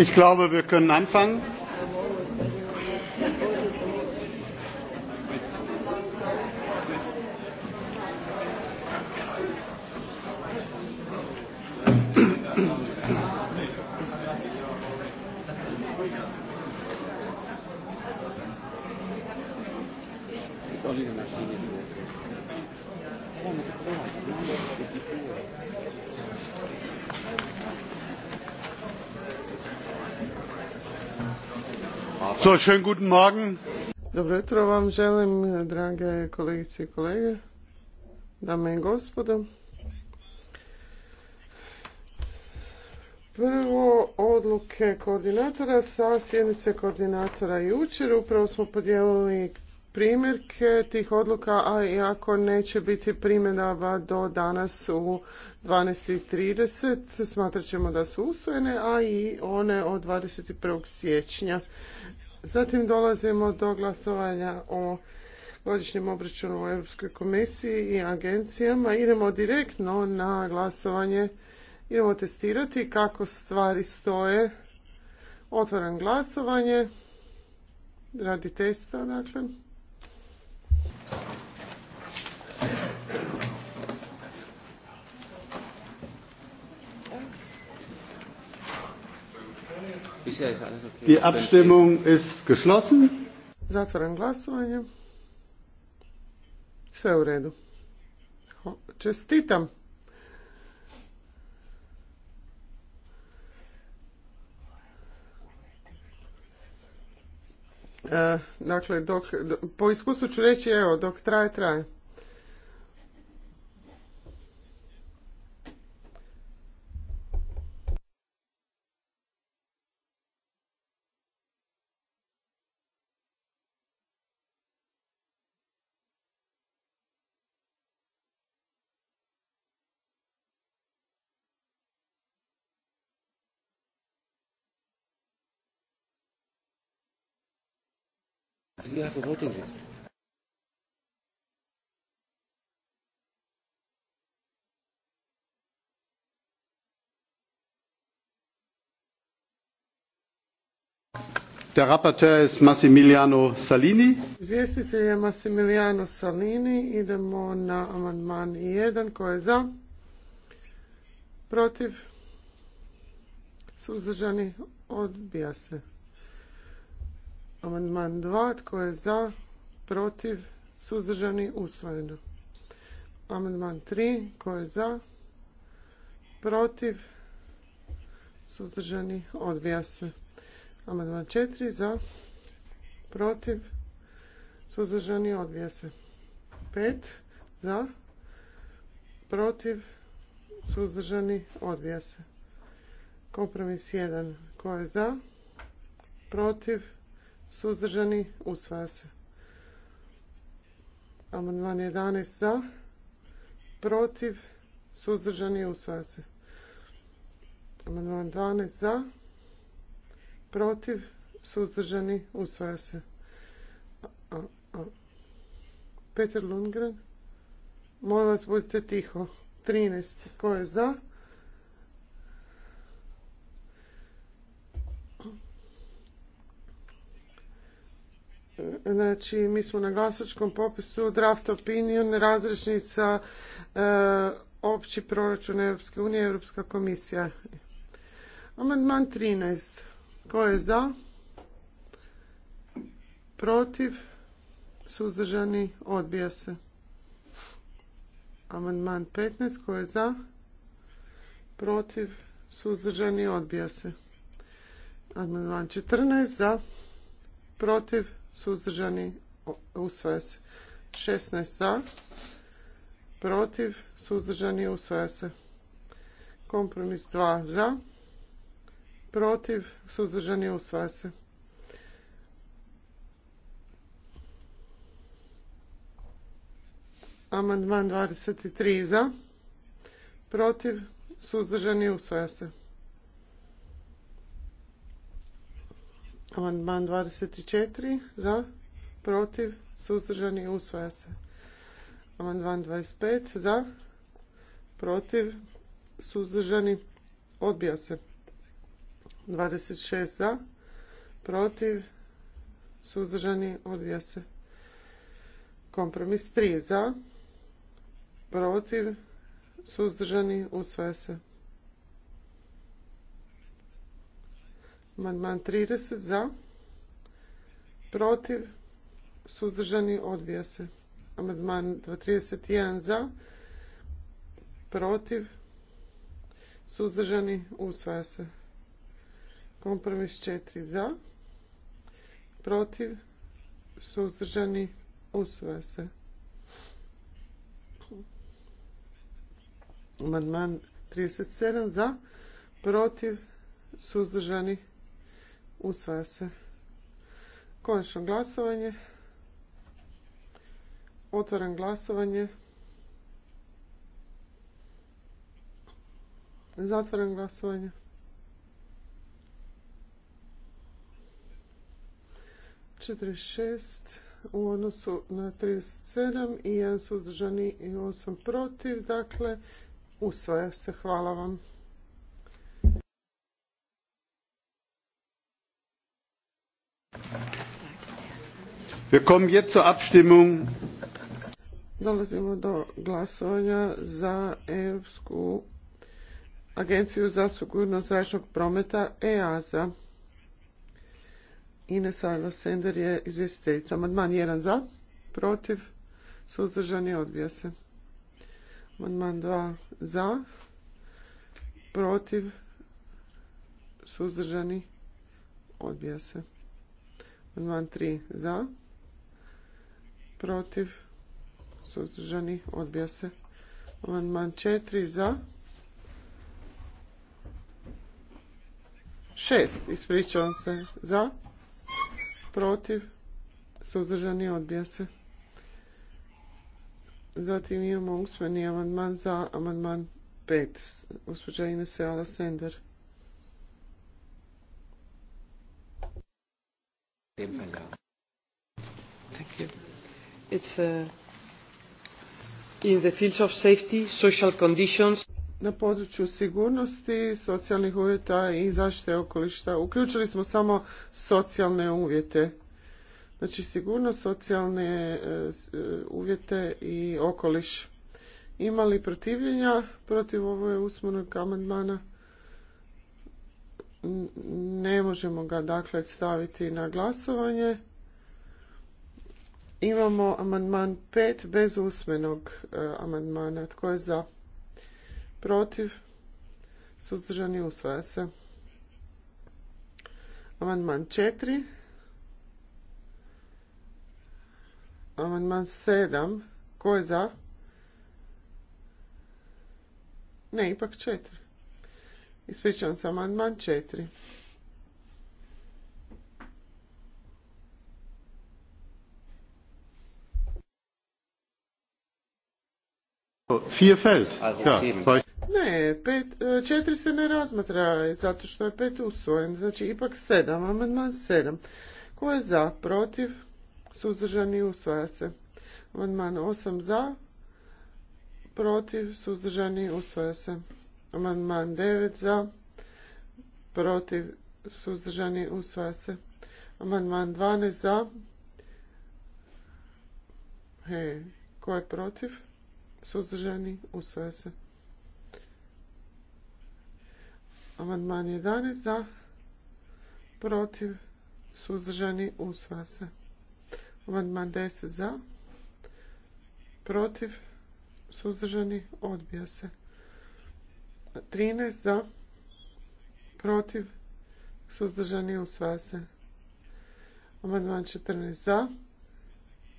Ich glaube, wir können anfangen. Dobro jutro vam želim, drage kolegice i kolege, dame i gospodo. Prvo odluke koordinatora sa sjednice koordinatora jučer. Upravo smo podijelili primjerke tih odluka, a i ako neće biti primjenava do danas u 12.30, smatrat ćemo da su usvojene, a i one od 21. siječnja. Zatim dolazimo do glasovanja o godišnjem obračunu u Europskoj komisiji i agencijama. Idemo direktno na glasovanje. Idemo testirati kako stvari stoje. Otvaram glasovanje radi testa, dakle. Die Abstimmung Zatvaram glasovanje. Sve u redu. Čestitam. E, dakle, dok, po iskustvu ću reći, evo, dok traje, traje. you have a voting list? Der Rapporteur ist Massimiliano Salini. Izvjestitelj je Massimiliano Salini. Idemo na amandman 1. Ko je za? Protiv? Suzdržani? Odbija se. Amandman 2. Tko je za? Protiv? Suzdržani? Usvojeno. Amandman 3. Tko je za? Protiv? Suzdržani? Odbija se. Amandman 4. Za? Protiv? Suzdržani? Odbija se. 5. Za? Protiv? Suzdržani? Odbija se. Kompromis 1. Tko je za? Protiv? suzdržani, usvaja se. Amandman 11 za, protiv, suzdržani, usvaja se. Amandman 12 za, protiv, suzdržani, usvaja se. Petar Lundgren, molim vas budite tiho. 13, ko je za? Znači, mi smo na glasačkom popisu draft opinion, razrešnica, e, opći proračun Europske unije, Europska komisija. Amandman 13. Ko je za? Protiv? Suzdržani? Odbija se. Amandman 15. Ko je za? Protiv? Suzdržani? Odbija se. Amandman 14. Za? Protiv? suzdržani, u se. 16 za, protiv, suzdržani, usvaja se. Kompromis 2 za, protiv, suzdržani, usvaja se. Amandman 23 za, protiv, suzdržani, usvaja se. Amandman 24 za, protiv, suzdržani, usvaja se. Amandman 25 za, protiv, suzdržani, odbija se. 26 za, protiv, suzdržani, odbija se. Kompromis 3 za, protiv, suzdržani, usvaja se. Amandman 30 za. Protiv. Suzdržani odbija se. Amandman 31 za. Protiv. Suzdržani usvaja se. Kompromis 4 za. Protiv. Suzdržani usvaja se. Amandman 37 za. Protiv. Suzdržani Usvaja se. Konačno glasovanje. Otvaram glasovanje. Zatvaram glasovanje. Četrdeset šest u odnosu na 37 i jedan suzdržani i 8 protiv. Dakle, usvaja se. Hvala vam. Wir kommen jetzt zur Abstimmung. Dolazimo do glasovanja za Europsku agenciju za sigurnost zračnog prometa EASA. Ines Ayla Sender je izvjestiteljica. Amandman 1 za, protiv, suzdržani odbija se. Amandman 2 za, protiv, suzdržani odbija se. Amandman 3 za, protiv, suzdržani, odbija se. Amandman 4 za. 6, ispričavam se, za, protiv, suzdržani, odbija se. Zatim imamo usmeni amandman za amandman 5, gospođa Inese sender. Thank you it's uh, of safety, social conditions. Na području sigurnosti, socijalnih uvjeta i zaštite okolišta uključili smo samo socijalne uvjete. Znači sigurnost, socijalne e, e, uvjete i okoliš. Ima li protivljenja protiv ovog usmenog amandmana? Ne možemo ga dakle staviti na glasovanje. Imamo amandman 5 bez usmenog e, amandmana. Tko je za? Protiv? Suzdržani usvaja se. Amandman 4. Amandman 7. Ko je za? Ne, ipak 4. Ispričavam se, amandman 4. fällt. Ne, pet, e, četiri se ne razmatra zato što je pet usvojen. Znači ipak sedam, amandman sedam. Ko je za, protiv, suzdržani, usvaja se. Amandman osam za, protiv, suzdržani, usvaja se. Amandman devet za, protiv, suzdržani, usvaja se. Amandman 12 za. He, ko je protiv? suzdržani, usvaja se. Amandman 11 za, protiv, suzdržani, usvaja se. Amandman 10 za, protiv, suzdržani, odbija se. 13 za, protiv, suzdržani, usvaja se. Amandman 14 za,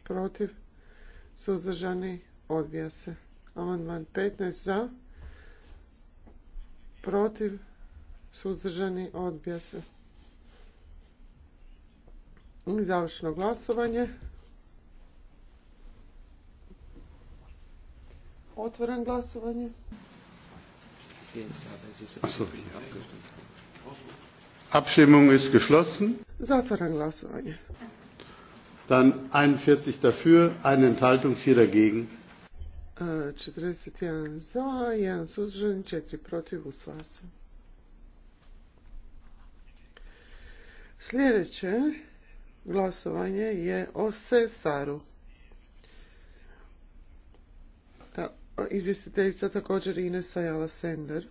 protiv, suzdržani, odbija se. Amandman 15 za, protiv, suzdržani, odbija se. Završno glasovanje. Otvoren glasovanje. Abstimmung ist geschlossen. Zatvoren glasovanje. Dann 41 dafür, eine Enthaltung, 4 dagegen. 41 za, 1 suzdržan, 4 protiv, usvaja Sljedeće glasovanje je o Cesaru. Izvjestiteljica također Inesa Jala Sender.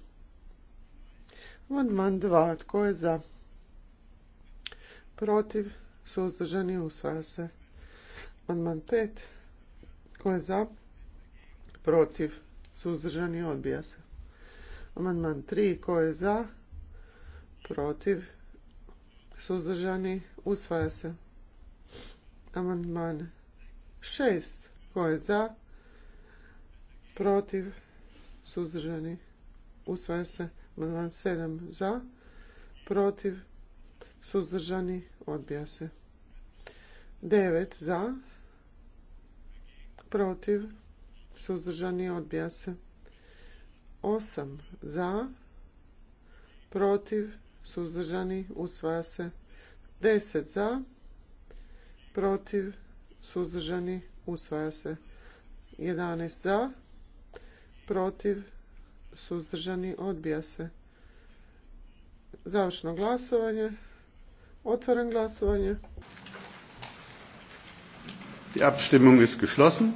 Amandman 2. Tko je za? Protiv. Suzdržani usvaja se. Amandman 5. Tko je za? protiv, suzdržani, odbija se. Amandman 3, ko je za, protiv, suzdržani, usvaja se. Amandman 6, ko je za, protiv, suzdržani, usvaja se. Amandman 7, za, protiv, suzdržani, odbija se. 9 za, protiv, suzdržani, odbija se. 8 za, protiv, suzdržani, usvaja se. 10 za, protiv, suzdržani, usvaja se. 11 za, protiv, suzdržani, odbija se. Završno glasovanje. otvoren glasovanje. Die Abstimmung ist geschlossen.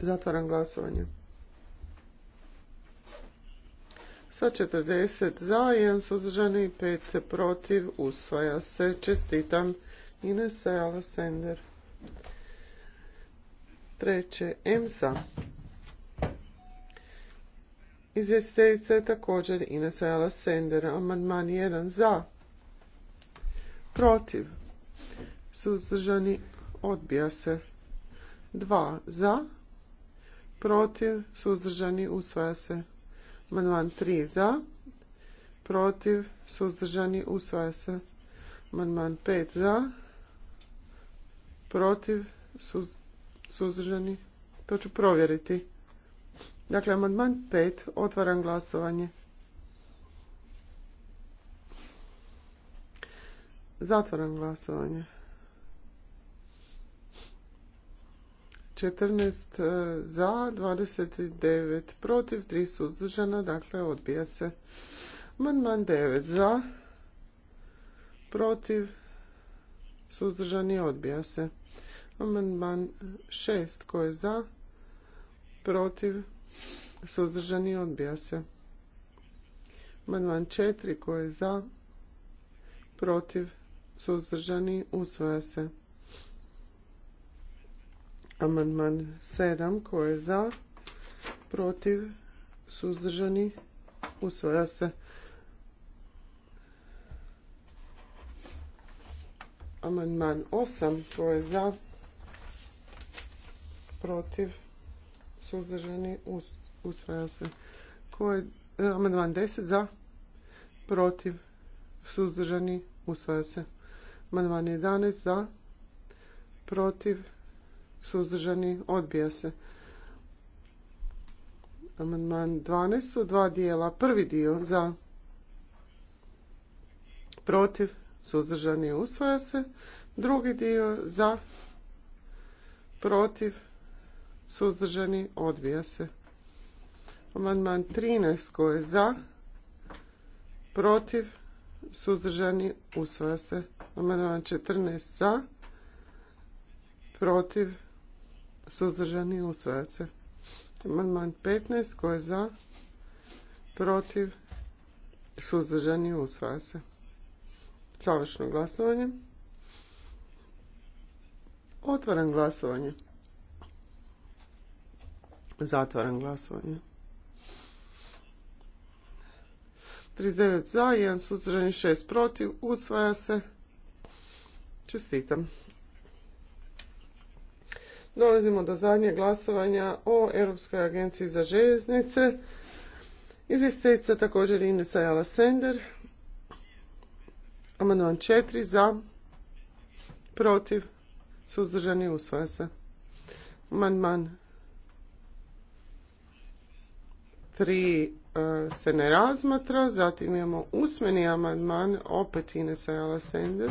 Zatvaram glasovanje. Sa 40 za, 1 suzdržani, 5 se protiv, usvaja se. Čestitam Inese Alessander. Treće, EMSA. Izvjestiteljica je također Inesa Alessander. Amandman 1 za, protiv, suzdržani, odbija se. 2 za, protiv, suzdržani, usvaja se. Amandman 3 za, protiv, suzdržani, usvaja se. Amandman 5 za, protiv, suzdržani, to ću provjeriti. Dakle, amandman 5, otvaram glasovanje. Zatvaram glasovanje. 14 e, za, 29 protiv, 3 suzdržana, dakle odbija se. Amandman 9 za, protiv, suzdržani odbija se. Amandman 6 koje je za, protiv, suzdržani odbija se. Amandman 4 koje je za, protiv, suzdržani usvaja se. Amandman 7. Ko je za? Protiv? Suzdržani? Usvaja se. Amandman 8. Ko je za? Protiv? Suzdržani? Usvaja se. Ko je... E, amandman 10. Za? Protiv? Suzdržani? Usvaja se. Amandman 11. Za? Protiv? suzdržani, odbija se. Amandman 12 u dva dijela. Prvi dio za protiv, suzdržani, usvaja se. Drugi dio za protiv, suzdržani, odbija se. Amandman 13 ko je za protiv, suzdržani, usvaja se. Amandman 14 za protiv, suzdržani, usvaja se. Amandman 15, tko je za, protiv, suzdržani, usvaja se. Završno glasovanje. Otvaram glasovanje. Zatvaram glasovanje. 39 za, 1 suzdržani, 6 protiv, usvaja se. Čestitam dolazimo do zadnjeg glasovanja o Europskoj agenciji za željeznice. Izvjestiteljica također Inesa Jala Sender. Amandman 4 za, protiv, suzdržani usvaja se. Amandman tri e, se ne razmatra, zatim imamo usmeni amandman, opet Inesa Jala Sender.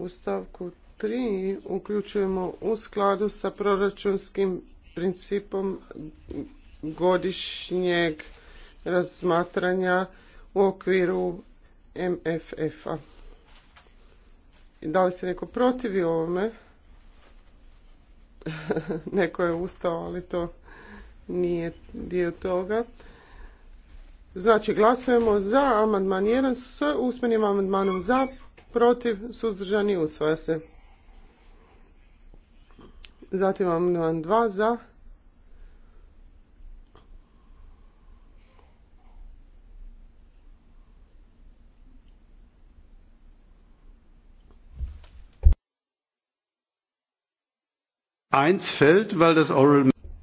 u stavku 3 uključujemo u skladu sa proračunskim principom godišnjeg razmatranja u okviru MFF-a. Da li se neko protivi ovome? neko je ustao, ali to nije dio toga. Znači, glasujemo za amandman 1 s usmenim amandmanom za, protiv, suzdržani, usvoja se. Zatim amandman 2 za,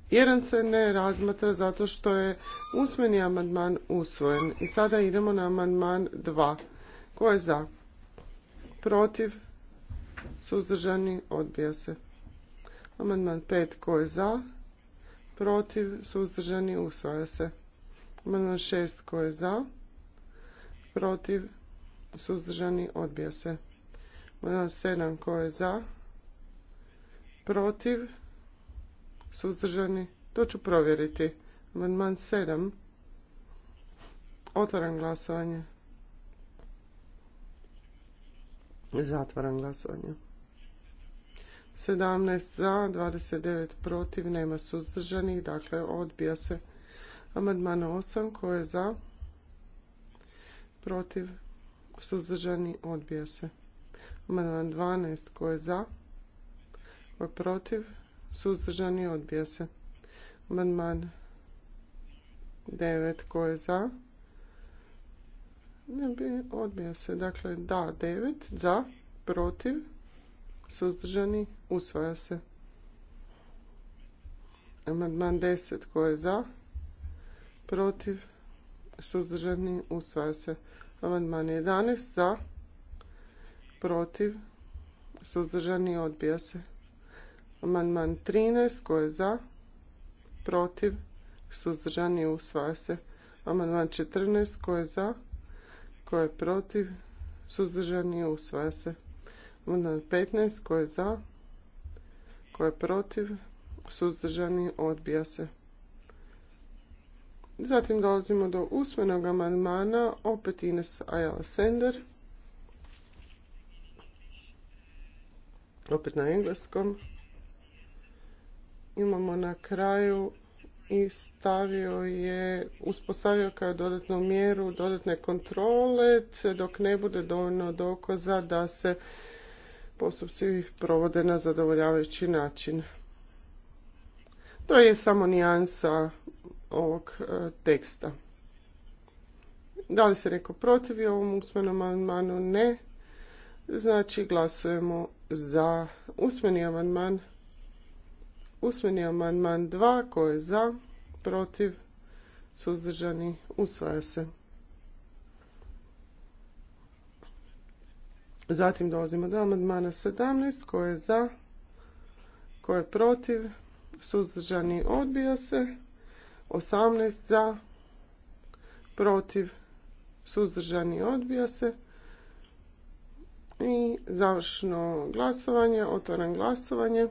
Jedan se ne razmatra zato što je usmeni amandman usvojen. I sada idemo na amandman 2. Ko je za? protiv, suzdržani, odbija se. Amandman 5 tko je za, protiv, suzdržani, usvaja se. Amandman 6 tko je za, protiv, suzdržani, odbija se. Amandman 7 tko je za, protiv, suzdržani, to ću provjeriti. Amandman 7. Otvaram glasovanje. Zatvaram glasovanje. 17 za, 29 protiv, nema suzdržanih, dakle odbija se amandman 8 koje je za, protiv, suzdržani, odbija se. Amandman 12 koje je za, protiv, suzdržani, odbija se. Amandman 9 koje je za, Odbija se. Dakle, da, devet, Za. Protiv. Suzdržani. Usvaja se. Amandman deset, Ko je za? Protiv. Suzdržani. Usvaja se. Amandman 11. Za. Protiv. Suzdržani. Odbija se. Amandman 13. Ko je za? Protiv. Suzdržani. Usvaja se. Amandman 14. Ko je za? Tko je protiv? Suzdržani usvaja se. Amandman 15. Tko je za? Tko je protiv? Suzdržani odbija se. Zatim dolazimo do usmenog amandmana, opet Ines Ayala Sender. Opet na engleskom. Imamo na kraju i stavio je, uspostavio kao dodatnu mjeru dodatne kontrole dok ne bude dovoljno dokaza da se postupci provode na zadovoljavajući način. To je samo nijansa ovog e, teksta. Da li se neko protivi ovom usmenom amandmanu? Ne. Znači glasujemo za usmeni amandman Usmeni amandman 2. koji je za? Protiv? Suzdržani? Usvaja se. Zatim dolazimo do amandmana 17. koji je za? tko je protiv? Suzdržani? Odbija se. 18. Za? Protiv? Suzdržani? Odbija se. I završno glasovanje. Otvaram glasovanje.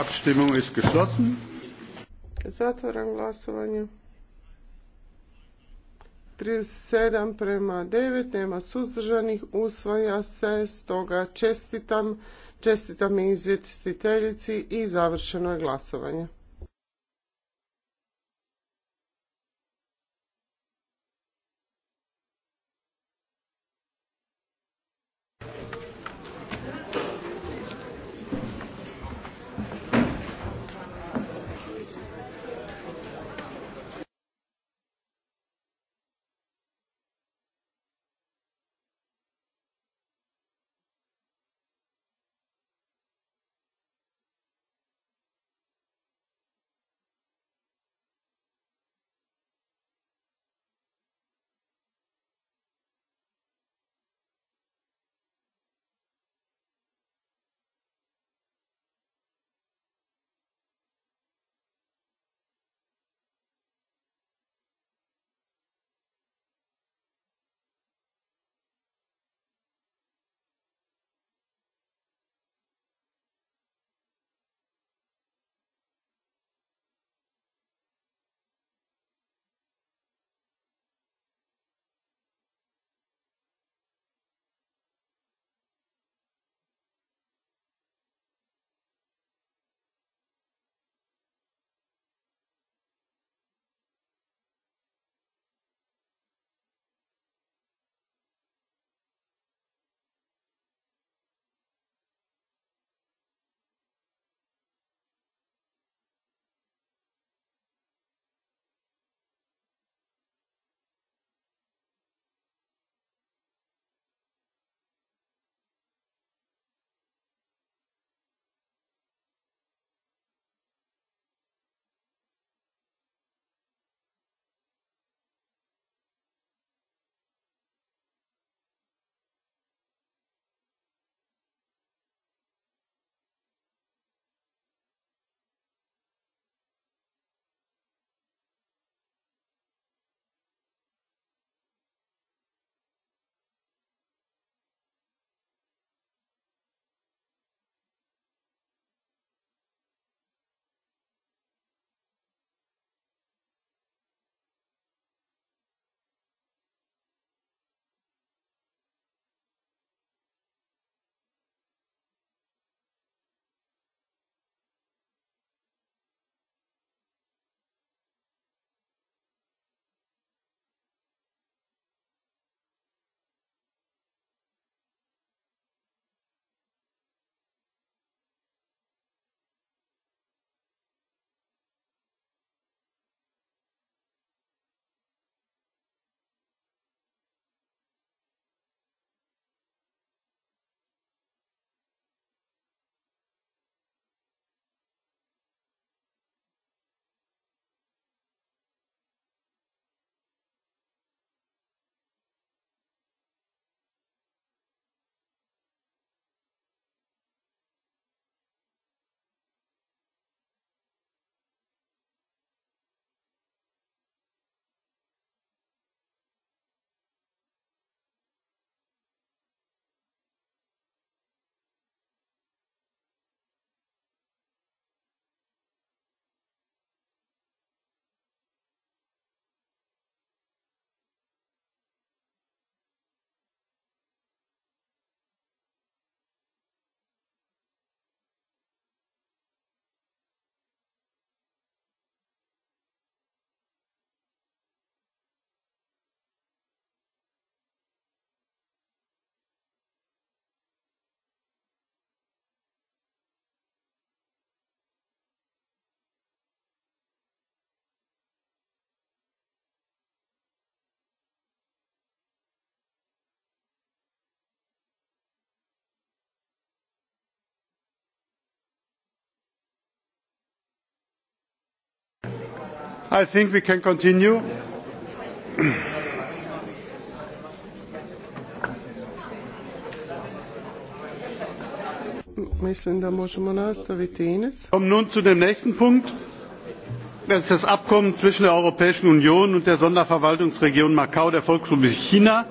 Abstimmung Zatvaram glasovanje. 37 prema 9, nema suzdržanih, usvaja se, stoga čestitam, čestitam i izvjestiteljici i završeno je glasovanje. I think we can continue. Mislim da možemo nastaviti Ines. Kommen nun zu dem nächsten Punkt. Das ist das Abkommen zwischen der Europäischen Union und der Sonderverwaltungsregion Macau der Volksrepublik China.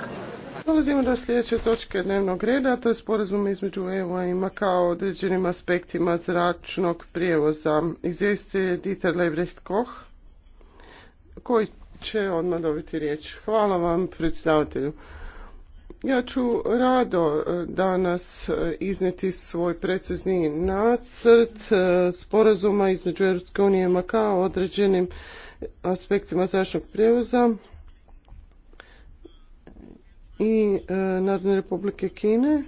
Dolazimo do sljedeće točke dnevnog reda, to je sporazum između EU i Makao o određenim aspektima zračnog prijevoza. Izvijestite Dieter Lebrecht Koch koji će odmah dobiti riječ. Hvala vam predsjedavatelju. Ja ću rado e, danas e, izneti svoj precizni nacrt e, sporazuma između Europske unije i Makao o određenim aspektima zračnog prijevoza i Narodne republike Kine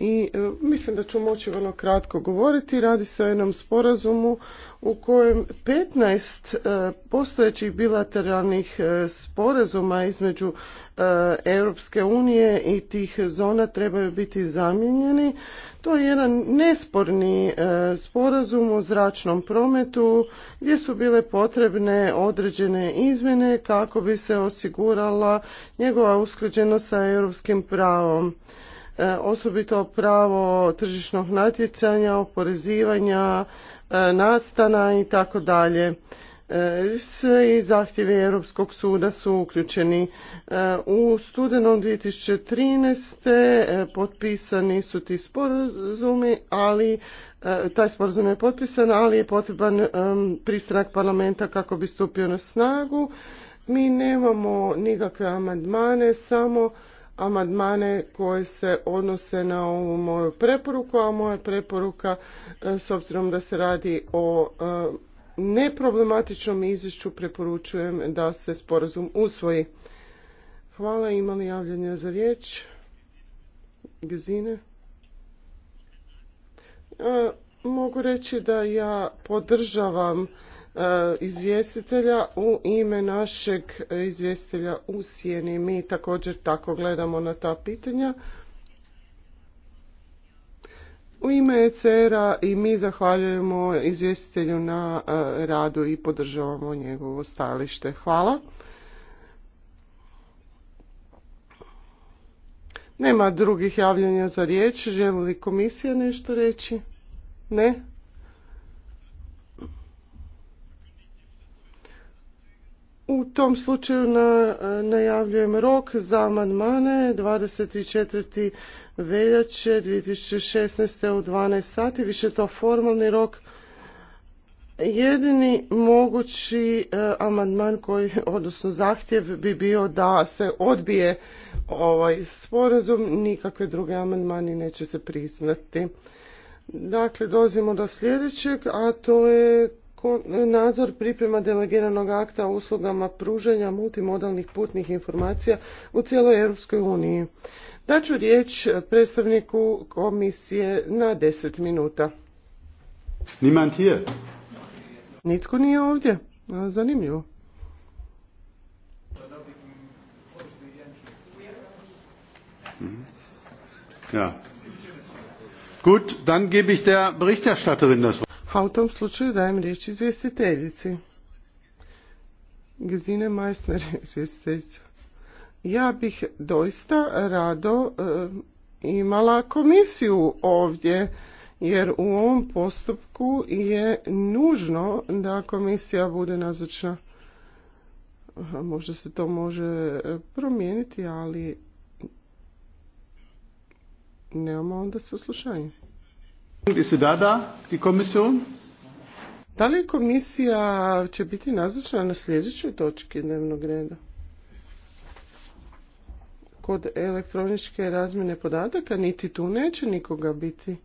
i e, mislim da ću moći vrlo kratko govoriti. Radi se o jednom sporazumu u kojem 15 e, postojećih bilateralnih e, sporazuma između Europske unije i tih zona trebaju biti zamijenjeni. To je jedan nesporni sporazum o zračnom prometu gdje su bile potrebne određene izmjene kako bi se osigurala njegova usklađenost sa europskim pravom. E, osobito pravo tržišnog natjecanja, oporezivanja, e, nastana i tako dalje. E, sve i zahtjevi Europskog suda su uključeni. U studenom 2013. potpisani su ti sporazumi, ali taj sporazum je potpisan, ali je potreban pristanak parlamenta kako bi stupio na snagu. Mi nemamo nikakve amandmane, samo amandmane koje se odnose na ovu moju preporuku, a moja preporuka e, s obzirom da se radi o e, neproblematičnom izvješću preporučujem da se sporazum usvoji. Hvala, Imam javljanja za riječ? Gezine? E, mogu reći da ja podržavam E, izvjestitelja u ime našeg izvjestitelja u Sjeni. Mi također tako gledamo na ta pitanja. U ime ECR-a i mi zahvaljujemo izvjestitelju na e, radu i podržavamo njegovo stajalište. Hvala. Nema drugih javljanja za riječ. Želi li komisija nešto reći? Ne? U tom slučaju najavljujem rok za amandmane 24. veljače 2016. u 12 sati. Više to formalni rok. Jedini mogući e, amandman koji, odnosno zahtjev bi bio da se odbije ovaj sporazum, nikakve druge amandmani neće se priznati. Dakle, dolazimo do sljedećeg, a to je nadzor priprema delegiranog akta o uslugama pružanja multimodalnih putnih informacija u cijeloj Europskoj uniji. Daću riječ predstavniku komisije na 10 minuta. Niemand hier. Nitko nije ovdje. Zanimljivo. Ja. Gut, dann gebe ich der Berichterstatterin das Wort. A u tom slučaju dajem riječ izvjestiteljici. Gazine Majsner, izvjestiteljica. Ja bih doista rado eh, imala komisiju ovdje, jer u ovom postupku je nužno da komisija bude nazočna. Eh, možda se to može eh, promijeniti, ali nemamo onda saslušanje. Da li komisija će biti nazočna na sljedećoj točki dnevnog reda? Kod elektroničke razmjene podataka niti tu neće nikoga biti.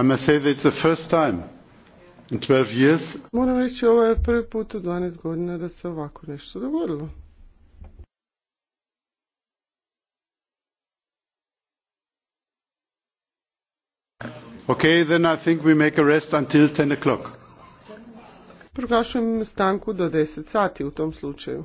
I must Moram reći ovo je prvi put u 12 godina da se ovako nešto dogodilo. Okay, then I think we make a rest until 10 o'clock. Proglašujem stanku do 10 sati u tom slučaju.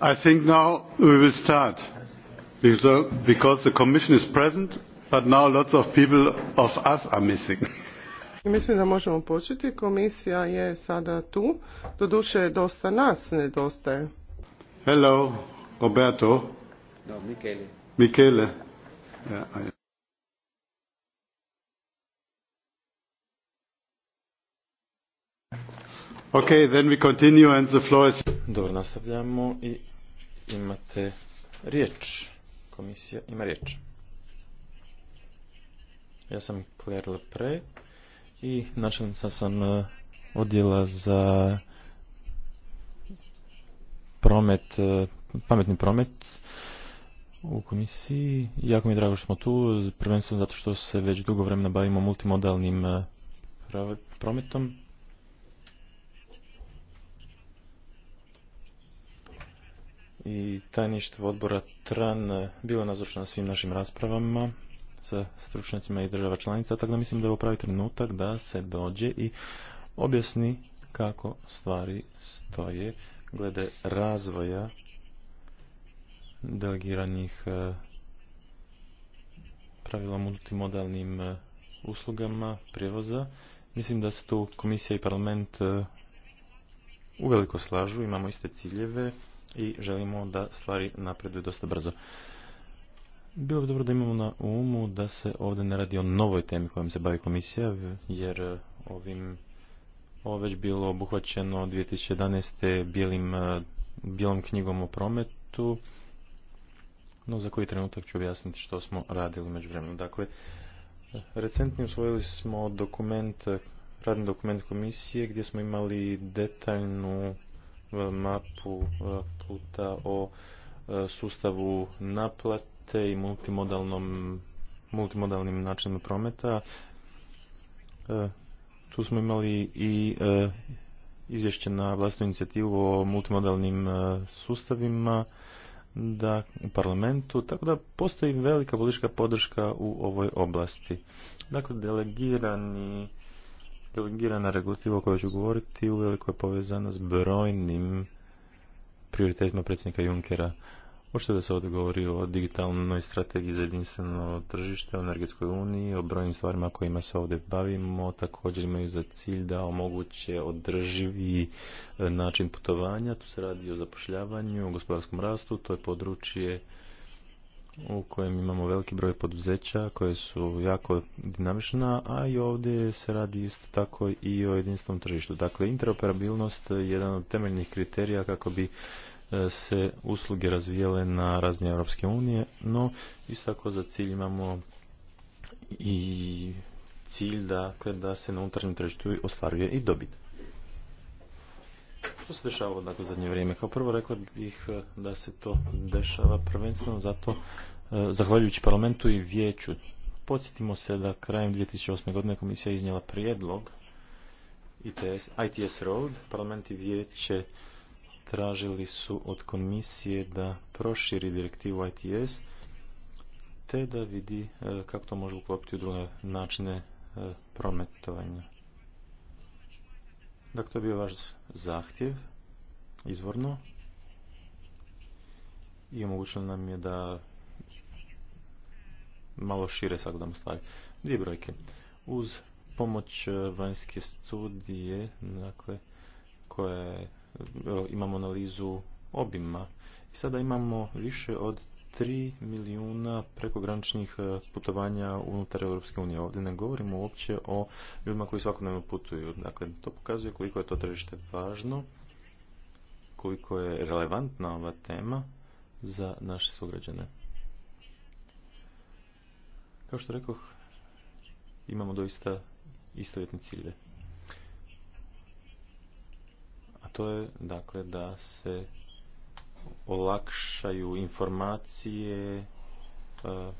I think now we will start because the Commission is present, but now lots of people of us are missing. Mislim da možemo početi. Komisija je sada tu. Doduše, dosta nas nedostaje. Hello, Roberto. No, Michele. Michele. and the Dobro, nastavljamo i imate riječ. Komisija ima riječ. Ja sam Claire Lepre i načelnica sam e, odjela za promet, e, pametni promet u komisiji. Jako mi je drago što smo tu, prvenstveno zato što se već dugo vremena bavimo multimodalnim e, prometom i tajništvo odbora TRAN eh, bilo nazočno na svim našim raspravama sa stručnjacima i država članica, tako da mislim da je ovo pravi trenutak da se dođe i objasni kako stvari stoje glede razvoja delegiranih eh, pravila multimodalnim eh, uslugama prijevoza. Mislim da se tu komisija i parlament uveliko slažu, imamo iste ciljeve i želimo da stvari napreduju dosta brzo. Bilo bi dobro da imamo na umu da se ovdje ne radi o novoj temi kojom se bavi komisija, jer e, ovim ovo već bilo obuhvaćeno 2011. bijelim, e, bijelom knjigom o prometu, no za koji trenutak ću objasniti što smo radili među vremenom. Dakle, recentni usvojili smo dokument, radni dokument komisije gdje smo imali detaljnu mapu e, puta o e, sustavu naplate i multimodalnom multimodalnim načinima prometa. E, tu smo imali i izvješće na vlastnu inicijativu o multimodalnim sustavima da, u parlamentu, tako da postoji velika politička podrška u ovoj oblasti. Dakle, delegirani Delegirana regulativa o kojoj ću govoriti uveliko je povezana s brojnim prioritetima predsjednika Junkera. Možete da se govori o digitalnoj strategiji za jedinstveno tržište, o energetskoj uniji, o brojnim stvarima kojima se ovdje bavimo, također imaju za cilj da omoguće održivi e, način putovanja, tu se radi o zapošljavanju, o gospodarskom rastu, to je područje u kojem imamo veliki broj poduzeća koje su jako dinamična, a i ovdje se radi isto tako i o jedinstvenom tržištu. Dakle, interoperabilnost je jedan od temeljnih kriterija kako bi e, se usluge razvijele na razne Europske unije, no isto tako za cilj imamo i cilj dakle, da se na unutarnjem tržištu ostvaruje i dobit. Što se dešava dakle, u zadnje vrijeme? Kao prvo rekla bih e, da se to dešava prvenstveno zato e, zahvaljujući parlamentu i vijeću. Podsjetimo se da krajem 2008. godine komisija iznijela prijedlog ITS, ITS Road. Parlament i vijeće tražili su od komisije da proširi direktivu ITS te da vidi e, kako to može uklopiti u druge načine prometovanja. Dakle, to je bio vaš zahtjev izvorno i omogućilo nam je da malo šire sagledamo stvari. Dvije brojke. Uz pomoć e, vanjske studije, dakle, koje e, imamo analizu obima. I sada imamo više od 3 milijuna prekograničnih e, putovanja unutar Europske unije. Ovdje ne govorimo uopće o ljudima koji svakodnevno putuju. Dakle, to pokazuje koliko je to tržište važno, koliko je relevantna ova tema za naše sugrađane. Kao što rekoh, imamo doista istovjetne ciljeve. A to je, dakle, da se olakšaju informacije eh,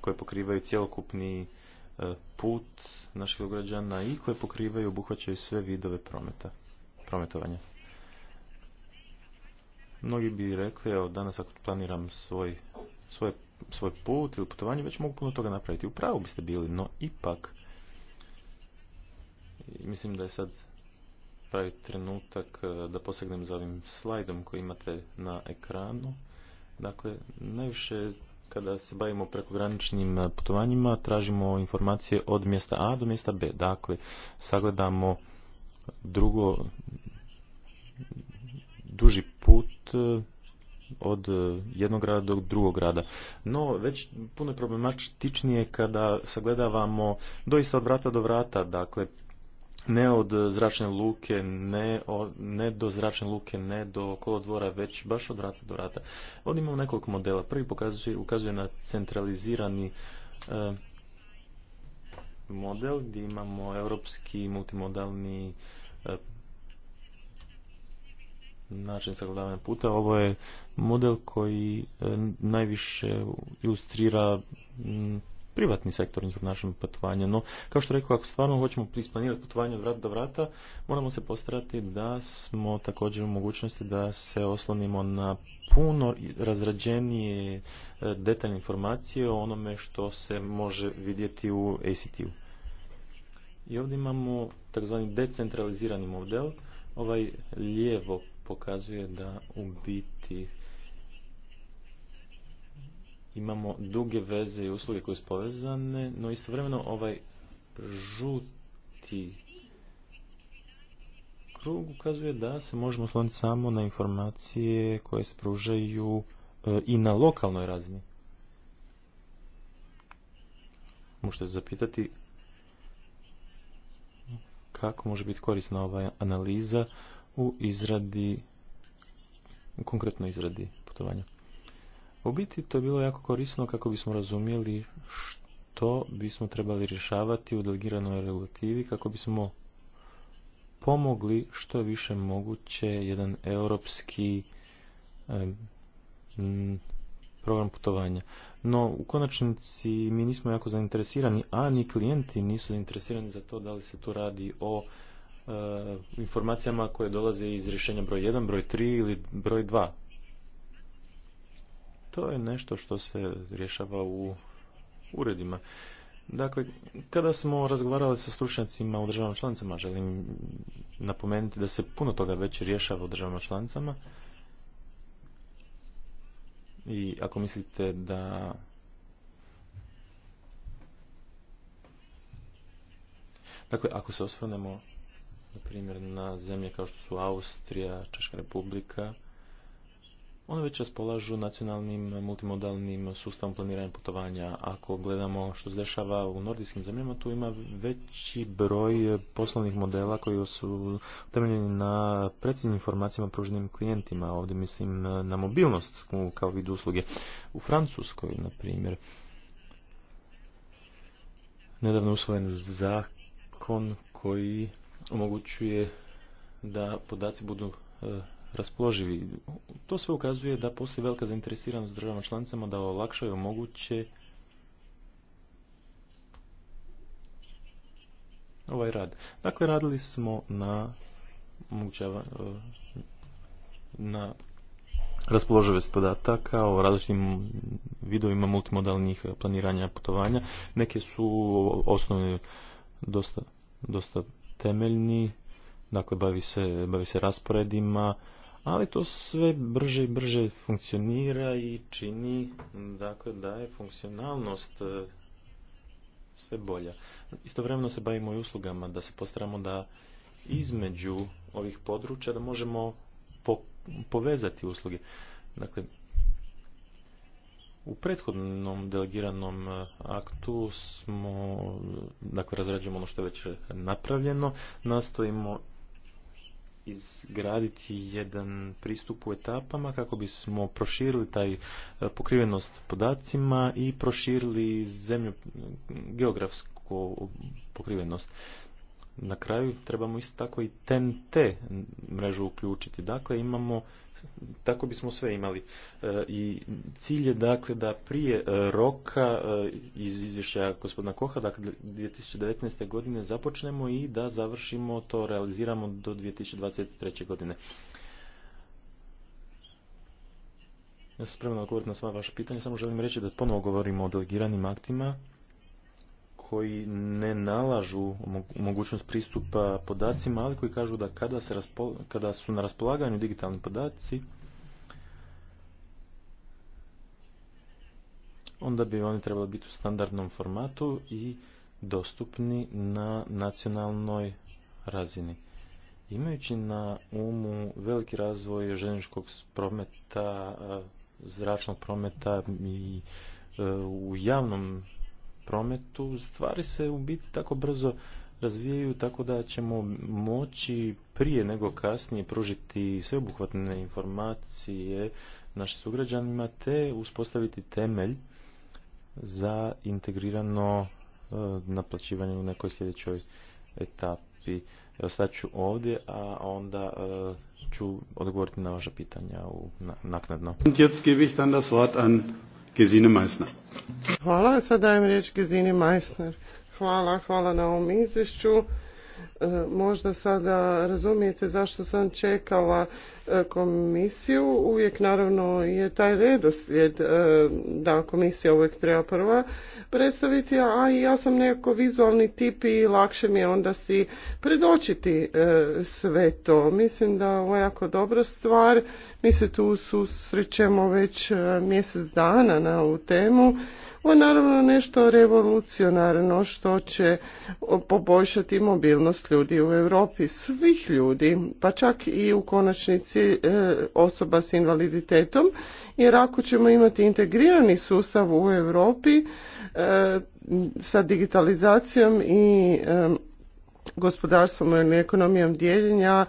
koje pokrivaju cjelokupni eh, put naših građana i koje pokrivaju, obuhvaćaju sve vidove prometa, prometovanja. Mnogi bi rekli, evo danas ako planiram svoj, svoj, svoj put ili putovanje, već mogu puno toga napraviti. U pravu biste bili, no ipak mislim da je sad pravi trenutak e, da posegnem za ovim slajdom koji imate na ekranu. Dakle, najviše kada se bavimo prekograničnim e, putovanjima, tražimo informacije od mjesta A do mjesta B. Dakle, sagledamo drugo duži put e, od jednog grada do drugog grada. No, već puno je problematičnije kada sagledavamo doista od vrata do vrata, dakle, ne od zračne luke, ne, od, ne do zračne luke, ne do kolodvora, već baš od rata do rata. Ovdje imamo nekoliko modela. Prvi pokazuje, ukazuje na centralizirani e, model gdje imamo europski multimodalni e, način sagledavanja puta. Ovo je model koji e, najviše ilustrira privatni sektor njihov našem putovanja. No, kao što rekao, ako stvarno hoćemo isplanirati putovanje od vrata do vrata, moramo se postarati da smo također u mogućnosti da se oslonimo na puno razrađenije e, detaljne informacije o onome što se može vidjeti u ACT-u. I ovdje imamo takozvani decentralizirani model. Ovaj lijevo pokazuje da u biti imamo duge veze i usluge koje su povezane, no istovremeno ovaj žuti krug ukazuje da se možemo osloniti samo na informacije koje se pružaju e, i na lokalnoj razini. Možete se zapitati kako može biti korisna ova analiza u izradi, u konkretnoj izradi putovanja. U biti to je bilo jako korisno kako bismo razumjeli što bismo trebali rješavati u delegiranoj regulativi kako bismo pomogli što je više moguće jedan europski program putovanja. No, u konačnici mi nismo jako zainteresirani, a ni klijenti nisu zainteresirani za to da li se tu radi o e, informacijama koje dolaze iz rješenja broj 1, broj 3 ili broj 2 to je nešto što se rješava u uredima. Dakle, kada smo razgovarali sa stručnjacima u državama članicama, želim napomenuti da se puno toga već rješava u državama članicama. I ako mislite da Dakle, ako se osvrnemo na primjer na zemlje kao što su Austrija, Češka republika, one već raspolažu nacionalnim multimodalnim sustavom planiranja putovanja. Ako gledamo što se dešava u nordijskim zemljama, tu ima veći broj poslovnih modela koji su temeljeni na preciznim informacijama pruženim klijentima. Ovdje mislim na mobilnost kao vid usluge. U Francuskoj, na primjer, nedavno usvojen zakon koji omogućuje da podaci budu e, raspoloživi. To sve ukazuje da postoji velika zainteresiranost državama članicama da olakšaju moguće ovaj rad. Dakle, radili smo na na raspoloživost podataka o različitim vidovima multimodalnih planiranja putovanja. Neke su osnovni dosta, dosta temeljni, dakle bavi se, bavi se rasporedima, ali to sve brže i brže funkcionira i čini dakle, da je funkcionalnost e, sve bolja. Istovremeno se bavimo i uslugama, da se postaramo da između ovih područja da možemo povezati usluge. Dakle, u prethodnom delegiranom e, aktu smo, dakle, razrađujemo ono što je već napravljeno, nastojimo izgraditi jedan pristup u etapama kako bismo proširili taj e, pokrivenost podacima i proširili zemlju geografsku pokrivenost. Na kraju trebamo isto tako i TNT mrežu uključiti. Dakle, imamo tako bismo sve imali. E, I cilj je dakle da prije e, roka e, iz izvješća gospodina Koha, dakle 2019. godine započnemo i da završimo to, realiziramo do 2023. godine. Ja sam spremno odgovoriti na sva vaša pitanja, samo želim reći da ponovo govorimo o delegiranim aktima koji ne nalažu mogućnost pristupa podacima, ali koji kažu da kada, se kada su na raspolaganju digitalni podaci, onda bi oni trebali biti u standardnom formatu i dostupni na nacionalnoj razini. Imajući na umu veliki razvoj željezničkog prometa, eh, zračnog prometa i eh, u javnom prometu, stvari se u biti tako brzo razvijaju tako da ćemo moći prije nego kasnije pružiti sveobuhvatne informacije našim sugrađanima te uspostaviti temelj za integrirano e, naplaćivanje u nekoj sljedećoj etapi. sad ću ovdje, a onda e, ću odgovoriti na vaša pitanja u, naknadno. Gesine Meissner. Hvala, sad dajem riječ Gesine Meissner. Hvala, hvala na ovom izvješću. Možda sada razumijete zašto sam čekala e, komisiju. Uvijek naravno je taj redoslijed e, da komisija uvijek treba prva predstaviti, a i ja sam nekako vizualni tip i lakše mi je onda si predočiti e, sve to. Mislim da ovo je jako dobra stvar. Mi se tu susrećemo već mjesec dana na ovu temu ovo je naravno nešto revolucionarno što će poboljšati mobilnost ljudi u Europi, svih ljudi, pa čak i u konačnici e, osoba s invaliditetom, jer ako ćemo imati integrirani sustav u Europi e, sa digitalizacijom i e, gospodarstvom i ekonomijom dijeljenja,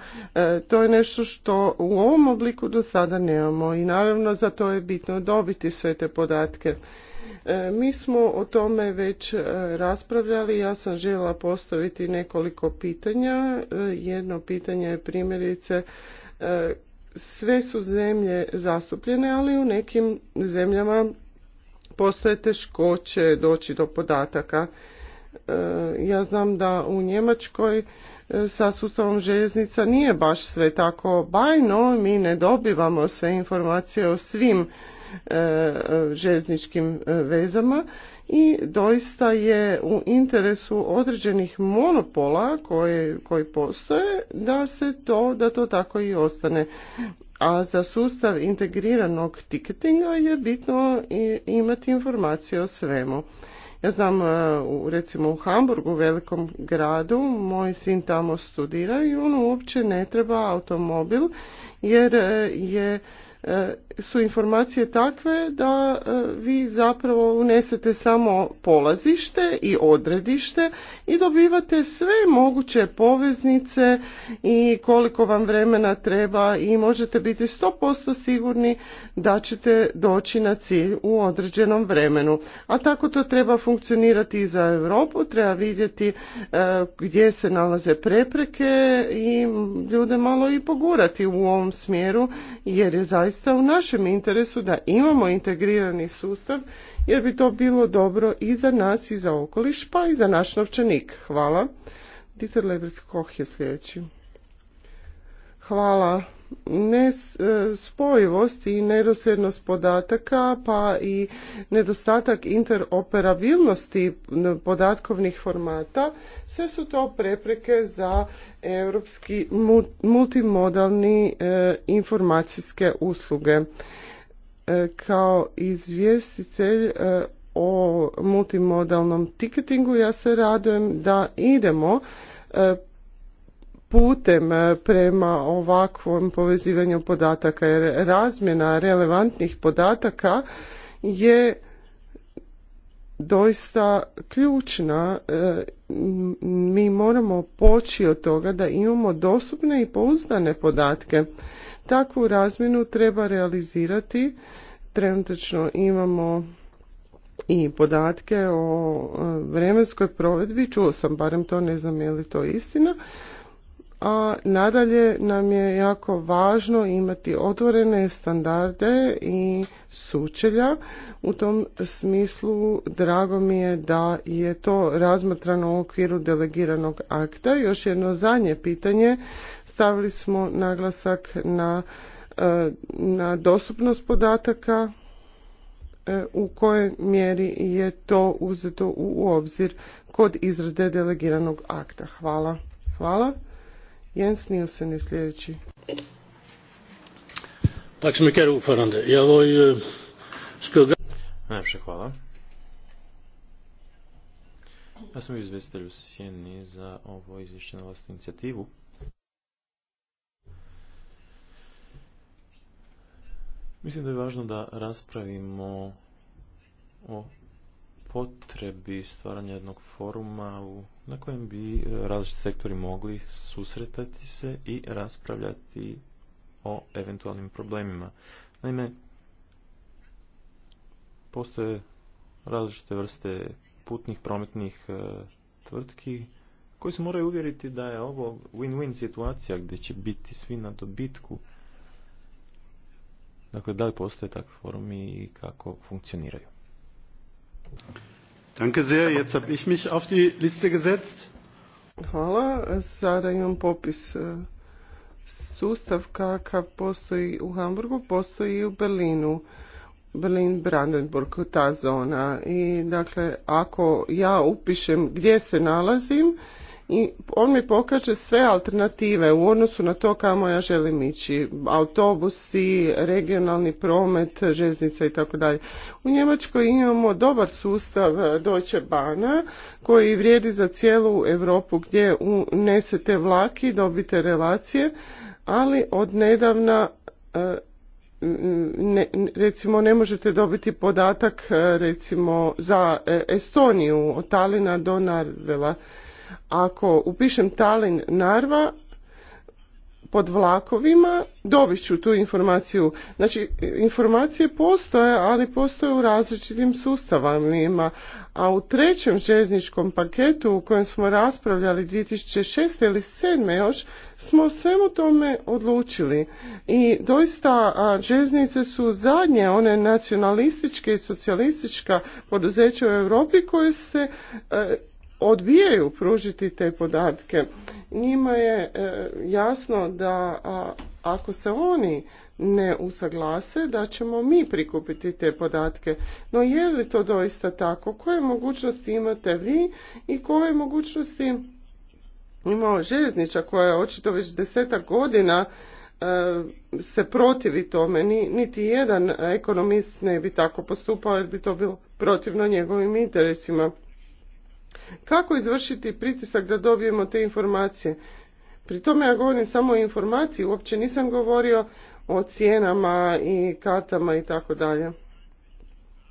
to je nešto što u ovom obliku do sada nemamo i naravno za to je bitno dobiti sve te podatke. E, mi smo o tome već e, raspravljali, ja sam željela postaviti nekoliko pitanja. E, jedno pitanje je primjerice sve su zemlje zastupljene, ali u nekim zemljama postoje teškoće doći do podataka. Ja znam da u Njemačkoj sa sustavom željeznica nije baš sve tako bajno, mi ne dobivamo sve informacije o svim E, e, željezničkim e, vezama i doista je u interesu određenih monopola koji postoje da se to, da to tako i ostane. A za sustav integriranog tiketinga je bitno imati informacije o svemu. Ja znam, recimo u Hamburgu, velikom gradu, moj sin tamo studira i on uopće ne treba automobil jer je E, su informacije takve da e, vi zapravo unesete samo polazište i odredište i dobivate sve moguće poveznice i koliko vam vremena treba i možete biti 100% sigurni da ćete doći na cilj u određenom vremenu. A tako to treba funkcionirati i za Europu, treba vidjeti e, gdje se nalaze prepreke i ljude malo i pogurati u ovom smjeru jer je zaista zaista u našem interesu da imamo integrirani sustav jer bi to bilo dobro i za nas i za okoliš pa i za naš novčanik. Hvala. Dieter Lebert Koch je sljedeći. Hvala nespojivost i nedosljednost podataka pa i nedostatak interoperabilnosti podatkovnih formata sve su to prepreke za europski multimodalni e, informacijske usluge e, kao izvjestitelj e, o multimodalnom tiketingu ja se radujem da idemo putem e, prema ovakvom povezivanju podataka jer razmjena relevantnih podataka je doista ključna. E, mi moramo poći od toga da imamo dostupne i pouzdane podatke. Takvu razmjenu treba realizirati. Trenutačno imamo i podatke o e, vremenskoj provedbi, čuo sam barem to, ne znam je li to istina, a nadalje nam je jako važno imati otvorene standarde i sučelja. U tom smislu drago mi je da je to razmatrano u okviru delegiranog akta. Još jedno zadnje pitanje stavili smo naglasak na, e, na dostupnost podataka e, u kojoj mjeri je to uzeto u obzir kod izrade delegiranog akta. Hvala. Hvala. Jens Nilsen je sljedeći. Tak så mycket, ordförande. Jag var ju skugga... hvala. Ja sam izvjestitelj u Sjeni za ovo izvješće na inicijativu. Mislim da je važno da raspravimo o potrebi stvaranja jednog foruma u na kojem bi e, različiti sektori mogli susretati se i raspravljati o eventualnim problemima. Naime, postoje različite vrste putnih prometnih e, tvrtki koji se moraju uvjeriti da je ovo win-win situacija gdje će biti svi na dobitku. Dakle, da li postoje takvi forumi i kako funkcioniraju? Danke sehr, jetzt habe Hvala, sada imam popis e, sustav kakav postoji u Hamburgu, postoji i u Berlinu. Berlin Brandenburg, ta zona. I dakle, ako ja upišem gdje se nalazim, i on mi pokaže sve alternative u odnosu na to kamo ja želim ići. Autobusi, regionalni promet, željeznica i tako dalje. U Njemačkoj imamo dobar sustav eh, Deutsche Bana koji vrijedi za cijelu Europu gdje unesete vlaki, dobite relacije, ali od nedavna eh, recimo ne možete dobiti podatak eh, recimo za Estoniju od Talina do Narvela ako upišem Talin Narva pod vlakovima, dobit ću tu informaciju. Znači, informacije postoje, ali postoje u različitim sustavima. A u trećem željezničkom paketu u kojem smo raspravljali 2006. ili 2007. još, smo svemu tome odlučili. I doista željeznice su zadnje, one nacionalističke i socijalistička poduzeća u Europi koje se e, odbijaju pružiti te podatke. Njima je e, jasno da ako se oni ne usaglase da ćemo mi prikupiti te podatke. No je li to doista tako? Koje mogućnosti imate vi i koje mogućnosti imao željezniča koja je očito već desetak godina e, se protivi tome. Niti jedan ekonomist ne bi tako postupao jer bi to bilo protivno njegovim interesima. Kako izvršiti pritisak da dobijemo te informacije? Pri tome ja govorim samo o informaciji, uopće nisam govorio o cijenama i kartama i tako dalje.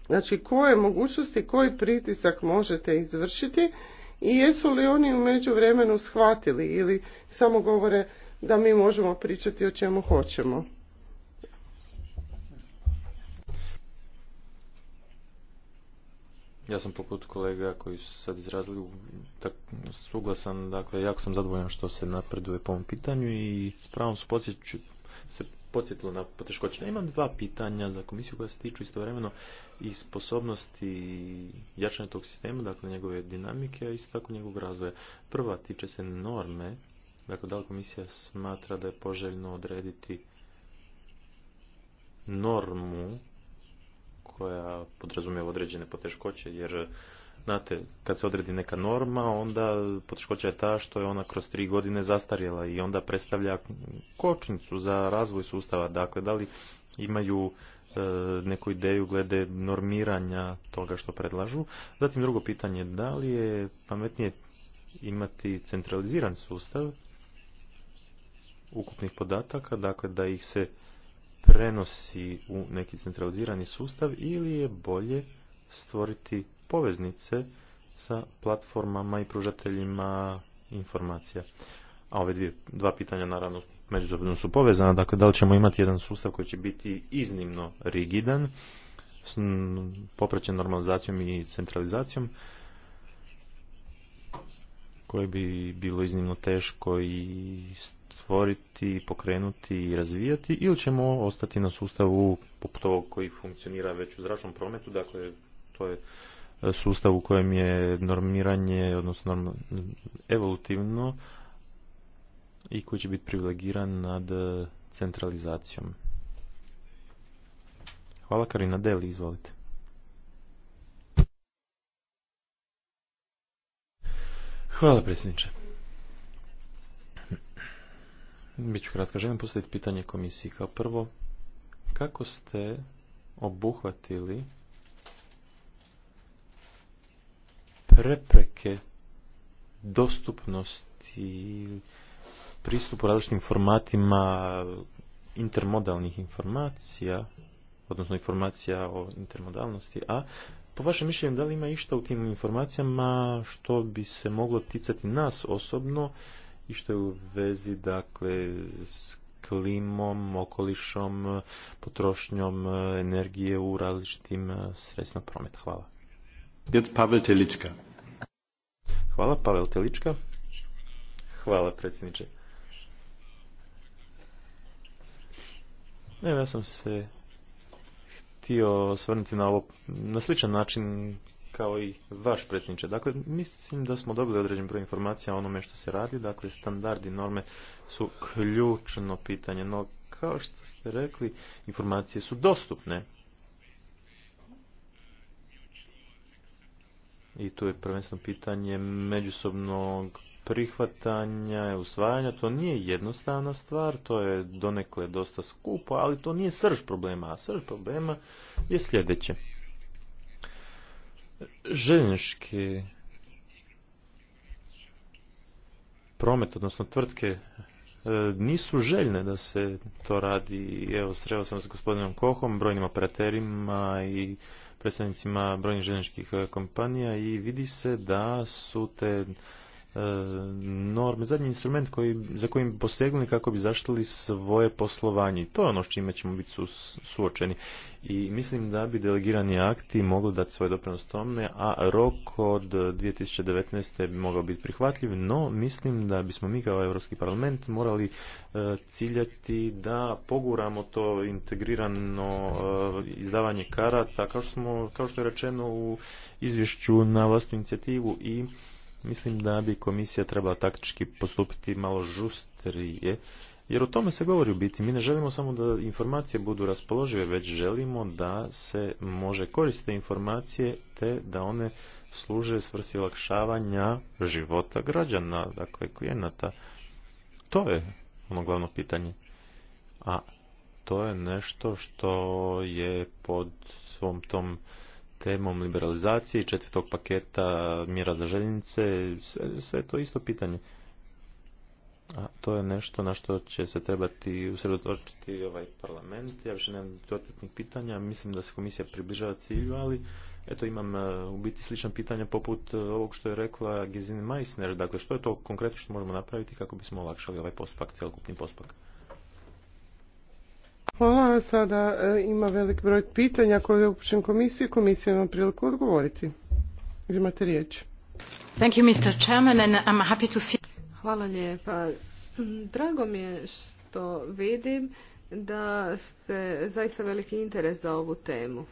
Znači koje mogućnosti, koji pritisak možete izvršiti i jesu li oni u međuvremenu shvatili ili samo govore da mi možemo pričati o čemu hoćemo. Ja sam poput kolega koji su sad izrazili suglasan, dakle, jako sam zadovoljan što se napreduje po ovom pitanju i s pravom se podsjetilo na poteškoće. imam dva pitanja za komisiju koja se tiču istovremeno i sposobnosti jačanja tog sistema, dakle njegove dinamike, a isto tako njegovog razvoja. Prva tiče se norme, dakle da li komisija smatra da je poželjno odrediti normu koja podrazumijeva određene poteškoće, jer znate, kad se odredi neka norma, onda poteškoća je ta što je ona kroz tri godine zastarjela i onda predstavlja kočnicu za razvoj sustava. Dakle, da li imaju e, neku ideju glede normiranja toga što predlažu. Zatim drugo pitanje, da li je pametnije imati centraliziran sustav ukupnih podataka, dakle da ih se prenosi u neki centralizirani sustav ili je bolje stvoriti poveznice sa platformama i pružateljima informacija. A ove dvije, dva pitanja naravno međusobno su povezana, dakle da li ćemo imati jedan sustav koji će biti iznimno rigidan, popraćen normalizacijom i centralizacijom, koje bi bilo iznimno teško i otvoriti, pokrenuti i razvijati ili ćemo ostati na sustavu poput ovog koji funkcionira već u zračnom prometu, dakle to je e, sustav u kojem je normiranje, odnosno evolutivno i koji će biti privilegiran nad e, centralizacijom. Hvala Karina Deli, izvolite. Hvala predsjedniče. Biću kratka, želim postaviti pitanje komisiji. Kao prvo, kako ste obuhvatili prepreke dostupnosti pristupu različitim formatima intermodalnih informacija, odnosno informacija o intermodalnosti, a po vašem mišljenju da li ima išta u tim informacijama što bi se moglo ticati nas osobno i što je u vezi dakle s klimom, okolišom, potrošnjom e, energije u različitim e, sredstvima prometa. Hvala. Jetzt Pavel Telička. Hvala, Pavel Telička. Hvala, predsjedniče. Evo, ja sam se htio osvrnuti na ovo, na sličan način kao i vaš predsjedniče. Dakle, mislim da smo dobili određen broj informacija o onome što se radi. Dakle, standardi norme su ključno pitanje. No, kao što ste rekli, informacije su dostupne. I tu je prvenstveno pitanje međusobnog prihvatanja, usvajanja. To nije jednostavna stvar, to je donekle dosta skupo, ali to nije srž problema. A srž problema je sljedeće željeznički promet, odnosno tvrtke e, nisu željne da se to radi. Evo, sreo sam s gospodinom Kohom, brojnim operaterima i predstavnicima brojnih željezničkih e, kompanija i vidi se da su te E, norme, zadnji instrument koji, za kojim bi posegnuli kako bi zaštili svoje poslovanje. To je ono s čime ćemo biti su, suočeni. I mislim da bi delegirani akti mogli dati svoje doprinos tome, a rok od 2019. bi mogao biti prihvatljiv, no mislim da bismo mi kao Europski parlament morali e, ciljati da poguramo to integrirano e, izdavanje karata, kao što, smo, kao što je rečeno u izvješću na vlastnu inicijativu i Mislim da bi komisija trebala taktički postupiti malo žustrije, jer o tome se govori u biti. Mi ne želimo samo da informacije budu raspoložive, već želimo da se može koristiti informacije te da one služe svrsi olakšavanja života građana, dakle klijenata. To je ono glavno pitanje. A to je nešto što je pod svom tom temom liberalizacije i četvrtog paketa mjera za željenice, sve, sve to isto pitanje. A to je nešto na što će se trebati usredotočiti ovaj parlament. Ja više nemam dotetnih pitanja, mislim da se komisija približava cilju, ali eto imam e, u biti slična pitanja poput e, ovog što je rekla Gizine Meissner. Dakle, što je to konkretno što možemo napraviti kako bismo olakšali ovaj postupak, cjelokupni postupak? Hvala. Sada e, ima velik broj pitanja koje je upućen komisiji. Komisija ima priliku odgovoriti. imate riječ. Thank to Hvala lijepa. Drago mi je što vidim da ste zaista veliki interes za ovu temu.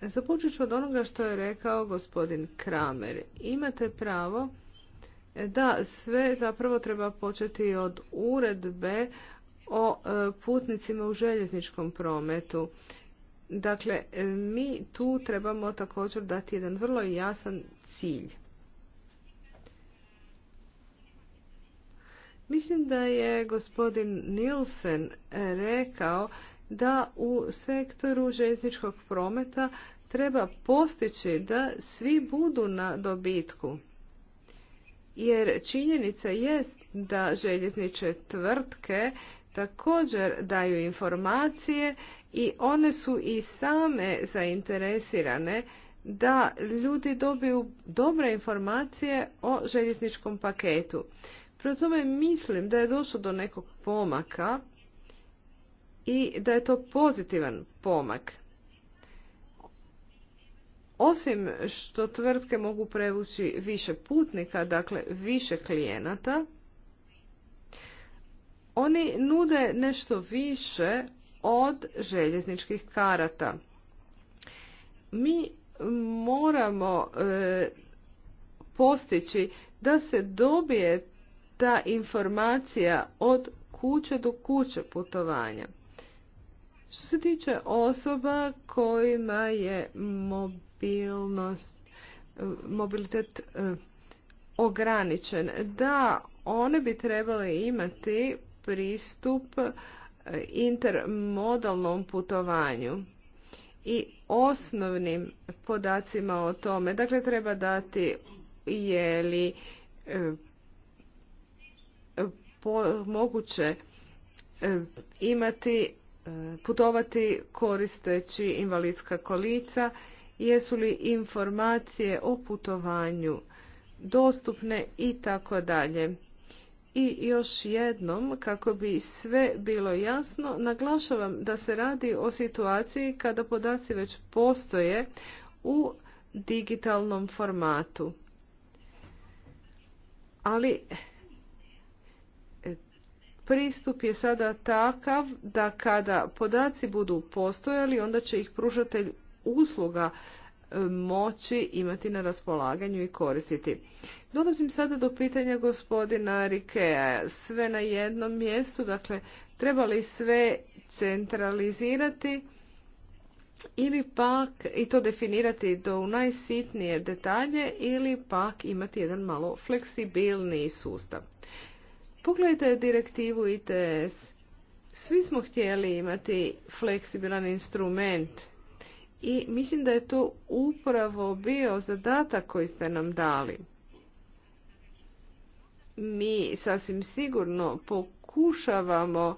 Započet ću od onoga što je rekao gospodin Kramer. Imate pravo da sve zapravo treba početi od uredbe o e, putnicima u željezničkom prometu. Dakle, e, mi tu trebamo također dati jedan vrlo jasan cilj. Mislim da je gospodin Nilsen rekao da u sektoru željezničkog prometa treba postići da svi budu na dobitku. Jer činjenica jest da željezniče tvrtke također daju informacije i one su i same zainteresirane da ljudi dobiju dobre informacije o željezničkom paketu. Prema tome mislim da je došlo do nekog pomaka i da je to pozitivan pomak. Osim što tvrtke mogu prevući više putnika, dakle više klijenata, oni nude nešto više od željezničkih karata. Mi moramo e, postići da se dobije ta informacija od kuće do kuće putovanja. Što se tiče osoba kojima je mobilnost, mobilitet e, ograničen, da one bi trebale imati pristup e, intermodalnom putovanju i osnovnim podacima o tome. Dakle, treba dati je li e, moguće e, imati, putovati koristeći invalidska kolica, jesu li informacije o putovanju dostupne i tako dalje. I još jednom, kako bi sve bilo jasno, naglašavam da se radi o situaciji kada podaci već postoje u digitalnom formatu. Ali pristup je sada takav da kada podaci budu postojali, onda će ih pružatelj usluga moći imati na raspolaganju i koristiti. Dolazim sada do pitanja gospodina Rikea. Sve na jednom mjestu, dakle, treba li sve centralizirati ili pak, i to definirati do najsitnije detalje, ili pak imati jedan malo fleksibilni sustav. Pogledajte direktivu ITS. Svi smo htjeli imati fleksibilan instrument i mislim da je to upravo bio zadatak koji ste nam dali. Mi sasvim sigurno pokušavamo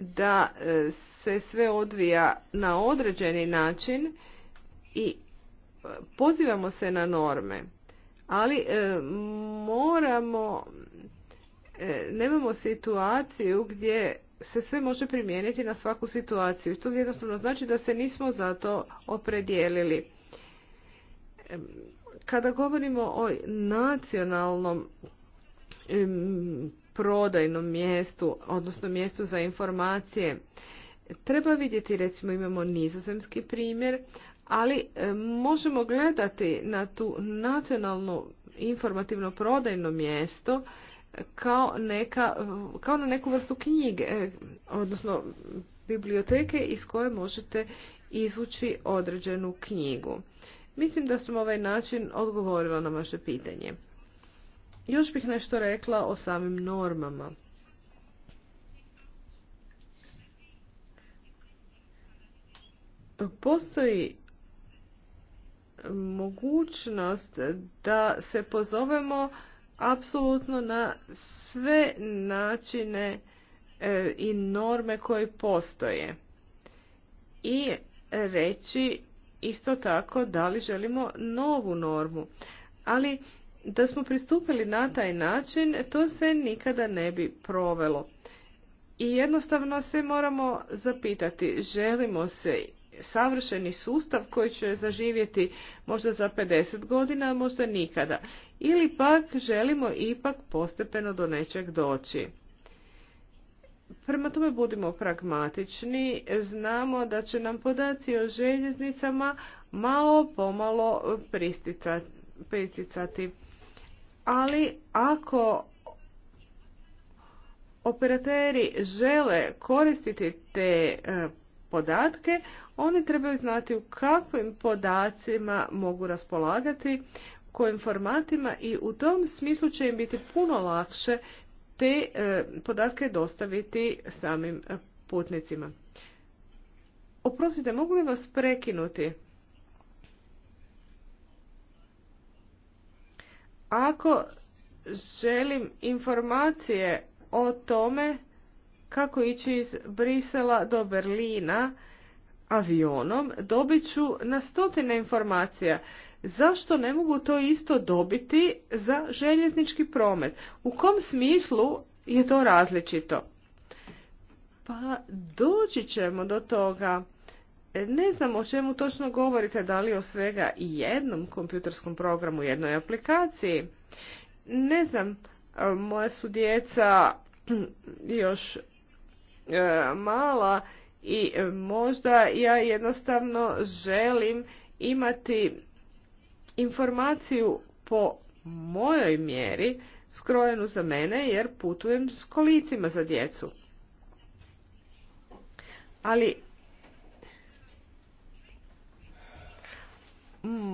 da e, se sve odvija na određeni način i e, pozivamo se na norme. Ali e, moramo nemamo situaciju gdje se sve može primijeniti na svaku situaciju. To jednostavno znači da se nismo za to opredijelili. Kada govorimo o nacionalnom prodajnom mjestu, odnosno mjestu za informacije, treba vidjeti, recimo imamo nizozemski primjer, ali možemo gledati na tu nacionalno informativno prodajno mjesto kao, neka, kao na neku vrstu knjige, e, odnosno biblioteke iz koje možete izvući određenu knjigu. Mislim da sam ovaj način odgovorila na vaše pitanje. Još bih nešto rekla o samim normama. Postoji mogućnost da se pozovemo apsolutno na sve načine e, i norme koje postoje. I reći isto tako da li želimo novu normu. Ali da smo pristupili na taj način, to se nikada ne bi provelo. I jednostavno se moramo zapitati, želimo se savršeni sustav koji će zaživjeti možda za 50 godina, a možda nikada. Ili pak želimo ipak postepeno do nečeg doći. Prema tome budimo pragmatični, znamo da će nam podaci o željeznicama malo pomalo pristicati. Ali ako operateri žele koristiti te e, podatke, oni trebaju znati u kakvim podacima mogu raspolagati, kojim formatima i u tom smislu će im biti puno lakše te e, podatke dostaviti samim e, putnicima. Oprostite, mogu li vas prekinuti? Ako želim informacije o tome kako ići iz Brisela do Berlina avionom, dobit ću na stotine informacija. Zašto ne mogu to isto dobiti za željeznički promet? U kom smislu je to različito? Pa doći ćemo do toga. Ne znam o čemu točno govorite, da li o svega i jednom kompjuterskom programu, jednoj aplikaciji. Ne znam, moja su djeca još E, mala i e, možda ja jednostavno želim imati informaciju po mojoj mjeri skrojenu za mene jer putujem s kolicima za djecu. Ali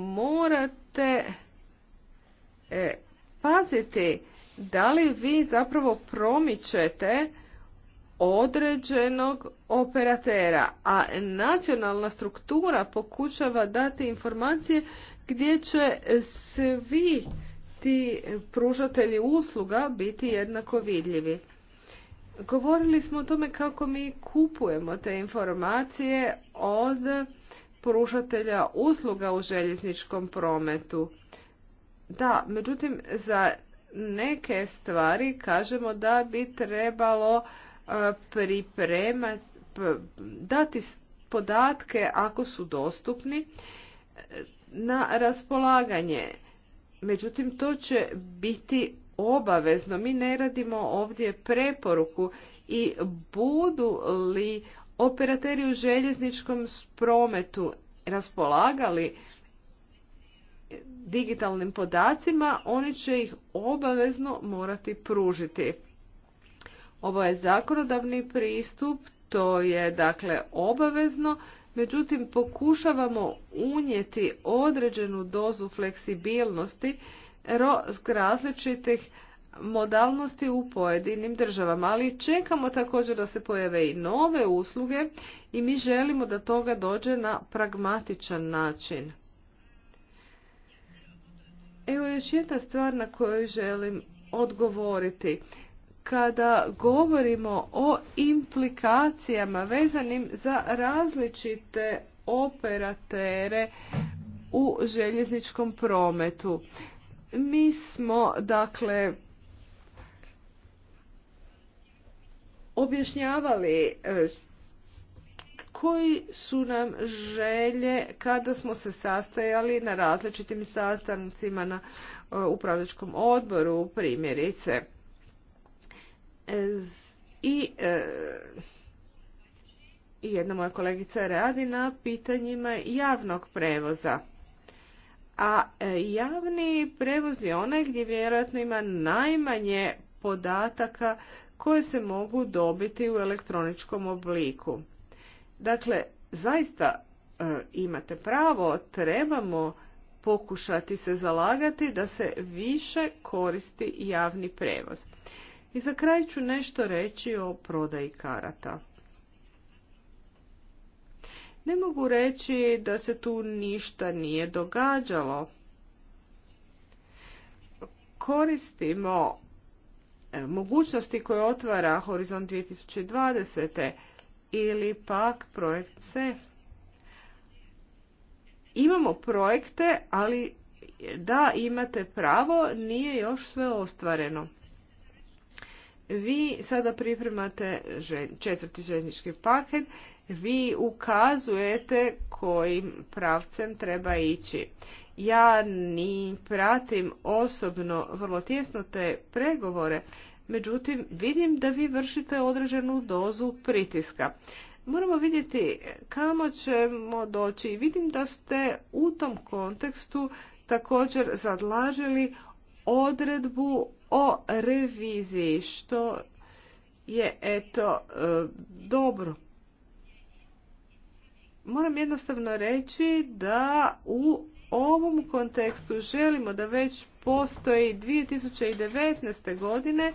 morate e, paziti da li vi zapravo promičete određenog operatera, a nacionalna struktura pokušava dati informacije gdje će svi ti pružatelji usluga biti jednako vidljivi. Govorili smo o tome kako mi kupujemo te informacije od pružatelja usluga u željezničkom prometu. Da, međutim, za neke stvari kažemo da bi trebalo priprema, dati podatke ako su dostupni na raspolaganje. Međutim, to će biti obavezno. Mi ne radimo ovdje preporuku i budu li operateri u željezničkom prometu raspolagali digitalnim podacima, oni će ih obavezno morati pružiti. Ovo je zakonodavni pristup, to je dakle obavezno, međutim pokušavamo unijeti određenu dozu fleksibilnosti različitih modalnosti u pojedinim državama, ali čekamo također da se pojave i nove usluge i mi želimo da toga dođe na pragmatičan način. Evo još jedna stvar na koju želim odgovoriti kada govorimo o implikacijama vezanim za različite operatere u željezničkom prometu. Mi smo dakle objašnjavali e, koji su nam želje kada smo se sastajali na različitim sastancima na e, upravljačkom odboru primjerice E, I jedna moja kolegica radi na pitanjima javnog prevoza. A e, javni prevoz je onaj gdje vjerojatno ima najmanje podataka koje se mogu dobiti u elektroničkom obliku. Dakle, zaista e, imate pravo, trebamo pokušati se zalagati da se više koristi javni prevoz. I za kraj ću nešto reći o prodaji karata. Ne mogu reći da se tu ništa nije događalo. Koristimo e, mogućnosti koje otvara Horizon 2020. ili pak projekt Imamo projekte, ali da imate pravo, nije još sve ostvareno. Vi sada pripremate četvrti željeznički paket, vi ukazujete kojim pravcem treba ići. Ja ni pratim osobno vrlo tjesno te pregovore, međutim vidim da vi vršite određenu dozu pritiska. Moramo vidjeti kamo ćemo doći. Vidim da ste u tom kontekstu također zadlažili odredbu o reviziji, što je eto e, dobro. Moram jednostavno reći da u ovom kontekstu želimo da već postoji 2019. godine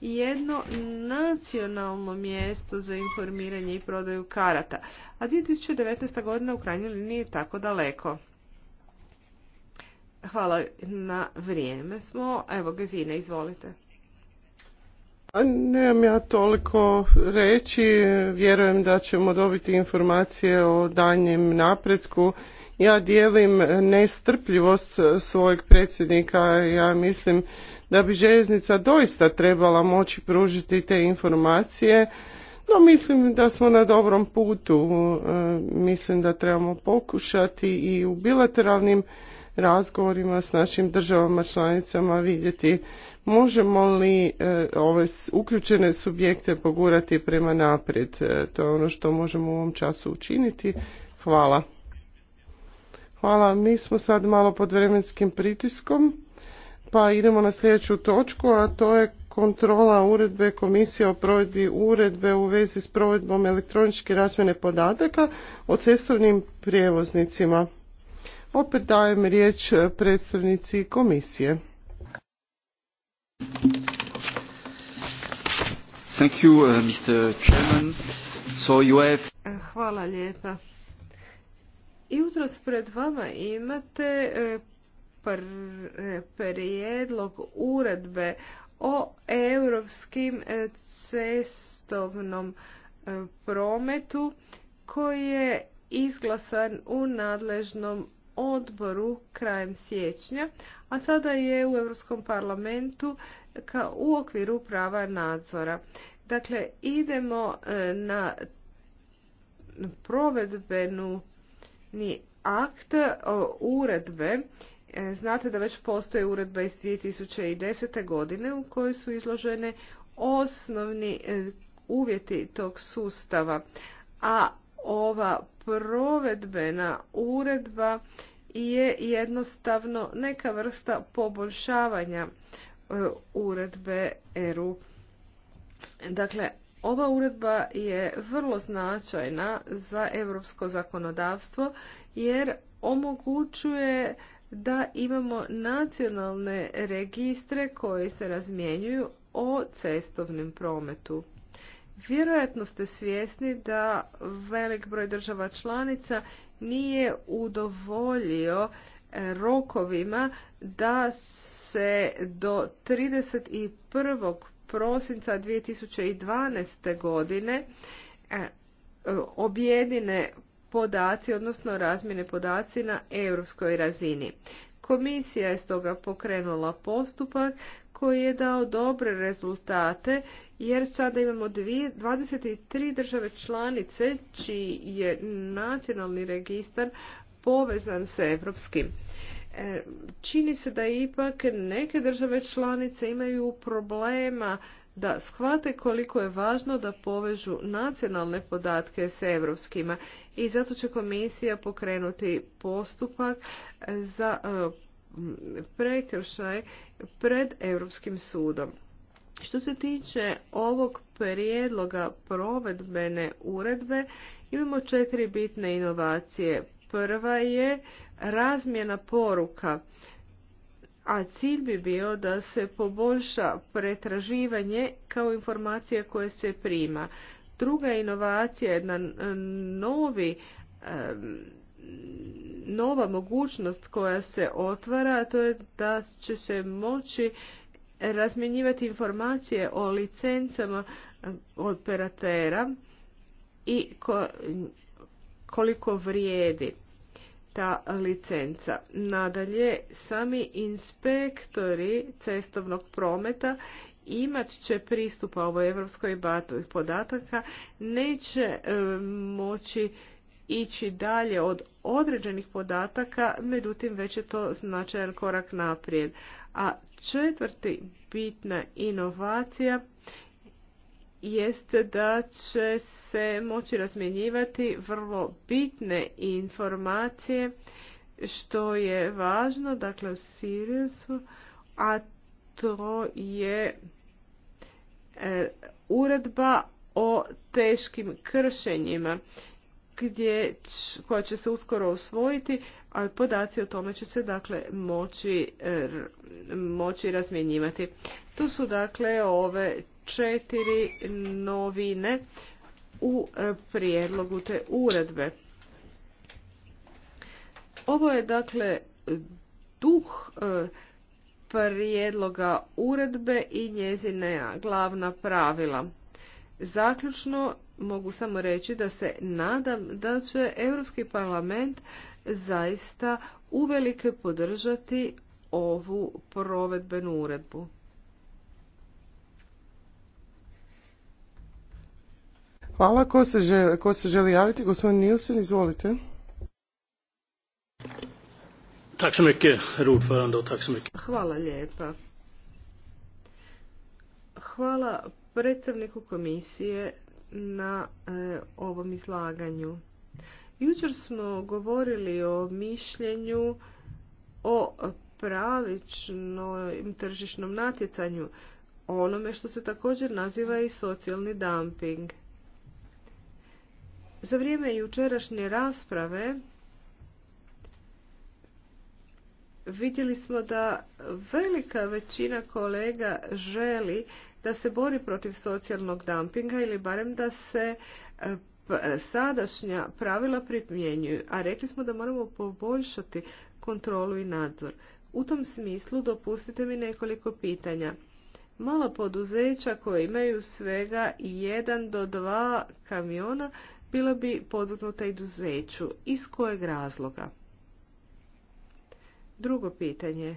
jedno nacionalno mjesto za informiranje i prodaju karata, a 2019. godina u krajnjoj liniji je tako daleko. Hvala na vrijeme smo. Evo, Gazine, izvolite. Nemam ja toliko reći. Vjerujem da ćemo dobiti informacije o danjem napretku. Ja dijelim nestrpljivost svojeg predsjednika. Ja mislim da bi željeznica doista trebala moći pružiti te informacije. No mislim da smo na dobrom putu. E, mislim da trebamo pokušati i u bilateralnim razgovorima s našim državama članicama vidjeti možemo li e, ove uključene subjekte pogurati prema naprijed. E, to je ono što možemo u ovom času učiniti. Hvala. Hvala, mi smo sad malo pod vremenskim pritiskom, pa idemo na sljedeću točku, a to je kontrola uredbe Komisije o provedbi uredbe u vezi s provedbom elektroničke razmjene podataka o cestovnim prijevoznicima. Opet dajem riječ predstavnici komisije. Thank uh, Hvala lijepa. Jutros pred vama imate eh, eh, prijedlog uredbe o europskim eh, cestovnom prometu koji je izglasan u nadležnom odboru krajem siječnja, a sada je u Europskom parlamentu u okviru prava nadzora. Dakle, idemo e, na provedbenu akt uredbe. E, znate da već postoje uredba iz 2010. godine u kojoj su izložene osnovni e, uvjeti tog sustava. A ova provedbena uredba je jednostavno neka vrsta poboljšavanja e, uredbe ERU. Dakle, ova uredba je vrlo značajna za europsko zakonodavstvo jer omogućuje da imamo nacionalne registre koji se razmjenjuju o cestovnim prometu. Vjerojatno ste svjesni da velik broj država članica nije udovoljio e, rokovima da se do 31. prosinca 2012. godine e, objedine podaci, odnosno razmjene podaci na europskoj razini. Komisija je stoga pokrenula postupak koji je dao dobre rezultate jer sada imamo 23 države članice čiji je nacionalni registar povezan sa evropskim. E, čini se da ipak neke države članice imaju problema da shvate koliko je važno da povežu nacionalne podatke s evropskima i zato će komisija pokrenuti postupak za e, prekršaj pred Europskim sudom. Što se tiče ovog prijedloga provedbene uredbe, imamo četiri bitne inovacije. Prva je razmjena poruka, a cilj bi bio da se poboljša pretraživanje kao informacija koje se prima. Druga inovacija je na novi nova mogućnost koja se otvara, a to je da će se moći razmjenjivati informacije o licencama operatera i koliko vrijedi ta licenca. Nadalje, sami inspektori cestovnog prometa imat će pristupa ovoj evropskoj batovih podataka, neće e, moći ići dalje od određenih podataka, međutim već je to značajan korak naprijed. A četvrti bitna inovacija jeste da će se moći razmjenjivati vrlo bitne informacije što je važno, dakle u Siriusu, a to je e, uredba o teškim kršenjima gdje, koja će se uskoro osvojiti, a podaci o tome će se dakle moći, e, moći razmjenjivati. To su dakle ove četiri novine u e, prijedlogu te uredbe. Ovo je dakle duh e, prijedloga uredbe i njezina glavna pravila. Zaključno mogu samo reći da se nadam da će Europski parlament zaista uvelike podržati ovu provedbenu uredbu. Hvala. Ko se želi, ko se želi javiti? Gospodin Nilsen, izvolite. Hvala lijepa. Hvala predstavniku komisije na e, ovom izlaganju. Jučer smo govorili o mišljenju o pravičnom tržišnom natjecanju, onome što se također naziva i socijalni dumping. Za vrijeme jučerašnje rasprave vidjeli smo da velika većina kolega želi da se bori protiv socijalnog dumpinga ili barem da se e, sadašnja pravila primjenjuju, a rekli smo da moramo poboljšati kontrolu i nadzor. U tom smislu dopustite mi nekoliko pitanja. Mala poduzeća koje imaju svega jedan do dva kamiona bila bi i duzeću. Iz kojeg razloga? Drugo pitanje.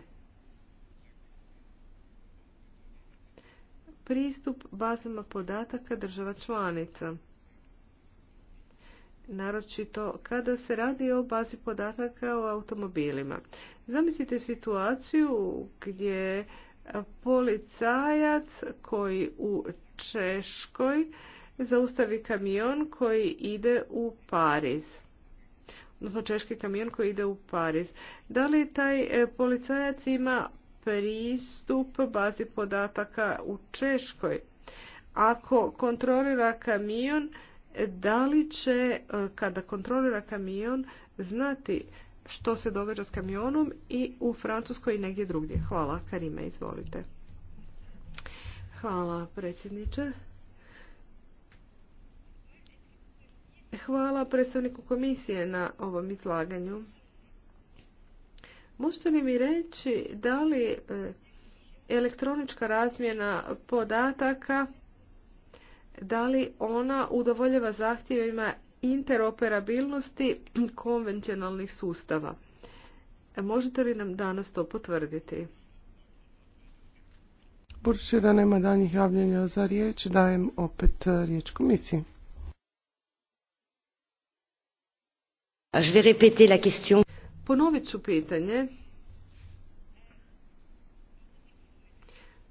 pristup bazama podataka država članica. Naročito kada se radi o bazi podataka o automobilima. Zamislite situaciju gdje policajac koji u Češkoj zaustavi kamion koji ide u Pariz. Odnosno češki kamion koji ide u Pariz. Da li taj e, policajac ima pristup bazi podataka u Češkoj. Ako kontrolira kamion, da li će e, kada kontrolira kamion znati što se događa s kamionom i u Francuskoj i negdje drugdje. Hvala, Karime, izvolite. Hvala, predsjedniče. Hvala predstavniku komisije na ovom izlaganju. Možete li mi reći da li e, elektronička razmjena podataka da li ona udovoljava zahtjevima interoperabilnosti konvencionalnih sustava? E, možete li nam danas to potvrditi? Budući da nema danjih javljenja za riječ, dajem opet e, riječ komisiji. Je vais répéter la question. Ponovit ću pitanje.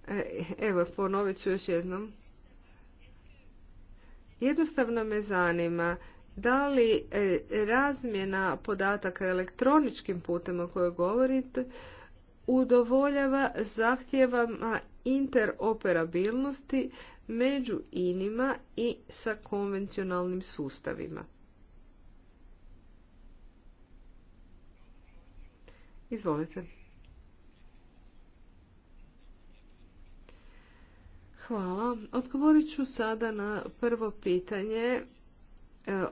E, evo, ponovit ću još jednom. Jednostavno me zanima da li e, razmjena podataka elektroničkim putem o kojoj govorite udovoljava zahtjevama interoperabilnosti među inima i sa konvencionalnim sustavima. Izvolite. Hvala. Odgovorit ću sada na prvo pitanje e,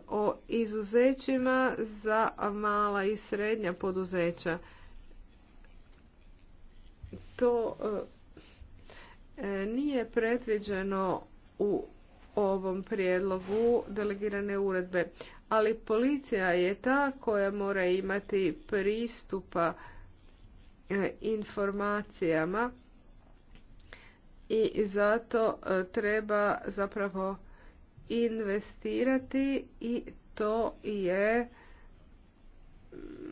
o izuzećima za mala i srednja poduzeća. To e, e, nije predviđeno u ovom prijedlogu delegirane uredbe, ali policija je ta koja mora imati pristupa E, informacijama i zato e, treba zapravo investirati i to je mm,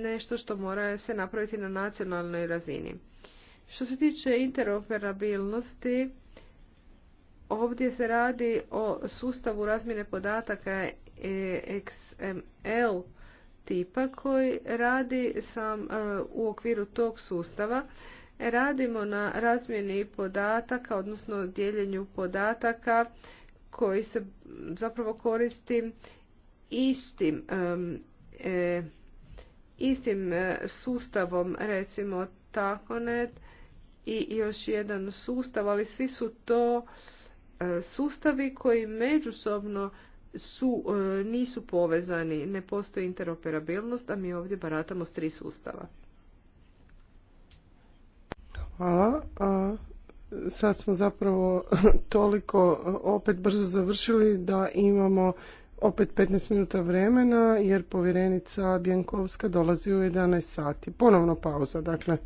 nešto što mora se napraviti na nacionalnoj razini. Što se tiče interoperabilnosti, ovdje se radi o sustavu razmjene podataka e, XML tipa koji radi sam e, u okviru tog sustava. Radimo na razmjeni podataka, odnosno dijeljenju podataka koji se zapravo koristi istim e, istim e, sustavom recimo Takonet i još jedan sustav, ali svi su to sustavi koji međusobno su, e, nisu povezani, ne postoji interoperabilnost, a mi ovdje baratamo s tri sustava. Hvala. A sad smo zapravo toliko opet brzo završili da imamo opet 15 minuta vremena jer povjerenica Bjankovska dolazi u 11 sati. Ponovno pauza, dakle.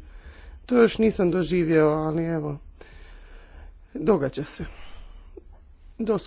To još nisam doživio, ali evo, događa se. Do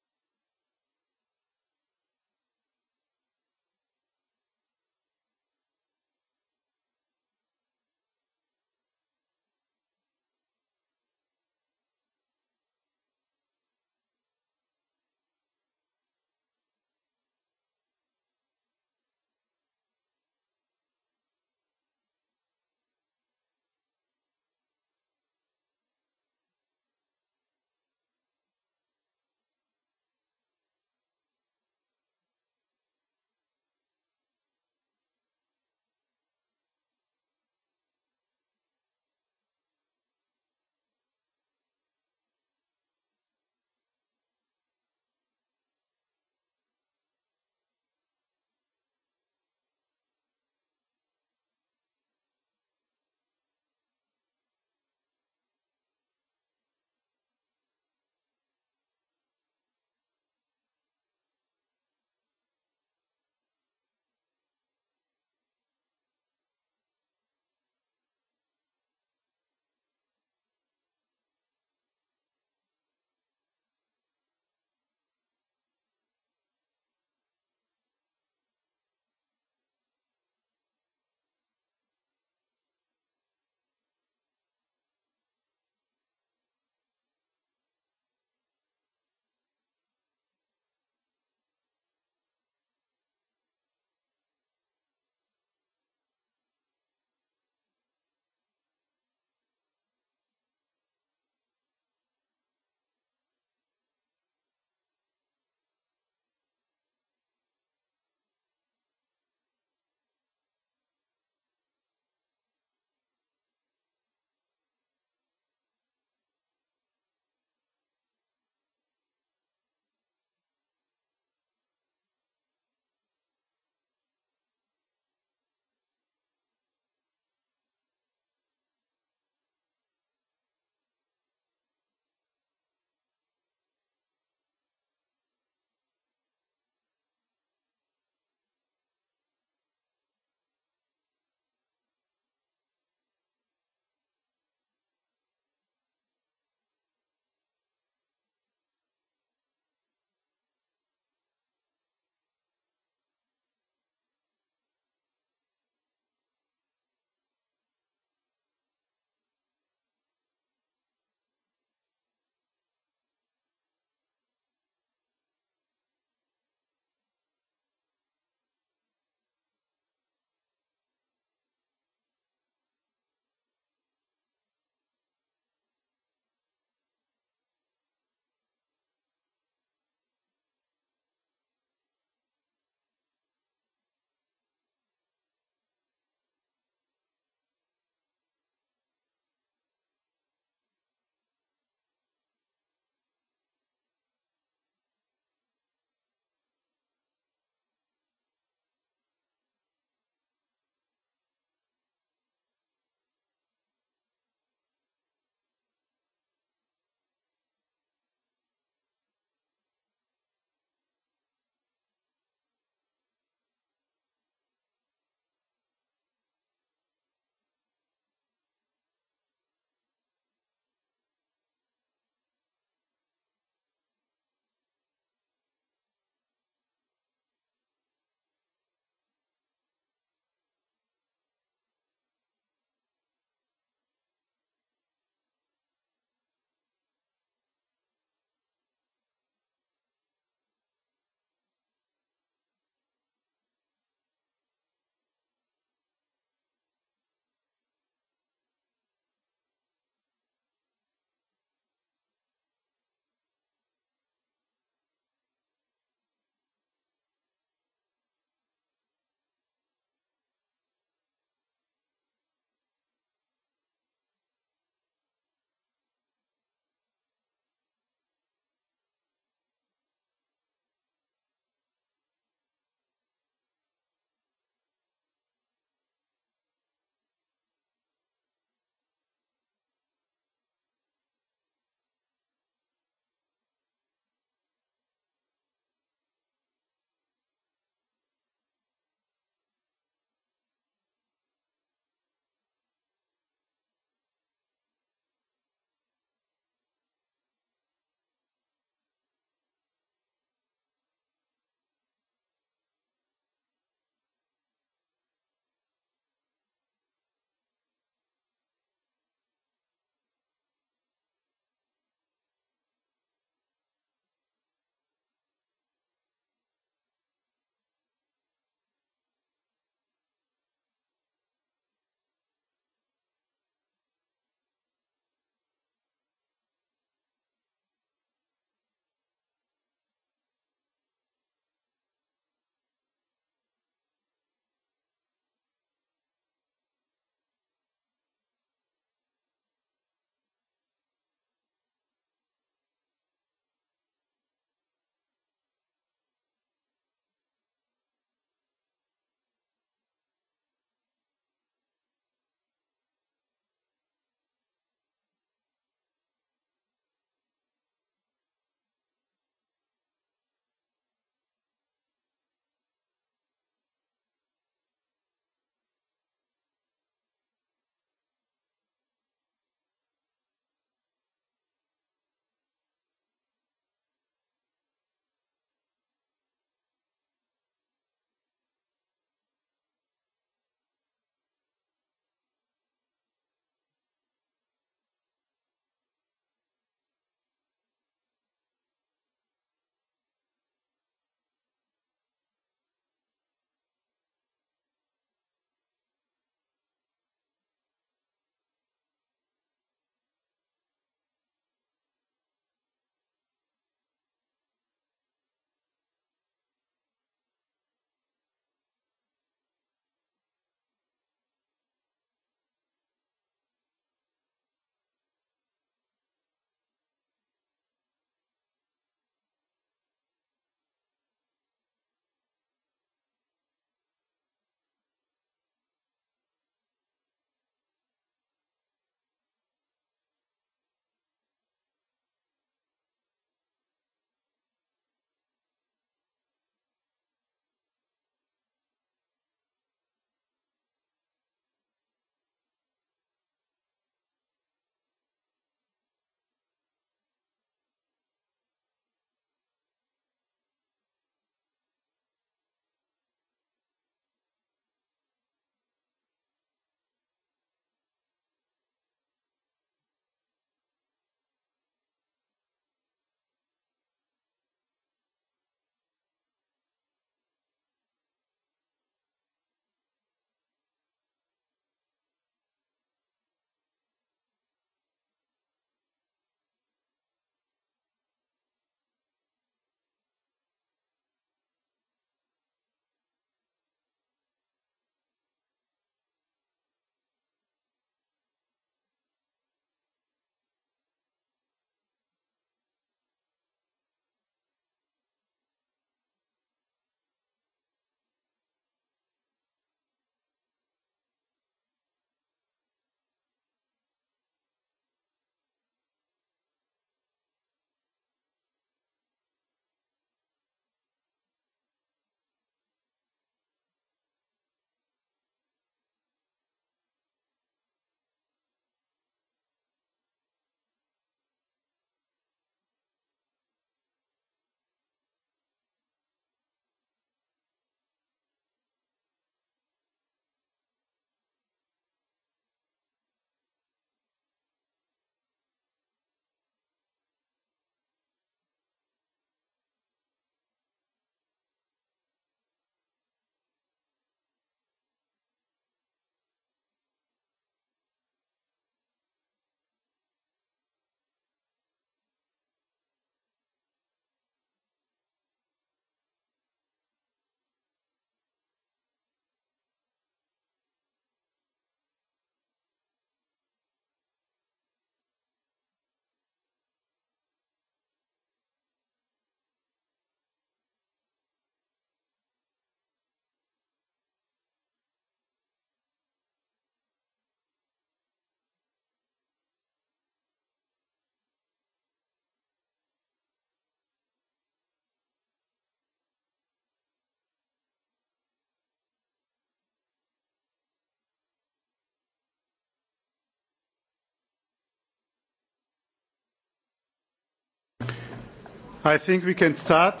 I think we can start.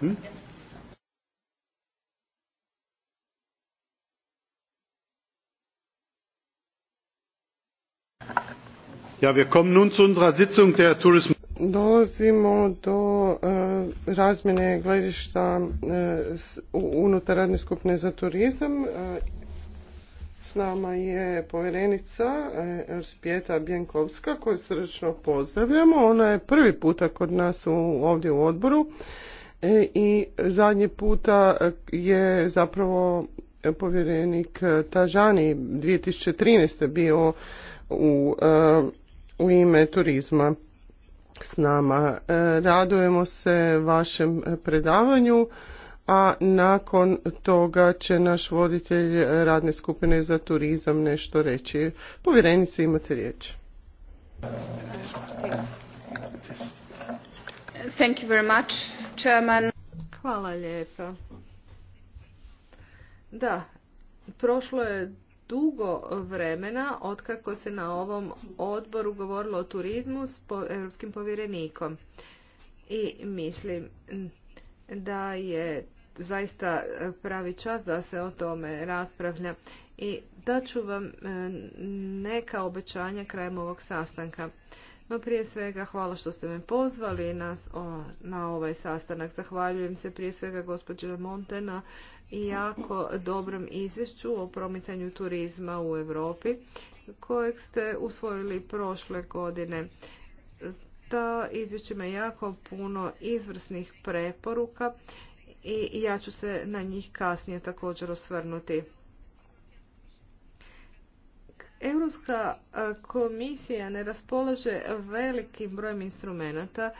Hmm? dolazimo do eh, razmjene gledišta eh, unutar radne skupine za turizam eh, s nama je povjerenica e, Bjenkovska koju srčno pozdravljamo. Ona je prvi puta kod nas ovdje u odboru e, i zadnji puta e, je zapravo povjerenik Tažani 2013. bio u, u ime turizma s nama. Radujemo se vašem predavanju a nakon toga će naš voditelj radne skupine za turizam nešto reći. Povjerenice imate riječ. Thank you very much, chairman. Hvala lijepa. Da, prošlo je dugo vremena otkako se na ovom odboru govorilo o turizmu s europskim povjerenikom. I mislim da je zaista e, pravi čas da se o tome raspravlja i ću vam e, neka obećanja krajem ovog sastanka. No prije svega hvala što ste me pozvali nas na ovaj sastanak. Zahvaljujem se prije svega gospođe Montena i jako dobrom izvješću o promicanju turizma u Europi kojeg ste usvojili prošle godine. Ta izvješće ima jako puno izvrsnih preporuka i ja ću se na njih kasnije također osvrnuti. Europska komisija ne raspolaže velikim brojem instrumenata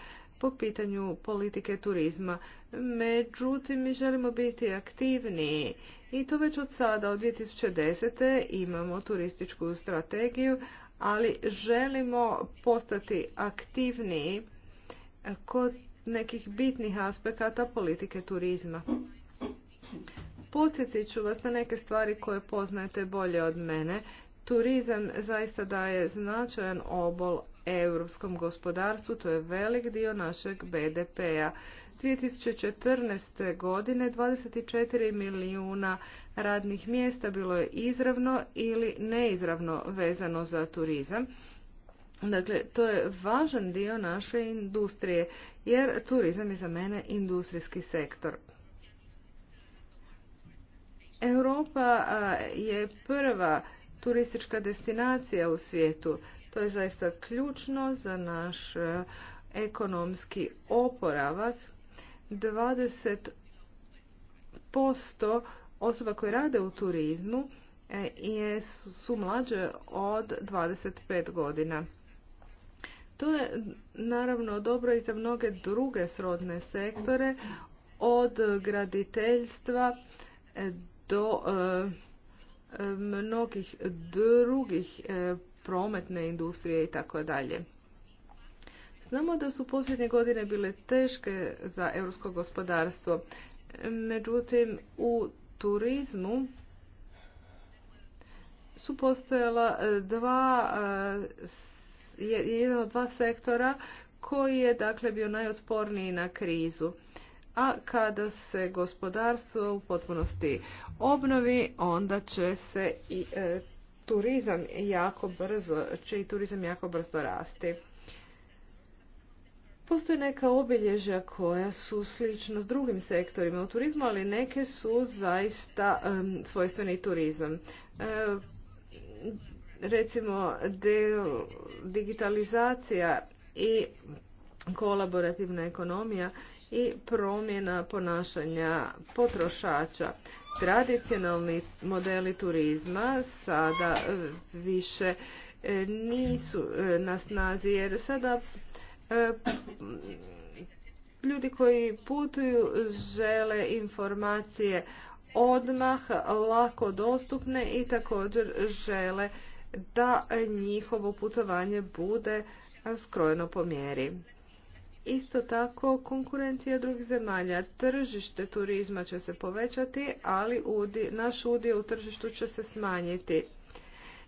po pitanju politike turizma. Međutim, mi želimo biti aktivniji i to već od sada, od 2010. imamo turističku strategiju, ali želimo postati aktivni kod nekih bitnih aspekata politike turizma. Podsjetit ću vas na neke stvari koje poznajete bolje od mene. Turizam zaista daje značajan obol europskom gospodarstvu, to je velik dio našeg BDP-a. 2014. godine 24 milijuna radnih mjesta bilo je izravno ili neizravno vezano za turizam. Dakle, to je važan dio naše industrije, jer turizam je za mene industrijski sektor. Europa je prva turistička destinacija u svijetu. To je zaista ključno za naš ekonomski oporavak. 20% osoba koje rade u turizmu e, su mlađe od 25 godina. To je naravno dobro i za mnoge druge srodne sektore, od graditeljstva e, do e, e, mnogih drugih prometne industrije i tako dalje. Znamo da su posljednje godine bile teške za europsko gospodarstvo. Međutim, u turizmu su postojala dva je jedan od dva sektora koji je dakle bio najotporniji na krizu. A kada se gospodarstvo u potpunosti obnovi, onda će se i e, turizam jako brzo, će i turizam jako brzo rasti. Postoje neka obilježja koja su slična s drugim sektorima u turizmu, ali neke su zaista svojstveni turizam. E, recimo digitalizacija i kolaborativna ekonomija i promjena ponašanja potrošača. Tradicionalni modeli turizma sada više e, nisu e, na snazi jer sada e, ljudi koji putuju žele informacije odmah lako dostupne i također žele da njihovo putovanje bude skrojeno po mjeri. Isto tako, konkurencija drugih zemalja, tržište turizma će se povećati, ali naš udio u tržištu će se smanjiti.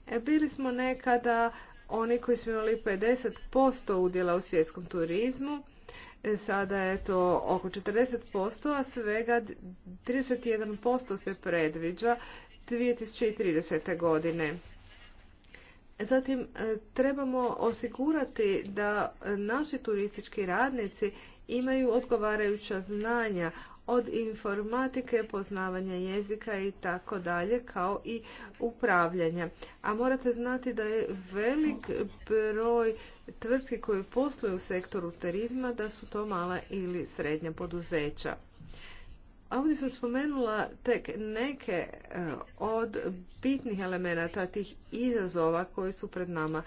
E, bili smo nekada oni koji smo imali 50% udjela u svjetskom turizmu, e, sada je to oko 40%, a svega 31% se predviđa 2030. godine. Zatim e, trebamo osigurati da naši turistički radnici imaju odgovarajuća znanja od informatike, poznavanja jezika i tako dalje, kao i upravljanja. A morate znati da je velik broj tvrtki koje posluju u sektoru turizma da su to mala ili srednja poduzeća. Ovdje sam spomenula tek neke e, od bitnih elemenata tih izazova koji su pred nama.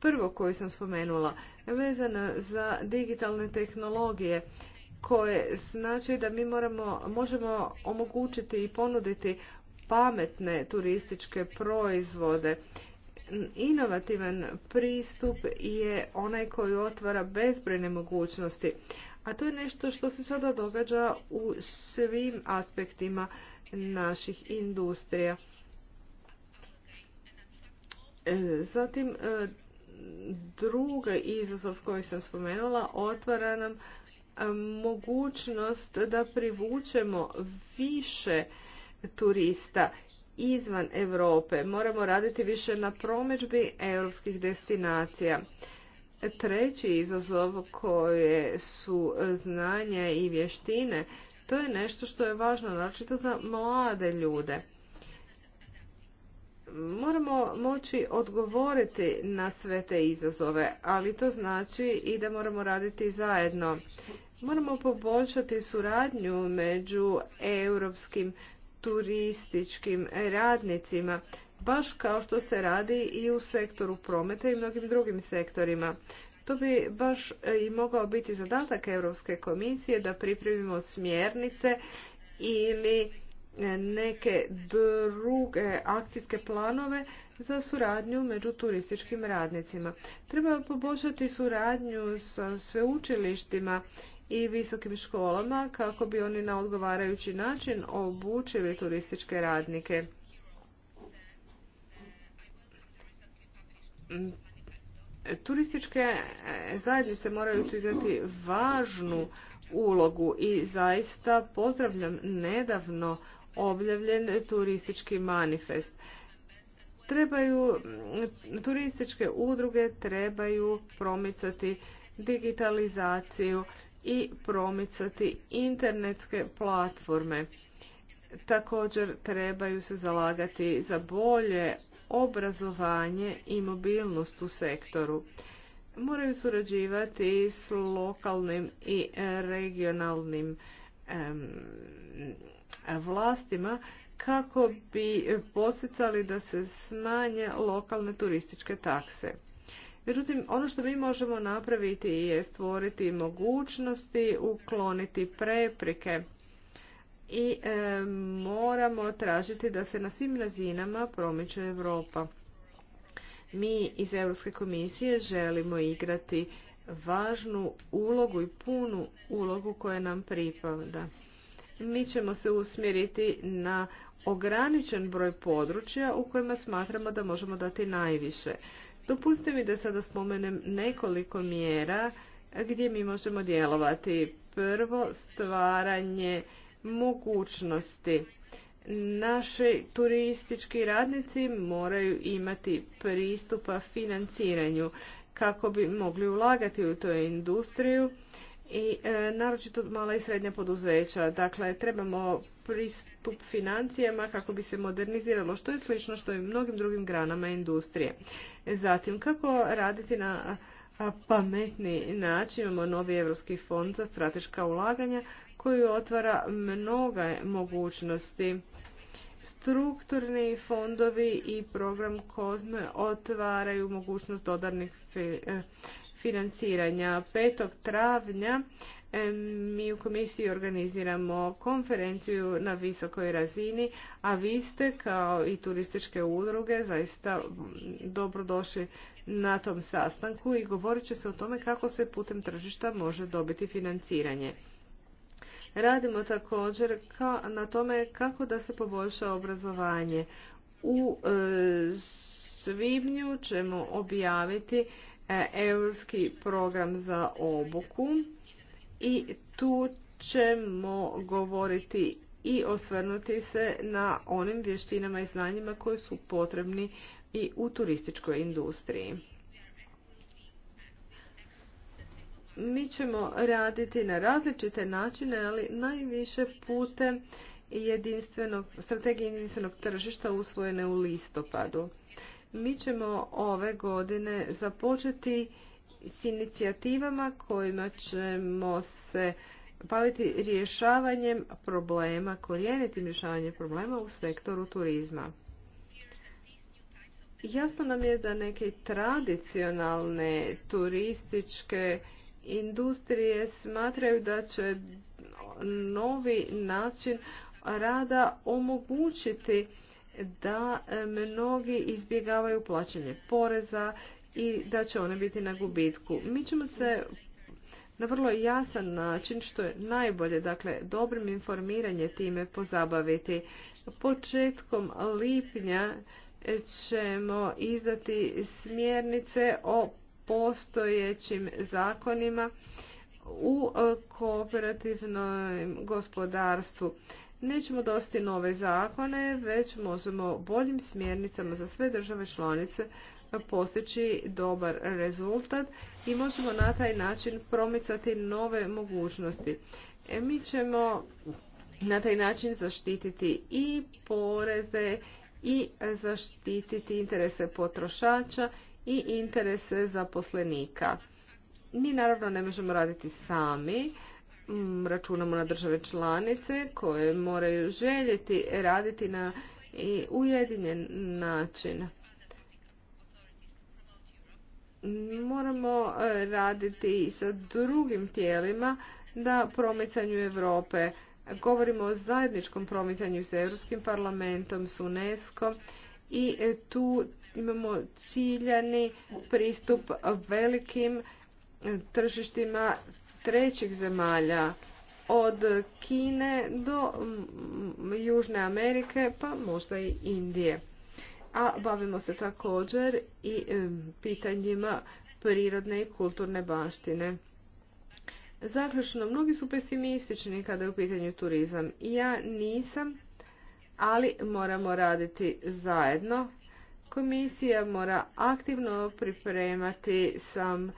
Prvo koju sam spomenula vezano za digitalne tehnologije koje znači da mi moramo, možemo omogućiti i ponuditi pametne turističke proizvode. Inovativan pristup je onaj koji otvara bezbrojne mogućnosti a to je nešto što se sada događa u svim aspektima naših industrija. E, zatim, e, drugi izazov koji sam spomenula otvara nam e, mogućnost da privučemo više turista izvan Europe. Moramo raditi više na promidžbi europskih destinacija. Treći izazov koje su e, znanja i vještine, to je nešto što je važno, naročito za mlade ljude. Moramo moći odgovoriti na sve te izazove, ali to znači i da moramo raditi zajedno. Moramo poboljšati suradnju među europskim turističkim radnicima baš kao što se radi i u sektoru prometa i mnogim drugim sektorima. To bi baš e, i mogao biti zadatak Europske komisije da pripremimo smjernice ili e, neke druge akcijske planove za suradnju među turističkim radnicima. Treba poboljšati suradnju sa sveučilištima i visokim školama kako bi oni na odgovarajući način obučili turističke radnike. Turističke zajednice moraju igrati važnu ulogu i zaista pozdravljam nedavno objavljen turistički manifest. Trebaju, turističke udruge trebaju promicati digitalizaciju i promicati internetske platforme. Također trebaju se zalagati za bolje obrazovanje i mobilnost u sektoru. Moraju surađivati s lokalnim i regionalnim vlastima kako bi podsjecali da se smanje lokalne turističke takse. Međutim, ono što mi možemo napraviti je stvoriti mogućnosti, ukloniti prepreke i e, moramo tražiti da se na svim razinama promiče Europa. Mi iz Europske komisije želimo igrati važnu ulogu i punu ulogu koja nam pripada. Mi ćemo se usmjeriti na ograničen broj područja u kojima smatramo da možemo dati najviše. Dopustite mi da sada spomenem nekoliko mjera gdje mi možemo djelovati. Prvo, stvaranje mogućnosti. Naši turistički radnici moraju imati pristupa financiranju kako bi mogli ulagati u tu industriju i e, naročito mala i srednja poduzeća. Dakle, trebamo pristup financijama kako bi se moderniziralo, što je slično što i mnogim drugim granama industrije. Zatim, kako raditi na pametni način, imamo novi Europski fond za strateška ulaganja koji otvara mnoge mogućnosti. Strukturni fondovi i program Kozme otvaraju mogućnost dodarnih eh, financiranja. 5. travnja eh, mi u komisiji organiziramo konferenciju na visokoj razini, a vi ste kao i turističke udruge zaista dobrodošli na tom sastanku i govorit će se o tome kako se putem tržišta može dobiti financiranje. Radimo također na tome kako da se poboljša obrazovanje. U e, svibnju ćemo objaviti e, europski program za obuku i tu ćemo govoriti i osvrnuti se na onim vještinama i znanjima koji su potrebni i u turističkoj industriji. Mi ćemo raditi na različite načine, ali najviše putem jedinstvenog, strategije jedinstvenog tržišta usvojene u listopadu. Mi ćemo ove godine započeti s inicijativama kojima ćemo se baviti rješavanjem problema, korijenitim rješavanjem problema u sektoru turizma. Jasno nam je da neke tradicionalne turističke industrije smatraju da će novi način rada omogućiti da e, mnogi izbjegavaju plaćanje poreza i da će one biti na gubitku. Mi ćemo se na vrlo jasan način, što je najbolje, dakle, dobrim informiranje time pozabaviti. Početkom lipnja ćemo izdati smjernice o postojećim zakonima u e, kooperativnom gospodarstvu. Nećemo dosti nove zakone, već možemo boljim smjernicama za sve države članice postići dobar rezultat i možemo na taj način promicati nove mogućnosti. E, mi ćemo na taj način zaštititi i poreze i zaštititi interese potrošača i interese zaposlenika. Mi naravno ne možemo raditi sami, mm, računamo na države članice koje moraju željeti raditi na ujedinjen način. Moramo e, raditi i sa drugim tijelima da promicanju Europe. Govorimo o zajedničkom promicanju s Europskim parlamentom, s UNESCO i e, tu imamo ciljani pristup velikim tržištima trećih zemalja od Kine do mm, Južne Amerike pa možda i Indije. A bavimo se također i pitanjima prirodne i kulturne baštine. Zaključno, mnogi su pesimistični kada je u pitanju turizam. Ja nisam, ali moramo raditi zajedno Komisija mora aktivno pripremati sam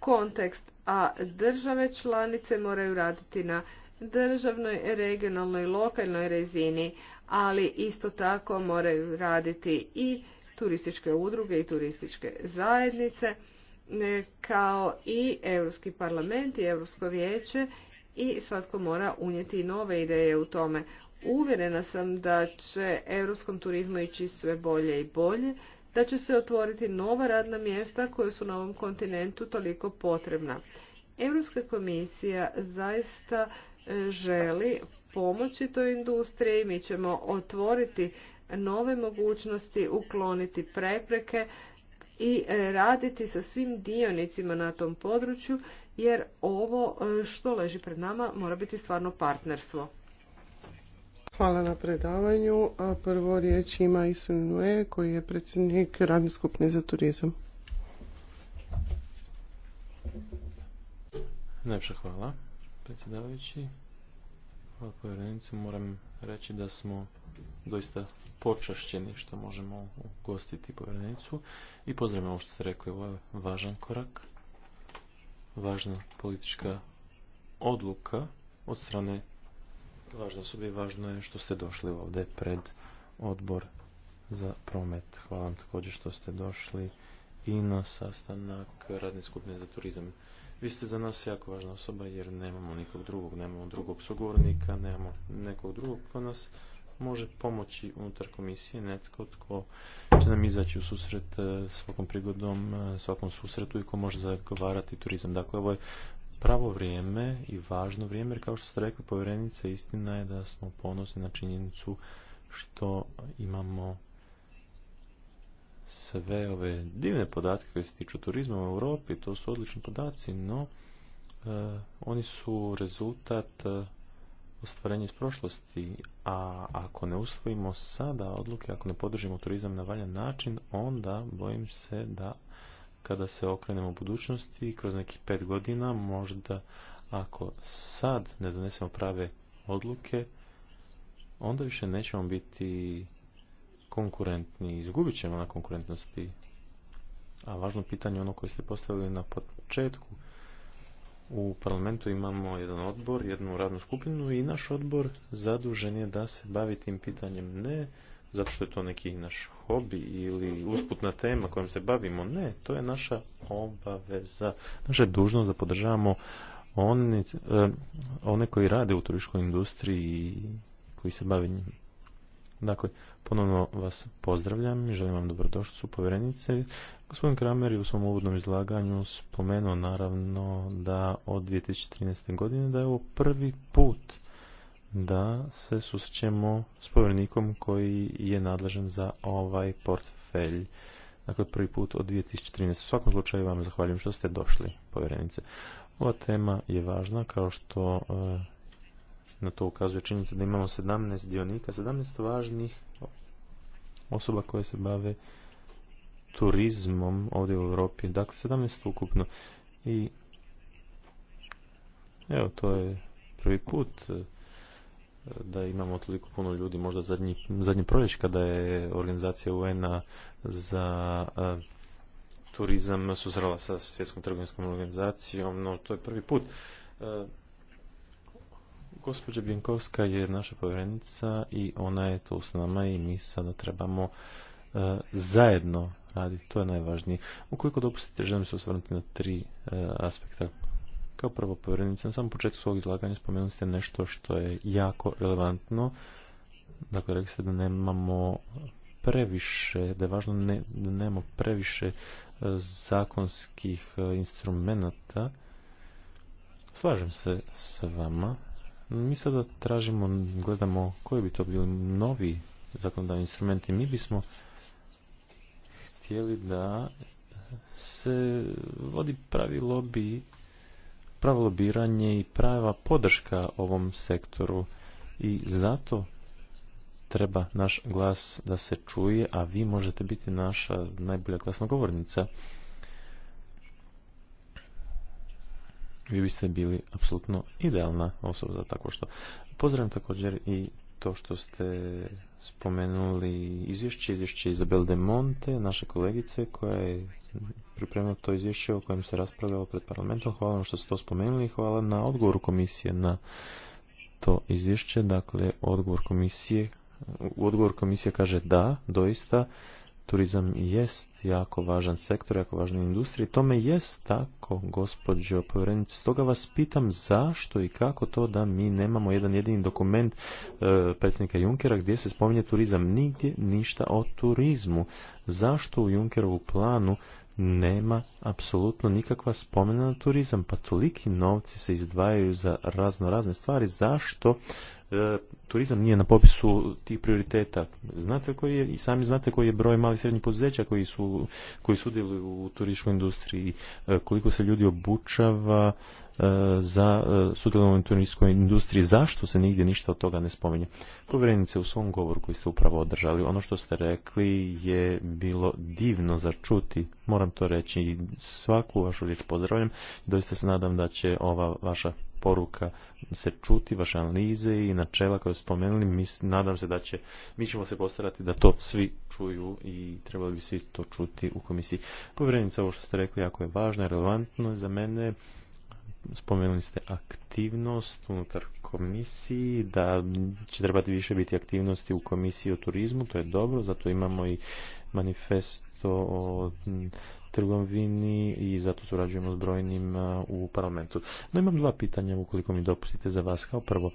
kontekst, a države članice moraju raditi na državnoj, regionalnoj, lokalnoj razini, ali isto tako moraju raditi i turističke udruge i turističke zajednice, e, kao i Europski parlament i Europsko vijeće i svatko mora unijeti nove ideje u tome. Uvjerena sam da će europskom turizmu ići sve bolje i bolje, da će se otvoriti nova radna mjesta koja su na ovom kontinentu toliko potrebna. Europska komisija zaista e, želi pomoći toj industriji, mi ćemo otvoriti nove mogućnosti, ukloniti prepreke i e, raditi sa svim dionicima na tom području, jer ovo e, što leži pred nama mora biti stvarno partnerstvo. Hvala na predavanju. A prvo riječ ima Isun Nue, koji je predsjednik radne skupine za turizam. Najpša hvala, predsjedavajući. Hvala povjerenicu. Moram reći da smo doista počašćeni što možemo ugostiti povjerenicu. I pozdravljam ovo što ste rekli, ovo je važan korak, važna politička odluka od strane Važno osobe i važno je što ste došli ovdje pred odbor za promet. Hvala vam također što ste došli i na sastanak radne skupine za turizam. Vi ste za nas jako važna osoba jer nemamo nikog drugog, nemamo drugog sugovornika, nemamo nekog drugog ko nas može pomoći unutar komisije, netko tko će nam izaći u susret eh, svakom prigodom, eh, svakom susretu i ko može zagovarati turizam. Dakle, ovo je pravo vrijeme i važno vrijeme, jer kao što ste rekli povjerenice, istina je da smo ponosni na činjenicu što imamo sve ove divne podatke koje se tiču turizma u Europi, to su odlični podaci, no e, oni su rezultat e, ostvarenja iz prošlosti, a ako ne usvojimo sada odluke, ako ne podržimo turizam na valjan način, onda bojim se da kada se okrenemo u budućnosti, kroz nekih pet godina, možda ako sad ne donesemo prave odluke, onda više nećemo biti konkurentni, izgubit ćemo na konkurentnosti. A važno pitanje je ono koje ste postavili na početku. U parlamentu imamo jedan odbor, jednu radnu skupinu i naš odbor zadužen je da se bavi tim pitanjem ne zato što je to neki naš hobi ili usputna tema kojom se bavimo. Ne, to je naša obaveza, naša dužnost da podržavamo one, e, one koji rade u turističkoj industriji i koji se bave njim. Dakle, ponovno vas pozdravljam i želim vam dobrodošlicu povjerenice. Gospodin Kramer je u svom uvodnom izlaganju spomenuo naravno da od 2013. godine da je ovo prvi put da se susrećemo s povjerenikom koji je nadležan za ovaj portfelj. Dakle, prvi put od 2013. U svakom slučaju vam zahvaljujem što ste došli, povjerenice. Ova tema je važna, kao što eh, na to ukazuje činjenica da imamo 17 dionika, 17 važnih osoba koje se bave turizmom ovdje u Europi. Dakle, 17 ukupno. I evo, to je prvi put eh, da imamo toliko puno ljudi, možda zadnji, zadnji kada je organizacija UN-a za turizam suzrela sa svjetskom trgovinskom organizacijom, no to je prvi put. gospođa Bjenkovska je naša povjerenica i ona je tu s nama i mi sada trebamo zajedno raditi, to je najvažnije. Ukoliko dopustite, želim se osvrnuti na tri aspekta kao prvo povjerenica, na samom početku svog izlaganja spomenuli ste nešto što je jako relevantno. Dakle, rekli ste da nemamo previše, da je važno ne, da nemamo previše e, zakonskih e, instrumenata. Slažem se s vama. Mi sada tražimo, gledamo koji bi to bili novi zakonodavni instrumenti. Mi bismo htjeli da se vodi pravi lobby pravo lobiranje i prava podrška ovom sektoru i zato treba naš glas da se čuje, a vi možete biti naša najbolja glasnogovornica. Vi biste bili apsolutno idealna osoba za tako što. Pozdravim također i to što ste spomenuli izvješće, izvješće Izabel de Monte, naše kolegice koja je pripremio to izvješće o kojem se raspravljalo pred parlamentom. Hvala vam što ste to spomenuli i hvala na odgovoru komisije na to izvješće. Dakle, odgovor komisije, u odgovor komisije kaže da, doista, turizam jest jako važan sektor, jako važna industrija. Tome jest tako, gospođo povjerenice. Stoga vas pitam zašto i kako to da mi nemamo jedan jedini dokument e, predsjednika Junkera gdje se spominje turizam. Nigdje ništa o turizmu. Zašto u Junkerovu planu nema apsolutno nikakva spomena na turizam, pa toliki novci se izdvajaju za razno razne stvari, zašto E, turizam nije na popisu tih prioriteta. Znate koji je, i sami znate koji je broj malih srednjih poduzeća koji su, koji sudjeluju u turističkoj industriji, e, koliko se ljudi obučava e, za sudjelovanje u turističkoj industriji, zašto se nigdje ništa od toga ne spominje. Povjerenice, u svom govoru koji ste upravo održali, ono što ste rekli je bilo divno začuti. moram to reći, svaku vašu riječ pozdravljam, doista se nadam da će ova vaša poruka se čuti, vaše analize i načela koje spomenuli. Mi, nadam se da će, mi ćemo se postarati da to svi čuju i trebali bi svi to čuti u komisiji. Povjerenica, ovo što ste rekli jako je važno, i relevantno za mene. Spomenuli ste aktivnost unutar komisiji, da će trebati više biti aktivnosti u komisiji o turizmu, to je dobro, zato imamo i manifest nešto o trgovini i zato surađujemo s brojnim u parlamentu. No imam dva pitanja ukoliko mi dopustite za vas. Kao prvo,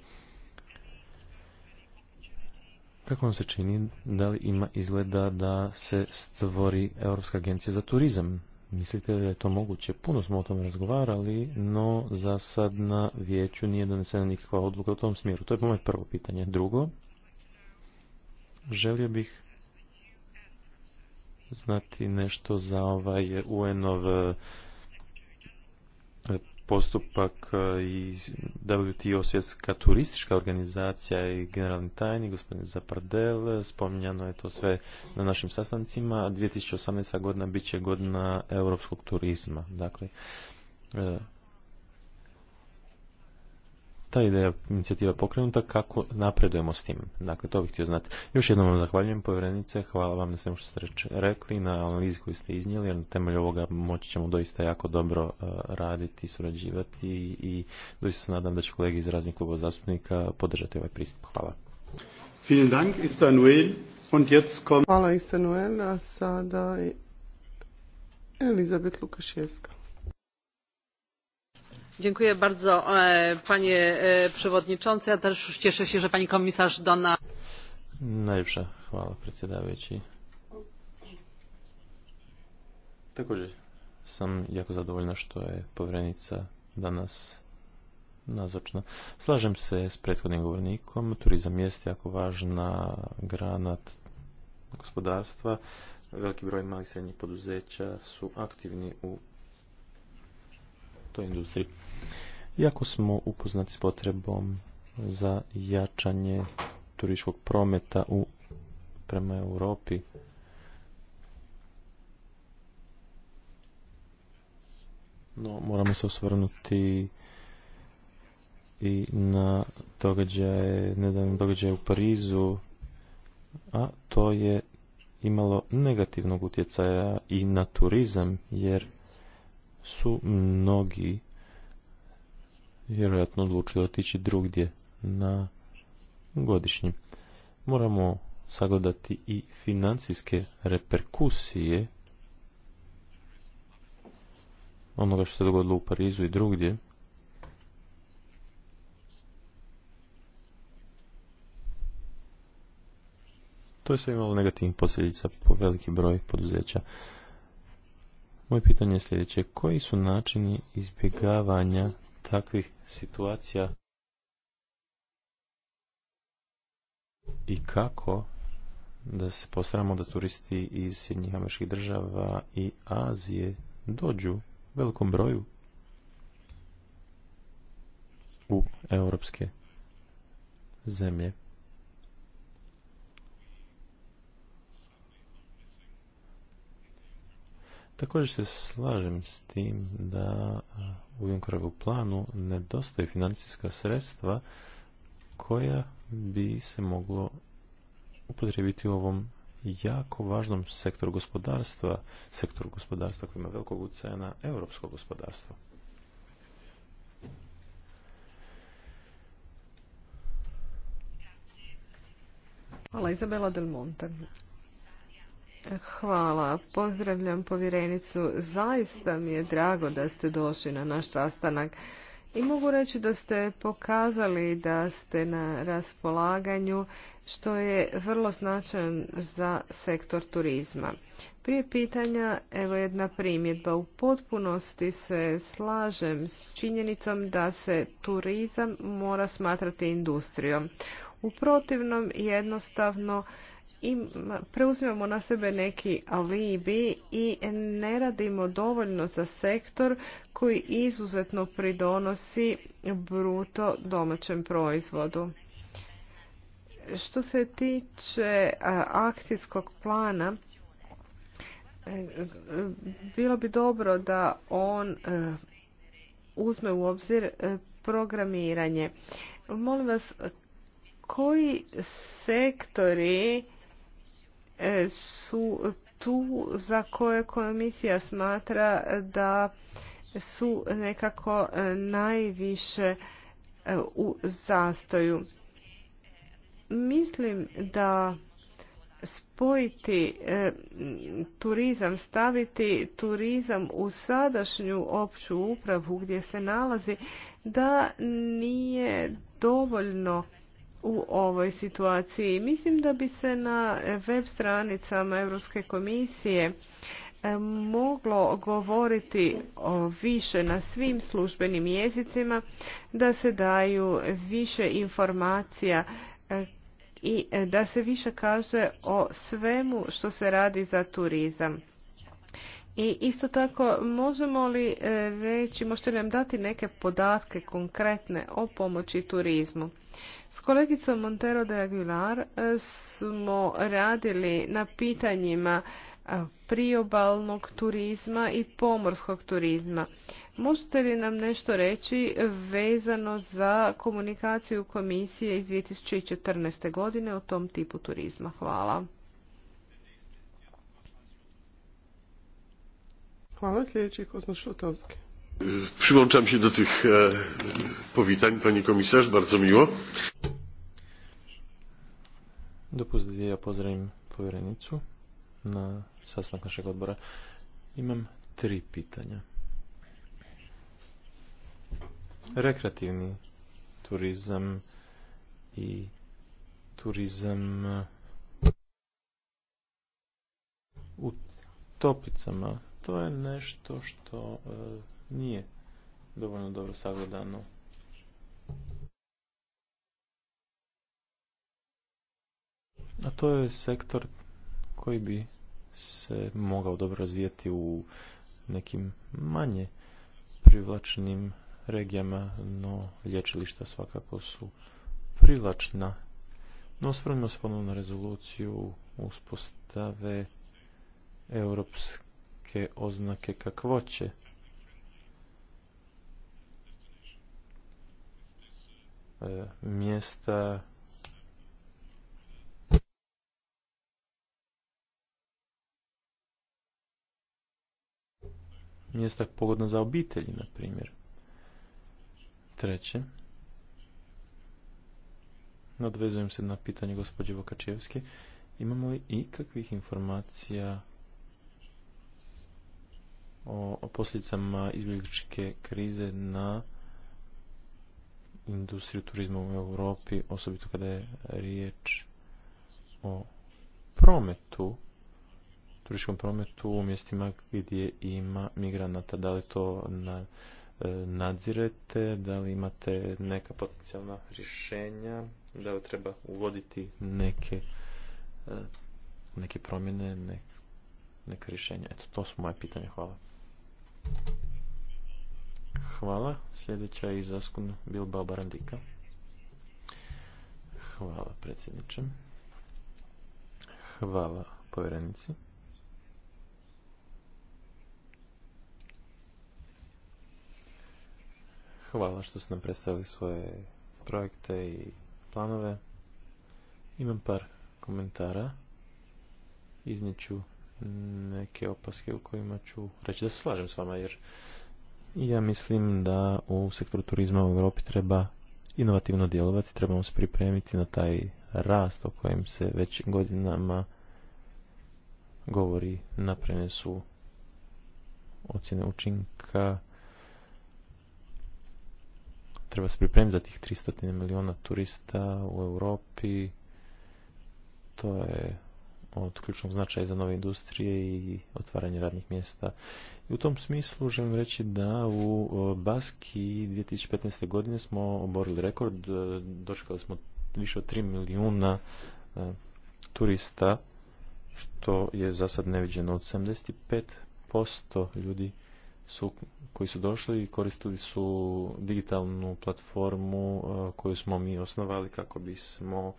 kako vam se čini da li ima izgleda da se stvori Europska agencija za turizam? Mislite da je to moguće? Puno smo o tome razgovarali, no za sad na vijeću nije donesena nikakva odluka u tom smjeru. To je moje prvo pitanje. Drugo, želio bih znati nešto za ovaj UN-ov e, postupak e, i WTO svjetska turistička organizacija i generalni tajni, gospodin Zapardel, spominjano je to sve na našim sastancima, a 2018. godina bit će godina europskog turizma. Dakle, e, ta ideja inicijativa pokrenuta, kako napredujemo s tim. Dakle, to bih htio znati. Još jednom vam zahvaljujem, povjerenice, hvala vam na svemu što ste rekli, na analizi koju ste iznijeli, jer na temelju ovoga moći ćemo doista jako dobro e, raditi, surađivati i doista se nadam da će kolege iz raznih kluba zastupnika podržati ovaj pristup. Hvala. Hvala Istanuel, a sada Elizabet Lukaševska. Dziękuję bardzo e, panie e, przewodniczący. Ja też cieszę się, że pani komisarz Dona... Najlepsza hvala predsjedavajući. Također sam jako zadovoljna što je povjerenica danas nazočna. Slažem se s prethodnim govornikom, turizam jeste jako važna grana gospodarstva. Veliki broj malih srednjih poduzeća su aktivni u toj industriji. Iako smo upoznati s potrebom za jačanje turističkog prometa u, prema Europi, no moramo se osvrnuti i na događaje, nedavno događaje u Parizu, a to je imalo negativnog utjecaja i na turizam, jer su mnogi vjerojatno odlučili otići drugdje na godišnji. Moramo sagledati i financijske reperkusije onoga što se dogodilo u Parizu i drugdje. To je sve imalo negativnih posljedica po veliki broj poduzeća. Moje pitanje je sljedeće. Koji su načini izbjegavanja takvih situacija i kako da se postaramo da turisti iz Sjednjih američkih država i Azije dođu velikom broju u europske zemlje. Također se slažem s tim da u Junkarovu planu nedostaje financijska sredstva koja bi se moglo upotrijebiti u ovom jako važnom sektoru gospodarstva, sektoru gospodarstva koji ima velikog utjecaja na europsko gospodarstvo. Hvala Izabela Del Monte. Hvala. Pozdravljam povjerenicu. Zaista mi je drago da ste došli na naš sastanak i mogu reći da ste pokazali da ste na raspolaganju što je vrlo značajan za sektor turizma. Prije pitanja, evo jedna primjedba. U potpunosti se slažem s činjenicom da se turizam mora smatrati industrijom. U protivnom jednostavno i preuzimamo na sebe neki alibi i ne radimo dovoljno za sektor koji izuzetno pridonosi bruto domaćem proizvodu. Što se tiče akcijskog plana, e, bilo bi dobro da on e, uzme u obzir e, programiranje. Molim vas, koji sektori su tu za koje komisija smatra da su nekako najviše e, u zastoju. Mislim da spojiti e, turizam, staviti turizam u sadašnju opću upravu gdje se nalazi, da nije dovoljno u ovoj situaciji. Mislim da bi se na web stranicama Europske komisije e, moglo govoriti o više na svim službenim jezicima, da se daju više informacija e, i e, da se više kaže o svemu što se radi za turizam. I isto tako, možemo li reći, možete nam dati neke podatke konkretne o pomoći turizmu? S kolegicom Montero de Aguilar e, smo radili na pitanjima e, priobalnog turizma i pomorskog turizma. Možete li nam nešto reći vezano za komunikaciju komisije iz 2014. godine o tom tipu turizma? Hvala. Hvala sljedeći Kozno Šutovski. Przyłączam się do tych e, powitań, pani komisarz, bardzo miło. Dopustite ja pozdravim povjerenicu na sastanak našeg odbora. Imam tri pitanja. Rekreativni turizam i turizam u topicama, To je nešto što nije dovoljno dobro sagledano. A to je sektor koji bi se mogao dobro razvijati u nekim manje privlačnim regijama, no lječilišta svakako su privlačna. No osvrnimo se ponovno na rezoluciju uspostave europske oznake kakvoće. E, mjesta mjesta pogodna za obitelji, na primjer. Treće, nadvezujem se na pitanje gospođe Vokačevske, imamo li ikakvih informacija o, o posljedicama izbjegličke krize na industriju turizma u Europi, osobito kada je riječ o prometu, turističkom prometu u mjestima gdje ima migranata. Da li to na, e, nadzirete, da li imate neka potencijalna rješenja, da li treba uvoditi neke, e, neke promjene, neke, neka rješenja. Eto, to su moje pitanje. Hvala. Hvala. Sljedeća je izaskun Bilbao Barandika. Hvala predsjedniče. Hvala povjerenici. Hvala što ste nam predstavili svoje projekte i planove. Imam par komentara. Izniću neke opaske u kojima ću reći da se slažem s vama jer ja mislim da u sektoru turizma u Europi treba inovativno djelovati, trebamo se pripremiti na taj rast o kojem se već godinama govori na prenesu ocjene učinka treba se pripremiti za tih 300 milijuna turista u Europi to je od ključnog značaja za nove industrije i otvaranje radnih mjesta. I u tom smislu želim reći da u Baski 2015. godine smo oborili rekord, e, dočekali smo više od 3 milijuna e, turista, što je za sad neviđeno od 75% ljudi su, koji su došli i koristili su digitalnu platformu e, koju smo mi osnovali kako bismo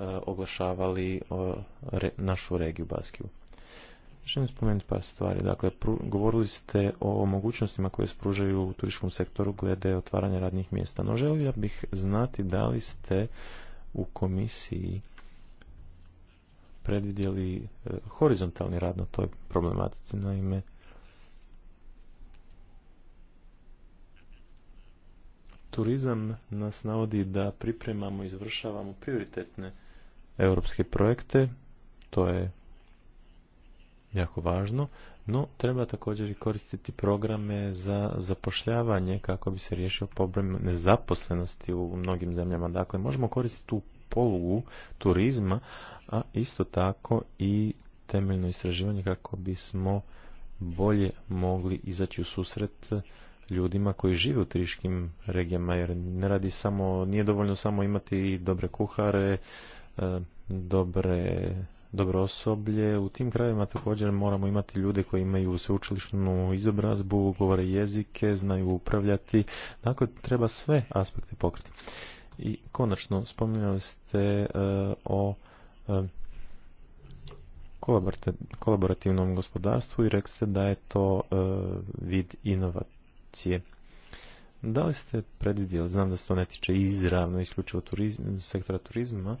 E, oglašavali našu regiju Baskiju. Želim spomenuti par stvari. Dakle, govorili ste o mogućnostima koje spružaju u turističkom sektoru glede otvaranja radnih mjesta. No želio bih znati da li ste u komisiji predvidjeli e, horizontalni rad na toj problematici. Naime, turizam nas navodi da pripremamo, izvršavamo prioritetne europske projekte, to je jako važno, no treba također i koristiti programe za zapošljavanje kako bi se riješio problem nezaposlenosti u mnogim zemljama. Dakle, možemo koristiti tu polugu turizma, a isto tako i temeljno istraživanje kako bismo bolje mogli izaći u susret ljudima koji žive u triškim regijama jer ne radi samo, nije dovoljno samo imati dobre kuhare, E, dobre dobro osoblje. U tim krajevima također moramo imati ljude koji imaju sveučilišnu izobrazbu, govore jezike, znaju upravljati. Dakle, treba sve aspekte pokriti. I konačno, spominjali ste e, o e, kolaborativnom gospodarstvu i rekli ste da je to vid inovacije. Da li ste predvidjeli, znam da se to ne tiče izravno isključivo turizm, sektora turizma,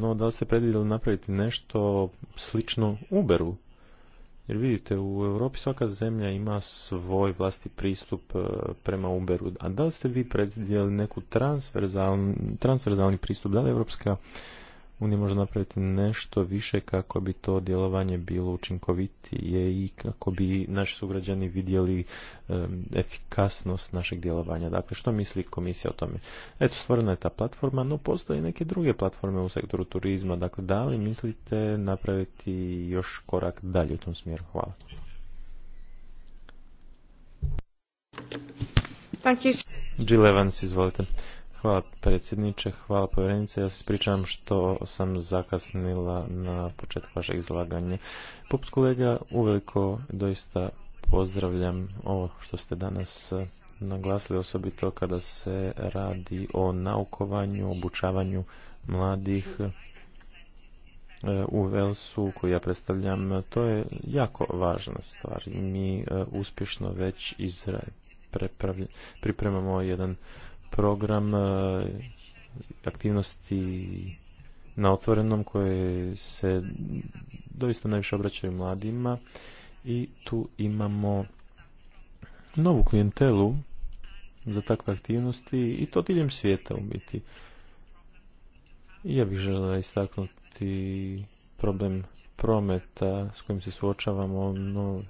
no da li ste predvidjeli napraviti nešto slično Uberu? Jer vidite, u Europi svaka zemlja ima svoj vlasti pristup e, prema Uberu. A da li ste vi predvidjeli neku transverzalni, transverzalni pristup? Da li Europska unija može napraviti nešto više kako bi to djelovanje bilo učinkovitije i kako bi naši sugrađani vidjeli efikasnost našeg djelovanja. Dakle, što misli komisija o tome? Eto, stvorena je ta platforma, no postoje i neke druge platforme u sektoru turizma. Dakle, da li mislite napraviti još korak dalje u tom smjeru? Hvala. izvolite. Hvala predsjedniče, hvala povjerenice. Ja se spričavam što sam zakasnila na početku vašeg izlaganja. Poput kolega, uveliko doista pozdravljam ovo što ste danas eh, naglasili, osobito kada se radi o naukovanju, obučavanju mladih eh, u Velsu koju ja predstavljam. To je jako važna stvar. Mi eh, uspješno već iz pripremamo jedan program e, aktivnosti na otvorenom koje se doista najviše obraćaju mladima i tu imamo novu klijentelu za takve aktivnosti i to diljem svijeta u biti. Ja bih žela istaknuti problem prometa s kojim se suočavamo, no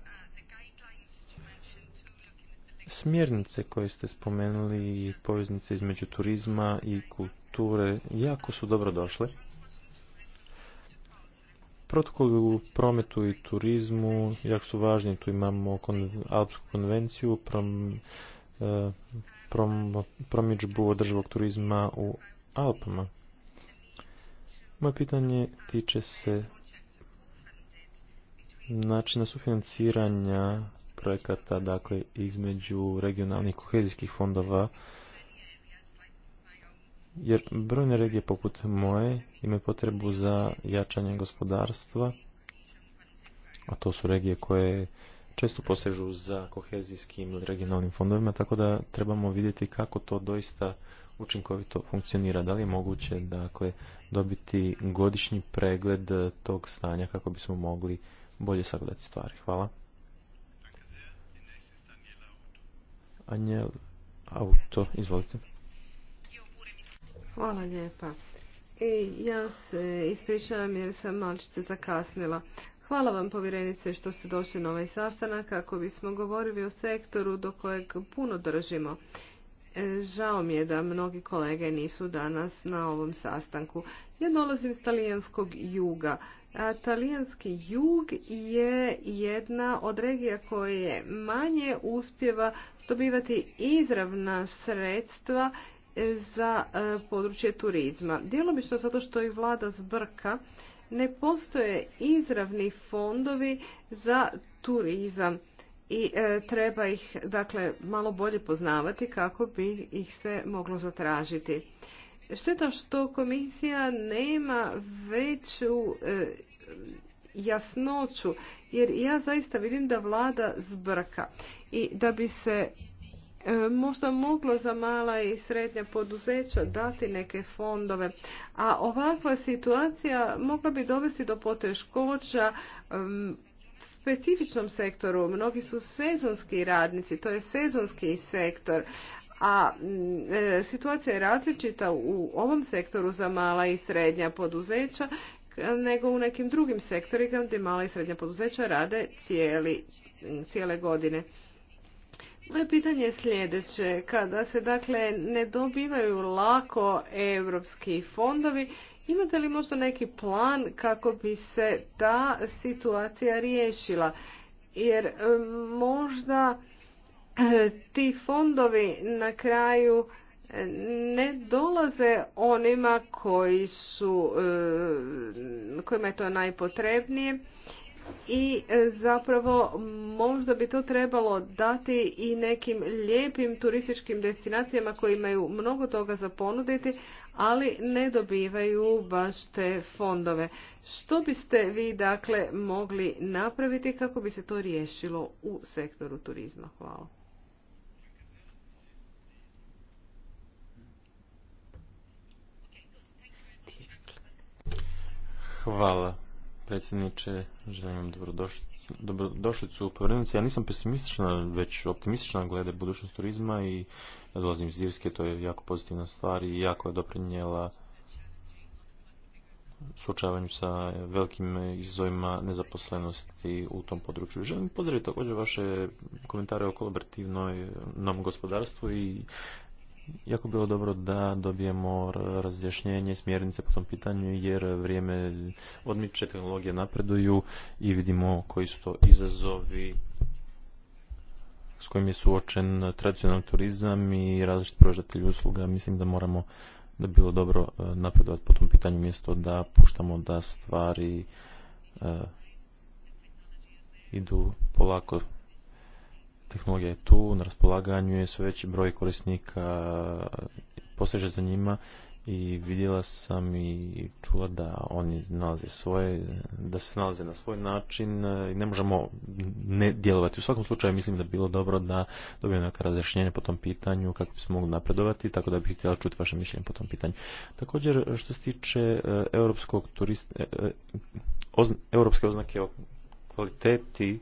Smjernice koje ste spomenuli i poveznice između turizma i kulture jako su dobro došle. Protokoli u prometu i turizmu jak su važni. Tu imamo Alpsku konvenciju, prom, e, prom, održivog turizma u Alpama. Moje pitanje tiče se načina sufinanciranja projekata, dakle između regionalnih kohezijskih fondova, jer brojne regije poput moje imaju potrebu za jačanje gospodarstva, a to su regije koje često posežu za kohezijskim ili regionalnim fondovima, tako da trebamo vidjeti kako to doista učinkovito funkcionira. Da li je moguće dakle, dobiti godišnji pregled tog stanja kako bismo mogli bolje sagledati stvari? Hvala. Anjel Auto. Izvolite. Hvala lijepa. E, ja se ispričavam jer sam malčice zakasnila. Hvala vam povjerenice što ste došli na ovaj sastanak kako bismo govorili o sektoru do kojeg puno držimo. E, žao mi je da mnogi kolege nisu danas na ovom sastanku. Ja dolazim s talijanskog juga Talijanski jug je jedna od regija koje manje uspjeva dobivati izravna sredstva za e, područje turizma. Djelomično zato što i vlada zbrka ne postoje izravni fondovi za turizam i e, treba ih dakle malo bolje poznavati kako bi ih se moglo zatražiti. Šteta što komisija nema veću e, jasnoću, jer ja zaista vidim da vlada zbrka i da bi se e, možda moglo za mala i srednja poduzeća dati neke fondove. A ovakva situacija mogla bi dovesti do poteškoća specifičnom sektoru. Mnogi su sezonski radnici, to je sezonski sektor a mm, e, situacija je različita u ovom sektoru za mala i srednja poduzeća nego u nekim drugim sektorima gdje mala i srednja poduzeća rade cijeli, cijele godine. Moje pitanje je sljedeće. Kada se dakle ne dobivaju lako europski fondovi, imate li možda neki plan kako bi se ta situacija riješila? Jer e, možda ti fondovi na kraju e, ne dolaze onima koji su, e, kojima je to najpotrebnije i e, zapravo možda bi to trebalo dati i nekim lijepim turističkim destinacijama koji imaju mnogo toga za ponuditi, ali ne dobivaju baš te fondove. Što biste vi dakle mogli napraviti kako bi se to riješilo u sektoru turizma? Hvala. Hvala, predsjedniče. Želim vam dobrodošlicu u povrednici. Ja nisam pesimistična, već optimistična glede budućnost turizma i ja dolazim iz Irske, to je jako pozitivna stvar i jako je doprinijela suočavanju sa velikim izazovima nezaposlenosti u tom području. Želim pozdraviti također vaše komentare o kolaborativnom gospodarstvu i jako bilo dobro da dobijemo razjašnjenje smjernice po tom pitanju jer vrijeme odmiče, tehnologije napreduju i vidimo koji su to izazovi s kojim je suočen tradicionalni turizam i različiti pružatelji usluga. Mislim da moramo da bilo dobro e, napredovati po tom pitanju mjesto da puštamo da stvari e, idu polako tehnologija je tu, na raspolaganju je sve veći broj korisnika, poseže za njima i vidjela sam i čula da oni nalaze svoje, da se nalaze na svoj način e, i ne možemo ne djelovati. U svakom slučaju mislim da bi bilo dobro da dobijemo neka razjašnjenja po tom pitanju kako bi se mogli napredovati, tako da bih htjela čuti vaše mišljenje po tom pitanju. Također što se tiče e, europskog e, europske oznake o kvaliteti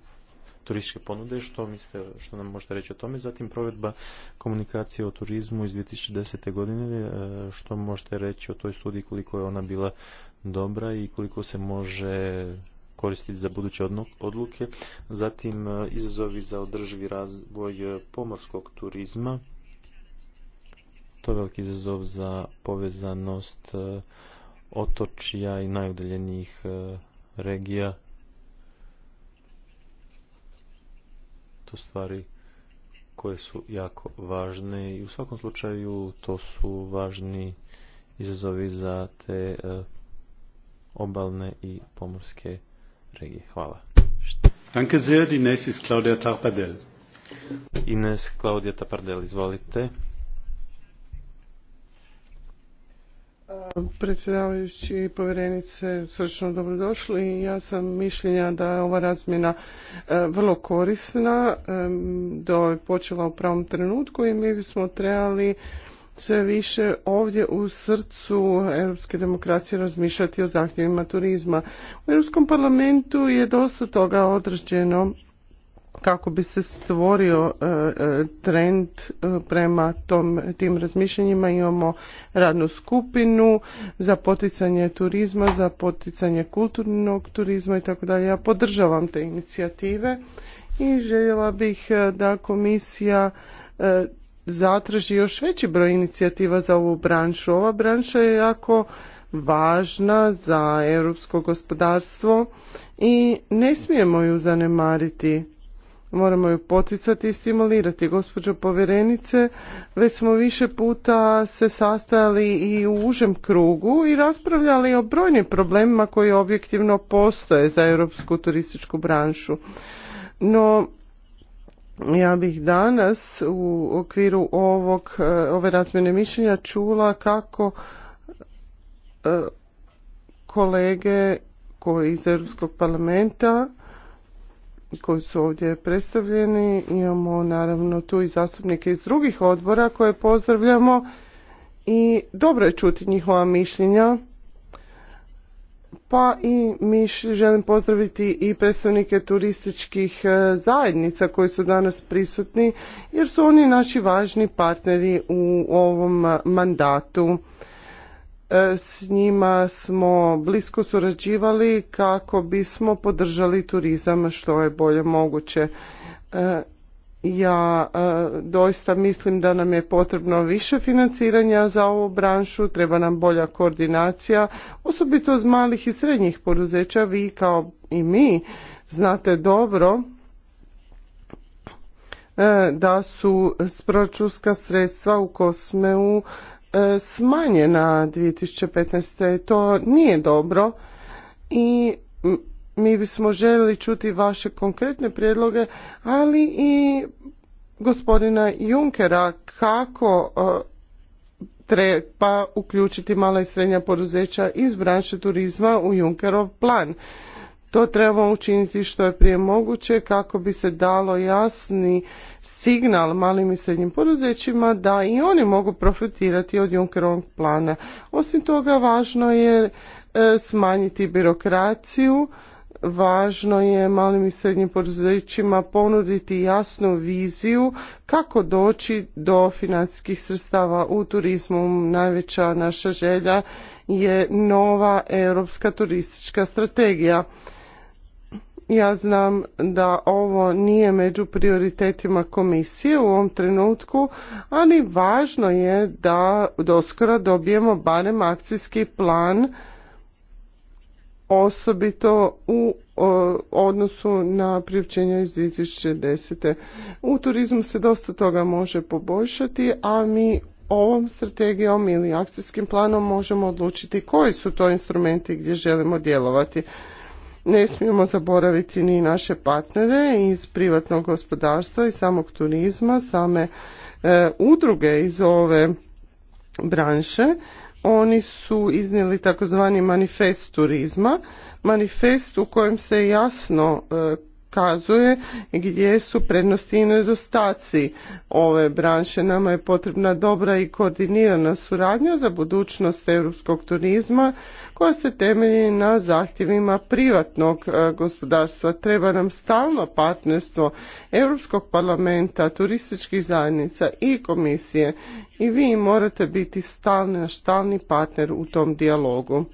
turističke ponude, što, mislite, što nam možete reći o tome. Zatim provedba komunikacije o turizmu iz 2010. godine, e, što možete reći o toj studiji, koliko je ona bila dobra i koliko se može koristiti za buduće odluke. Zatim e, izazovi za održivi razvoj pomorskog turizma. To je veliki izazov za povezanost e, otočija i najudaljenijih regija su stvari koje su jako važne i u svakom slučaju to su važni izazovi za te e, obalne i pomorske regije. Hvala. Danke sehr, Ines Claudia Tapardel. Ines Claudia Tapardel, izvolite. predsjedavajući povjerenice, srčno dobrodošli. Ja sam mišljenja da je ova razmjena e, vrlo korisna, e, da je počela u pravom trenutku i mi bismo trebali sve više ovdje u srcu europske demokracije razmišljati o zahtjevima turizma. U Europskom parlamentu je dosta toga određeno kako bi se stvorio e, e, trend e, prema tom, tim razmišljanjima imamo radnu skupinu za poticanje turizma, za poticanje kulturnog turizma i tako dalje. Ja podržavam te inicijative i željela bih da komisija zatraži još veći broj inicijativa za ovu branšu. Ova branša je jako važna za europsko gospodarstvo i ne smijemo ju zanemariti moramo ju poticati i stimulirati. Gospođo povjerenice, već smo više puta se sastajali i u užem krugu i raspravljali o brojnim problemima koji objektivno postoje za europsku turističku branšu. No, ja bih danas u okviru ovog, e, ove razmjene mišljenja čula kako e, kolege koji iz Europskog parlamenta koji su ovdje predstavljeni. Imamo naravno tu i zastupnike iz drugih odbora koje pozdravljamo i dobro je čuti njihova mišljenja. Pa i mi želim pozdraviti i predstavnike turističkih e, zajednica koji su danas prisutni jer su oni naši važni partneri u ovom e, mandatu. E, s njima smo blisko surađivali kako bismo podržali turizam što je bolje moguće. E, ja e, doista mislim da nam je potrebno više financiranja za ovu branšu, treba nam bolja koordinacija, osobito z malih i srednjih poduzeća, vi kao i mi znate dobro da su proračunska sredstva u Kosmeu E, smanjena 2015. To nije dobro i mi bismo željeli čuti vaše konkretne prijedloge, ali i gospodina Junkera kako e, treba uključiti mala i srednja poduzeća iz branše turizma u Junkerov plan to trebamo učiniti što je prije moguće kako bi se dalo jasni signal malim i srednjim poduzećima da i oni mogu profitirati od Junckerovog plana. Osim toga važno je e, smanjiti birokraciju, važno je malim i srednjim poduzećima ponuditi jasnu viziju kako doći do financijskih sredstava u turizmu. Najveća naša želja je nova europska turistička strategija. Ja znam da ovo nije među prioritetima komisije u ovom trenutku, ali važno je da doskora dobijemo barem akcijski plan osobito u odnosu na priopćenje iz 2010. U turizmu se dosta toga može poboljšati, a mi ovom strategijom ili akcijskim planom možemo odlučiti koji su to instrumenti gdje želimo djelovati. Ne smijemo zaboraviti ni naše partnere iz privatnog gospodarstva i samog turizma, same e, udruge iz ove branše oni su iznijeli takozvani manifest turizma, manifest u kojem se jasno e, pokazuje gdje su prednosti i nedostaci ove branše. Nama je potrebna dobra i koordinirana suradnja za budućnost europskog turizma koja se temelji na zahtjevima privatnog e, gospodarstva. Treba nam stalno partnerstvo Europskog parlamenta, turističkih zajednica i komisije i vi morate biti stalni, stalni partner u tom dijalogu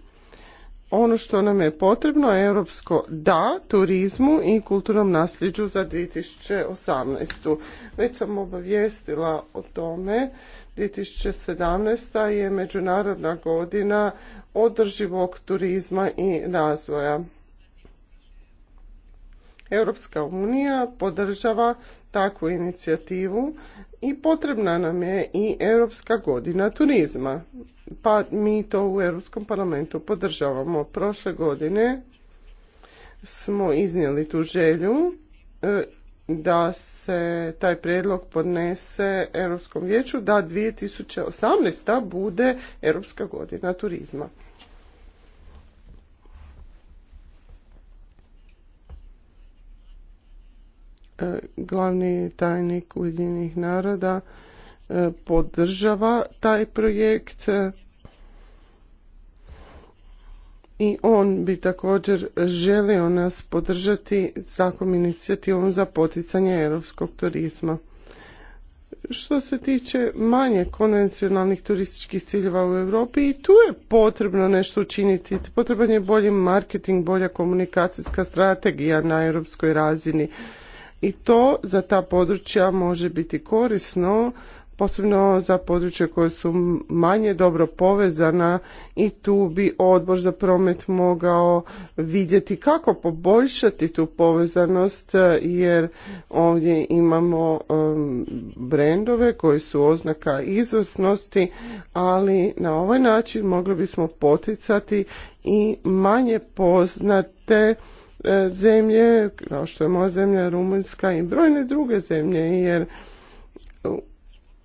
ono što nam je potrebno je europsko da turizmu i kulturnom nasljeđu za 2018. Već sam obavijestila o tome. 2017. je međunarodna godina održivog turizma i razvoja. Europska unija podržava takvu inicijativu i potrebna nam je i Europska godina turizma pa mi to u Europskom parlamentu podržavamo. Prošle godine smo iznijeli tu želju e, da se taj prijedlog podnese Europskom vijeću da 2018. bude Europska godina turizma. E, glavni tajnik Ujedinjenih naroda E, podržava taj projekt i on bi također želio nas podržati s takvom inicijativom za poticanje europskog turizma. Što se tiče manje konvencionalnih turističkih ciljeva u Europi i tu je potrebno nešto učiniti. Potreban je bolji marketing, bolja komunikacijska strategija na europskoj razini. I to za ta područja može biti korisno posebno za područje koje su manje dobro povezana i tu bi odbor za promet mogao vidjeti kako poboljšati tu povezanost jer ovdje imamo um, brendove koji su oznaka izvrsnosti, ali na ovaj način mogli bismo poticati i manje poznate e, zemlje kao što je moja zemlja Rumunjska i brojne druge zemlje jer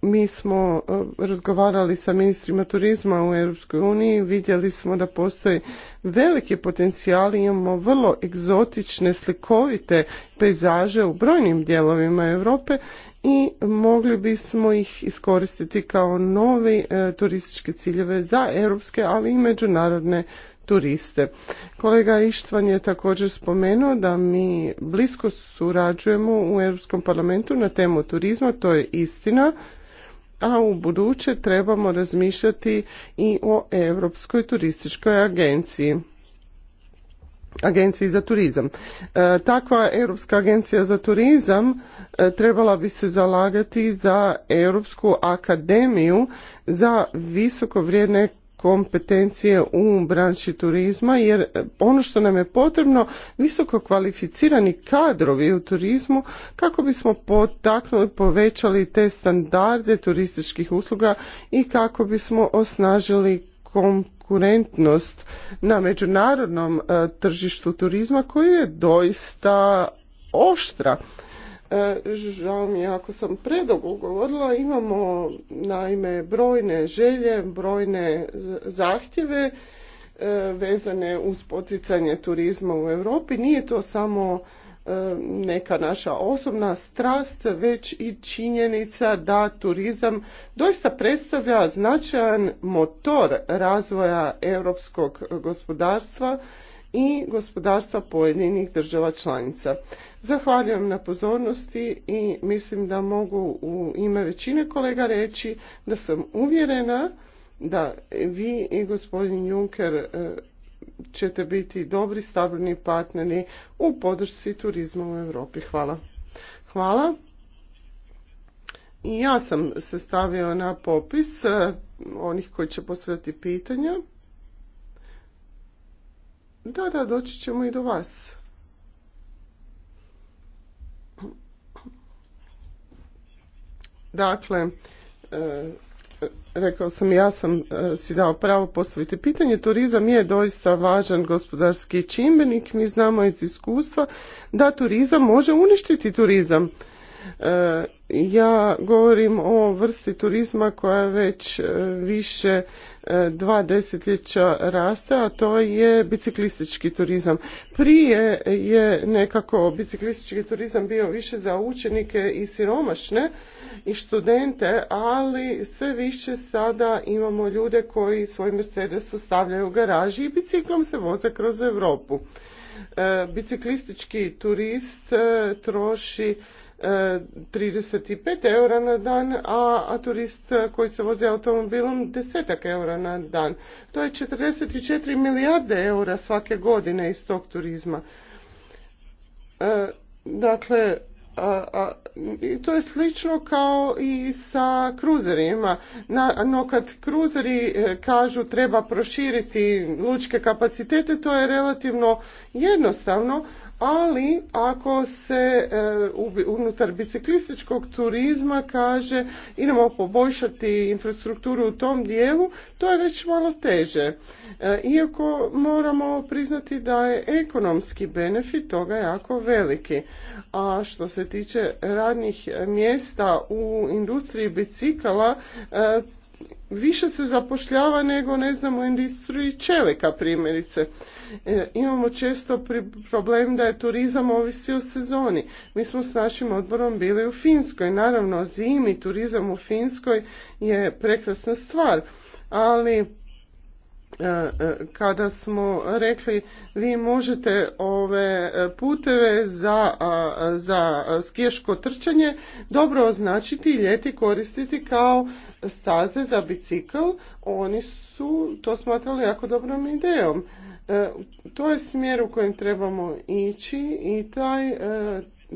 mi smo e, razgovarali sa ministrima turizma u Europskoj uniji, vidjeli smo da postoji veliki potencijal, imamo vrlo egzotične, slikovite pejzaže u brojnim dijelovima Europe i mogli bismo ih iskoristiti kao novi e, turističke ciljeve za europske, ali i međunarodne turiste. Kolega Ištvan je također spomenuo da mi blisko surađujemo u Europskom parlamentu na temu turizma, to je istina a u buduće trebamo razmišljati i o Europskoj turističkoj agenciji. Agenciji za turizam. E, takva Europska agencija za turizam e, trebala bi se zalagati za Europsku akademiju za visoko vrijedne kompetencije u branši turizma jer e, ono što nam je potrebno visoko kvalificirani kadrovi u turizmu kako bismo potaknuli, povećali te standarde turističkih usluga i kako bismo osnažili konkurentnost na međunarodnom e, tržištu turizma koji je doista oštra E, žao mi je ako sam predugo govorila, imamo naime brojne želje, brojne zahtjeve e, vezane uz poticanje turizma u Europi. Nije to samo e, neka naša osobna strast, već i činjenica da turizam doista predstavlja značajan motor razvoja europskog gospodarstva i gospodarstva pojedinih država članica. Zahvaljujem na pozornosti i mislim da mogu u ime većine kolega reći da sam uvjerena da vi i gospodin Juncker e, ćete biti dobri, stabilni partneri u podršci turizma u Europi. Hvala. Hvala. ja sam se stavio na popis e, onih koji će postaviti pitanja. Da, da, doći ćemo i do vas. Dakle, e, rekao sam, ja sam e, si dao pravo postaviti pitanje. Turizam je doista važan gospodarski čimbenik. Mi znamo iz iskustva da turizam može uništiti turizam. E, ja govorim o vrsti turizma koja već e, više e, dva desetljeća raste, a to je biciklistički turizam. Prije je nekako biciklistički turizam bio više za učenike i siromašne i studente, ali sve više sada imamo ljude koji svoj Mercedes ostavljaju u garaži i biciklom se voze kroz Europu. Biciklistički turist troši 35 e, eura na dan, a, a turist koji se vozi automobilom desetak eura na dan. To je 44 milijarde eura svake godine iz tog turizma. E, dakle, i to je slično kao i sa kruzerima. no kad kruzeri e, kažu treba proširiti lučke kapacitete, to je relativno jednostavno, ali ako se e, unutar biciklističkog turizma kaže idemo poboljšati infrastrukturu u tom dijelu, to je već malo teže. E, iako moramo priznati da je ekonomski benefit toga jako veliki. A što se tiče radnih mjesta u industriji bicikala, e, više se zapošljava nego ne znam u industriji čelika primjerice. E, imamo često problem da je turizam ovisi o sezoni. Mi smo s našim odborom bili u Finskoj. Naravno zimi turizam u Finskoj je prekrasna stvar, ali E, e, kada smo rekli vi možete ove e, puteve za, za skiješko trčanje dobro označiti i ljeti koristiti kao staze za bicikl, oni su to smatrali jako dobrom idejom. To je smjer u kojem trebamo ići i taj,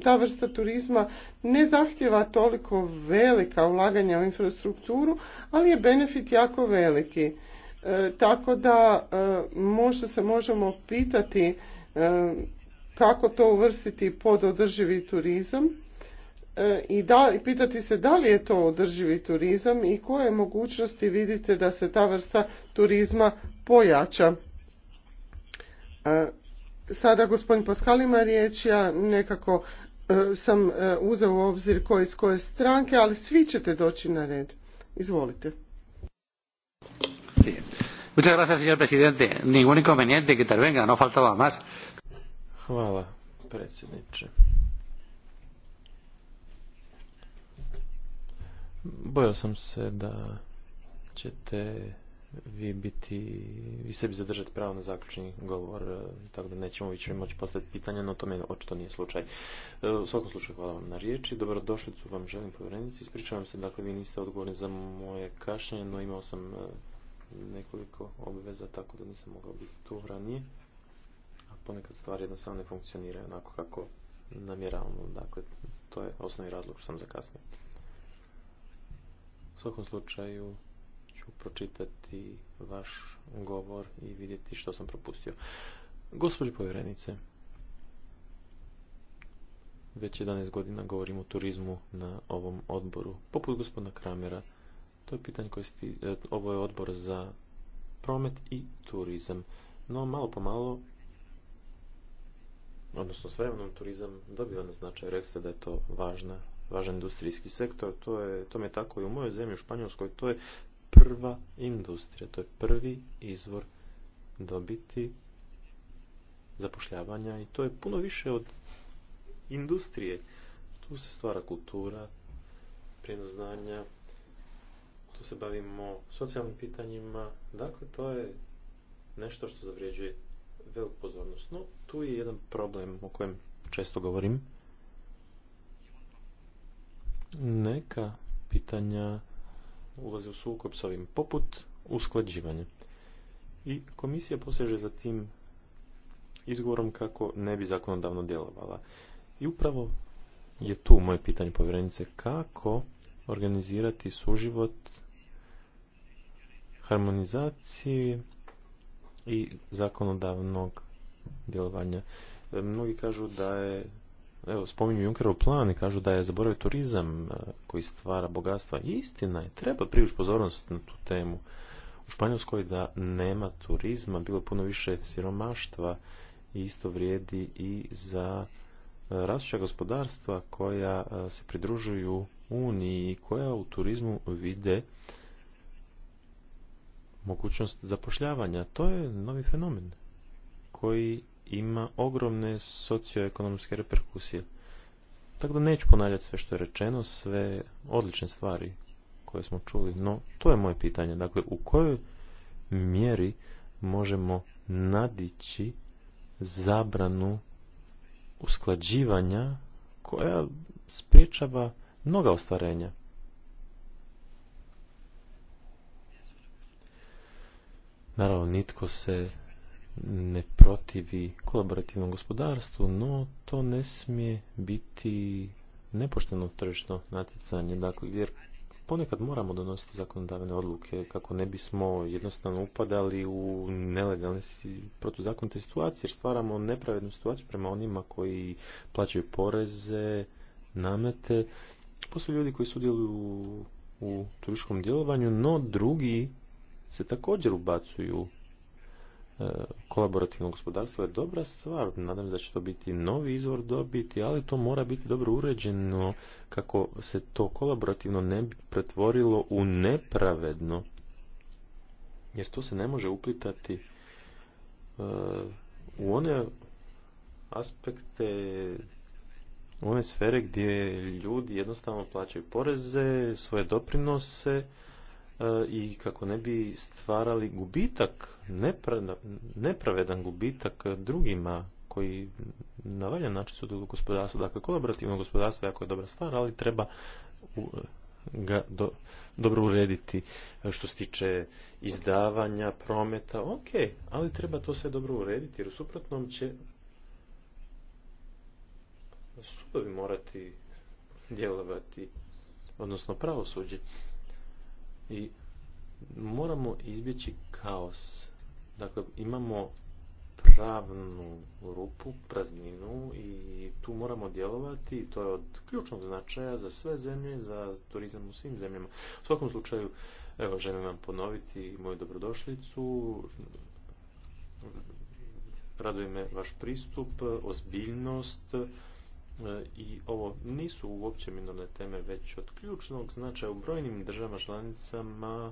ta vrsta turizma ne zahtjeva toliko velika ulaganja u infrastrukturu, ali je benefit jako veliki E, tako da e, možda se možemo pitati e, kako to uvrstiti pod održivi turizam i da, pitati se da li je to održivi turizam i koje mogućnosti vidite da se ta vrsta turizma pojača. Sada gospodin Paskal ima riječ, ja nekako sam uzeo u obzir koji iz koje stranke, ali svi ćete doći na red. Izvolite inconveniente. Muchas presidente. Ningún inconveniente que intervenga, no faltaba más. Hvala, predsjedniče. Bojao sam se da ćete vi biti, vi sebi zadržati pravo na zaključni govor, e, tako da nećemo više moći postaviti pitanja, no to mi očito nije slučaj. E, u svakom slučaju hvala vam na riječi, dobrodošlicu vam želim povjerenici, ispričavam se, dakle vi niste odgovorni za moje kašnjenje, no imao sam e, nekoliko obveza, tako da nisam mogao biti tu ranije. A ponekad stvari jednostavno ne funkcioniraju onako kako namjeravamo. Dakle, to je osnovni razlog što sam zakasnio. U svakom slučaju ću pročitati vaš govor i vidjeti što sam propustio. Gospođo povjerenice, već 11 godina govorim o turizmu na ovom odboru, poput gospodina Kramera, to je pitanje sti... E, ovo je odbor za promet i turizam. No, malo po malo, odnosno s vremenom turizam dobiva na značaj. Rekli da je to važna, važan industrijski sektor. To je, to je tako i u mojoj zemlji, u Španjolskoj. To je prva industrija. To je prvi izvor dobiti zapošljavanja i to je puno više od industrije. Tu se stvara kultura, prijenos znanja, tu se bavimo socijalnim pitanjima, dakle to je nešto što zavrijeđuje veliku pozornost. No, tu je jedan problem o kojem često govorim. Neka pitanja ulaze u sukob s ovim, poput usklađivanja. I komisija poseže za tim izgovorom kako ne bi zakonodavno djelovala. I upravo je tu moje pitanje povjerenice kako organizirati suživot harmonizaciji i zakonodavnog djelovanja. E, mnogi kažu da je, evo spominju Junkerov plan i kažu da je zaboravio turizam e, koji stvara bogatstva. Istina je, treba privući pozornost na tu temu. U Španjolskoj da nema turizma, bilo puno više siromaštva i isto vrijedi i za e, rastuća gospodarstva koja se pridružuju Uniji i koja u turizmu vide mogućnost zapošljavanja. To je novi fenomen koji ima ogromne socioekonomske reperkusije. Tako da neću ponavljati sve što je rečeno, sve odlične stvari koje smo čuli, no to je moje pitanje. Dakle, u kojoj mjeri možemo nadići zabranu usklađivanja koja spriječava mnoga ostvarenja. Naravno, nitko se ne protivi kolaborativnom gospodarstvu, no to ne smije biti nepošteno tržišno natjecanje, dakle, jer ponekad moramo donositi zakonodavne odluke kako ne bismo jednostavno upadali u nelegalne protuzakonite situacije, jer stvaramo nepravednu situaciju prema onima koji plaćaju poreze, namete, poslije ljudi koji sudjeluju u, u turističkom djelovanju, no drugi se također ubacuju e, kolaborativno gospodarstvo je dobra stvar, nadam se da će to biti novi izvor dobiti, ali to mora biti dobro uređeno kako se to kolaborativno ne bi pretvorilo u nepravedno. Jer to se ne može uplitati e, u one aspekte u one sfere gdje ljudi jednostavno plaćaju poreze, svoje doprinose E, i kako ne bi stvarali gubitak, nepravedan gubitak drugima koji na valjan način su gospodarstva. Dakle, kolaborativno gospodarstvo jako je dobra stvar, ali treba ga dobro urediti e, što se tiče izdavanja, prometa, ok, ali treba to sve dobro urediti jer u suprotnom će sudovi morati djelovati, odnosno pravosuđe i moramo izbjeći kaos. Dakle, imamo pravnu rupu, prazninu i tu moramo djelovati i to je od ključnog značaja za sve zemlje, za turizam u svim zemljama. U svakom slučaju, evo, želim vam ponoviti moju dobrodošlicu. Raduje me vaš pristup, ozbiljnost, i ovo nisu uopće minorne teme, već od ključnog značaja u brojnim državama članicama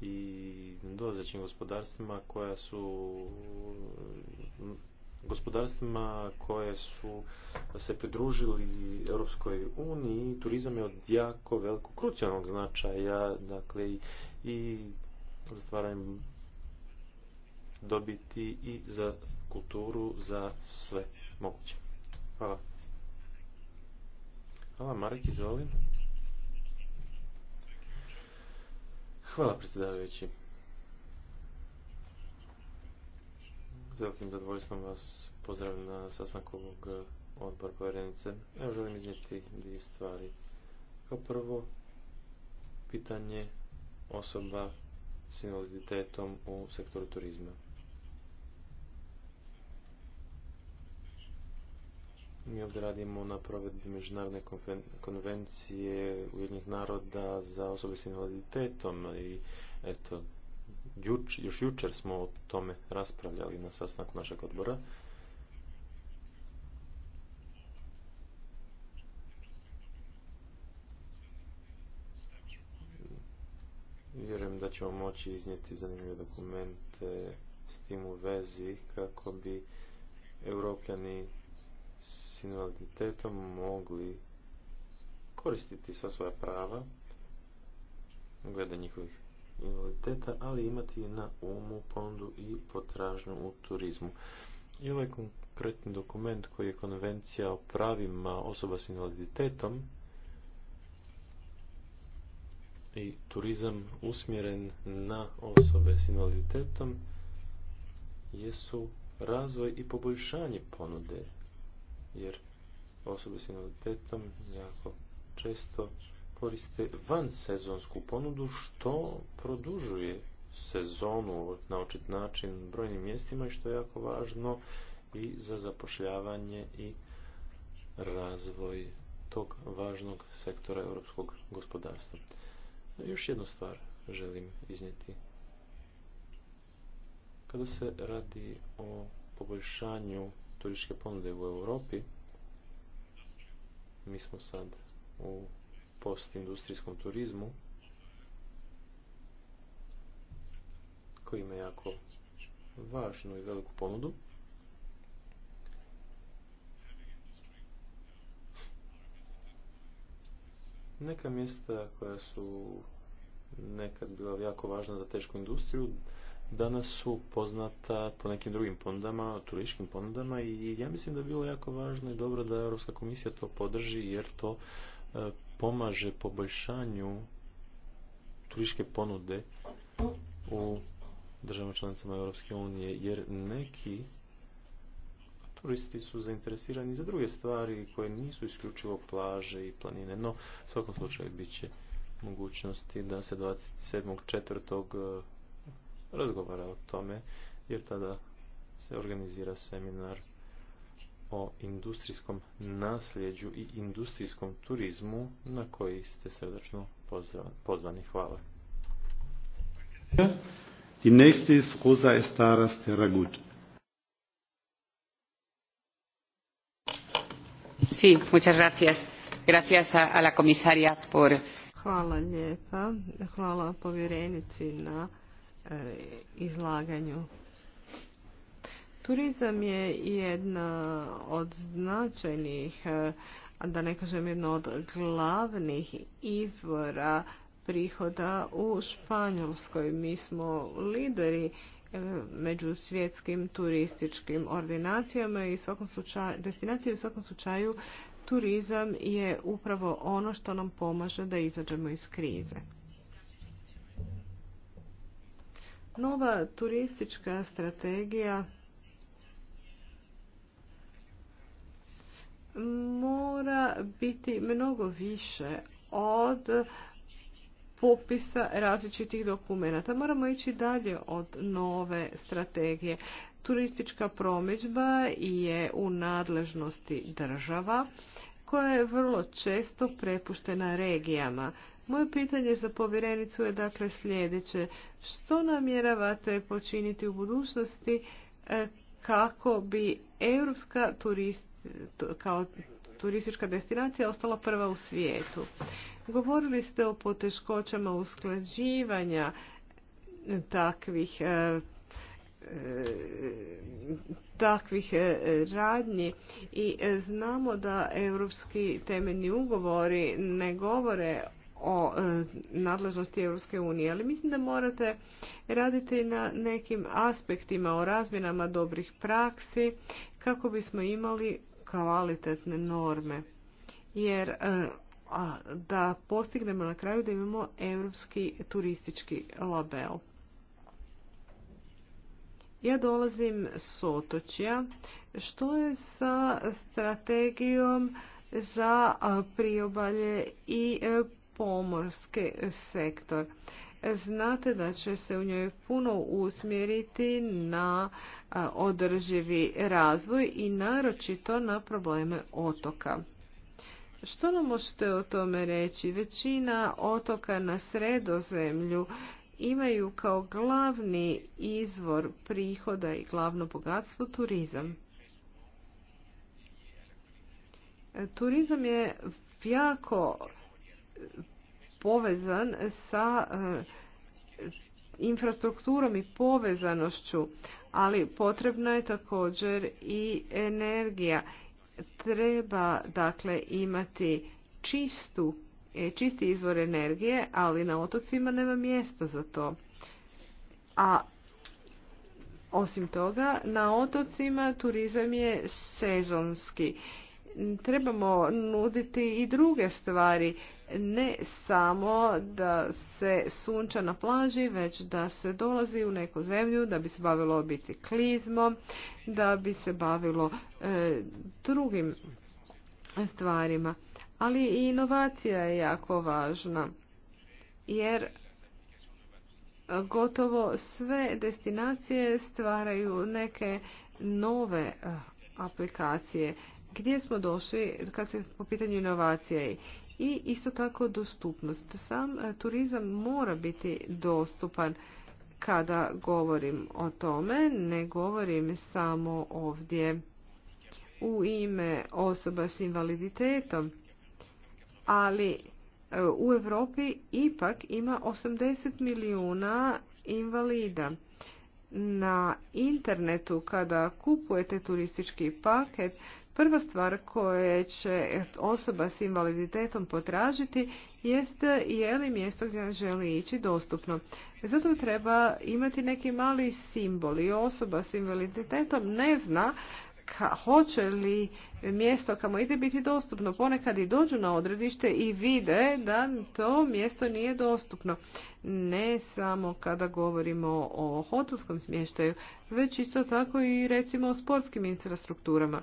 i dolazećim gospodarstvima koja su gospodarstvima koje su se pridružili Europskoj uniji, turizam je od jako velikog krucijalnog značaja, dakle i, i dobiti i za kulturu, za sve moguće. Hvala. Hvala, Marek, izvoli. Hvala, predsjedavajući. S velikim zadovoljstvom vas pozdravim na sastanku ovog eh, odbora povjerenice. Evo želim iznijeti dvije stvari. Kao prvo, pitanje osoba s invaliditetom u sektoru turizma. Mi ovdje radimo na provedbi Međunarodne konvencije Ujedinjenih naroda za osobe s invaliditetom i eto, juč, još jučer smo o tome raspravljali na sastanku našeg odbora. Vjerujem da ćemo moći iznijeti zanimljive dokumente s tim u vezi kako bi europljani s invaliditetom mogli koristiti sva svoja prava glede njihovih invaliditeta, ali imati na umu, pondu i potražnju u turizmu. I ovaj konkretni dokument koji je konvencija o pravima osoba s invaliditetom i turizam usmjeren na osobe s invaliditetom jesu razvoj i poboljšanje ponude jer osobe s invaliditetom jako često koriste van sezonsku ponudu što produžuje sezonu na očit način brojnim mjestima i što je jako važno i za zapošljavanje i razvoj tog važnog sektora europskog gospodarstva. Još jednu stvar želim iznijeti. Kada se radi o poboljšanju turističke ponude u Europi. Mi smo sad u postindustrijskom turizmu koji ima jako važnu i veliku ponudu. Neka mjesta koja su nekad bila jako važna za tešku industriju, danas su poznata po nekim drugim ponudama, turističkim ponudama i ja mislim da je bilo jako važno i dobro da Europska komisija to podrži jer to e, pomaže poboljšanju turističke ponude u državama članicama Europske unije jer neki turisti su zainteresirani za druge stvari koje nisu isključivo plaže i planine, no u svakom slučaju bit će mogućnosti da se četvrtog e, razgovara o tome, jer tada se organizira seminar o industrijskom nasljeđu i industrijskom turizmu na koji ste srdačno pozvani. Hvala. Die nächste ist Rosa Estaras Terragut. Sí, muchas gracias. Gracias a, la comisaria por... Hvala lijepa. Hvala povjerenici na E, izlaganju. Turizam je jedna od značajnih, e, da ne kažem jedna od glavnih izvora prihoda u Španjolskoj. Mi smo lideri e, među svjetskim turističkim ordinacijama i svakom slučaju, destinacije u svakom slučaju turizam je upravo ono što nam pomaže da izađemo iz krize. Nova turistička strategija mora biti mnogo više od popisa različitih dokumenta. Moramo ići dalje od nove strategije. Turistička promidžba je u nadležnosti država koja je vrlo često prepuštena regijama. Moje pitanje za povjerenicu je dakle sljedeće. Što namjeravate počiniti u budućnosti e, kako bi europska kao turistička destinacija ostala prva u svijetu? Govorili ste o poteškoćama usklađivanja takvih e, e, takvih radnji i znamo da europski temeljni ugovori ne govore o e, nadležnosti Europske unije, ali mislim da morate raditi na nekim aspektima o razmjenama dobrih praksi kako bismo imali kvalitetne norme. Jer e, da postignemo na kraju da imamo europski turistički label. Ja dolazim s otočja. Što je sa strategijom za priobalje i e, pomorski sektor. Znate da će se u njoj puno usmjeriti na održivi razvoj i naročito na probleme otoka. Što nam možete o tome reći? Većina otoka na sredozemlju imaju kao glavni izvor prihoda i glavno bogatstvo turizam. Turizam je jako povezan sa e, infrastrukturom i povezanošću, ali potrebna je također i energija. Treba dakle imati čistu, e, čisti izvor energije, ali na otocima nema mjesta za to. A osim toga, na otocima turizam je sezonski trebamo nuditi i druge stvari, ne samo da se sunča na plaži, već da se dolazi u neku zemlju, da bi se bavilo biciklizmom, da bi se bavilo e, drugim stvarima. Ali i inovacija je jako važna, jer gotovo sve destinacije stvaraju neke nove e, aplikacije gdje smo došli kad se po pitanju inovacije i isto tako dostupnost. Sam e, turizam mora biti dostupan kada govorim o tome, ne govorim samo ovdje u ime osoba s invaliditetom, ali e, u Europi ipak ima 80 milijuna invalida. Na internetu kada kupujete turistički paket Prva stvar koje će osoba s invaliditetom potražiti jest je li mjesto gdje želi ići dostupno. Zato treba imati neki mali simbol i osoba s invaliditetom ne zna ka, hoće li mjesto kamo ide biti dostupno. Ponekad i dođu na odredište i vide da to mjesto nije dostupno. Ne samo kada govorimo o hotelskom smještaju, već isto tako i recimo o sportskim infrastrukturama.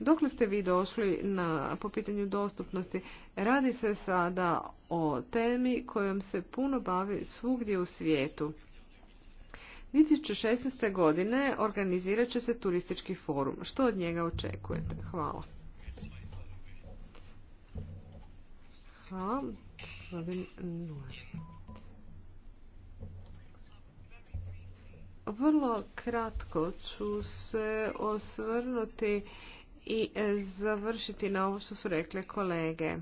Dokle ste vi došli na, po pitanju dostupnosti? Radi se sada o temi kojom se puno bavi svugdje u svijetu. 2016. godine organizirat će se turistički forum. Što od njega očekujete? Hvala. Vrlo kratko ću se osvrnuti i e, završiti na ovo što su rekle kolege.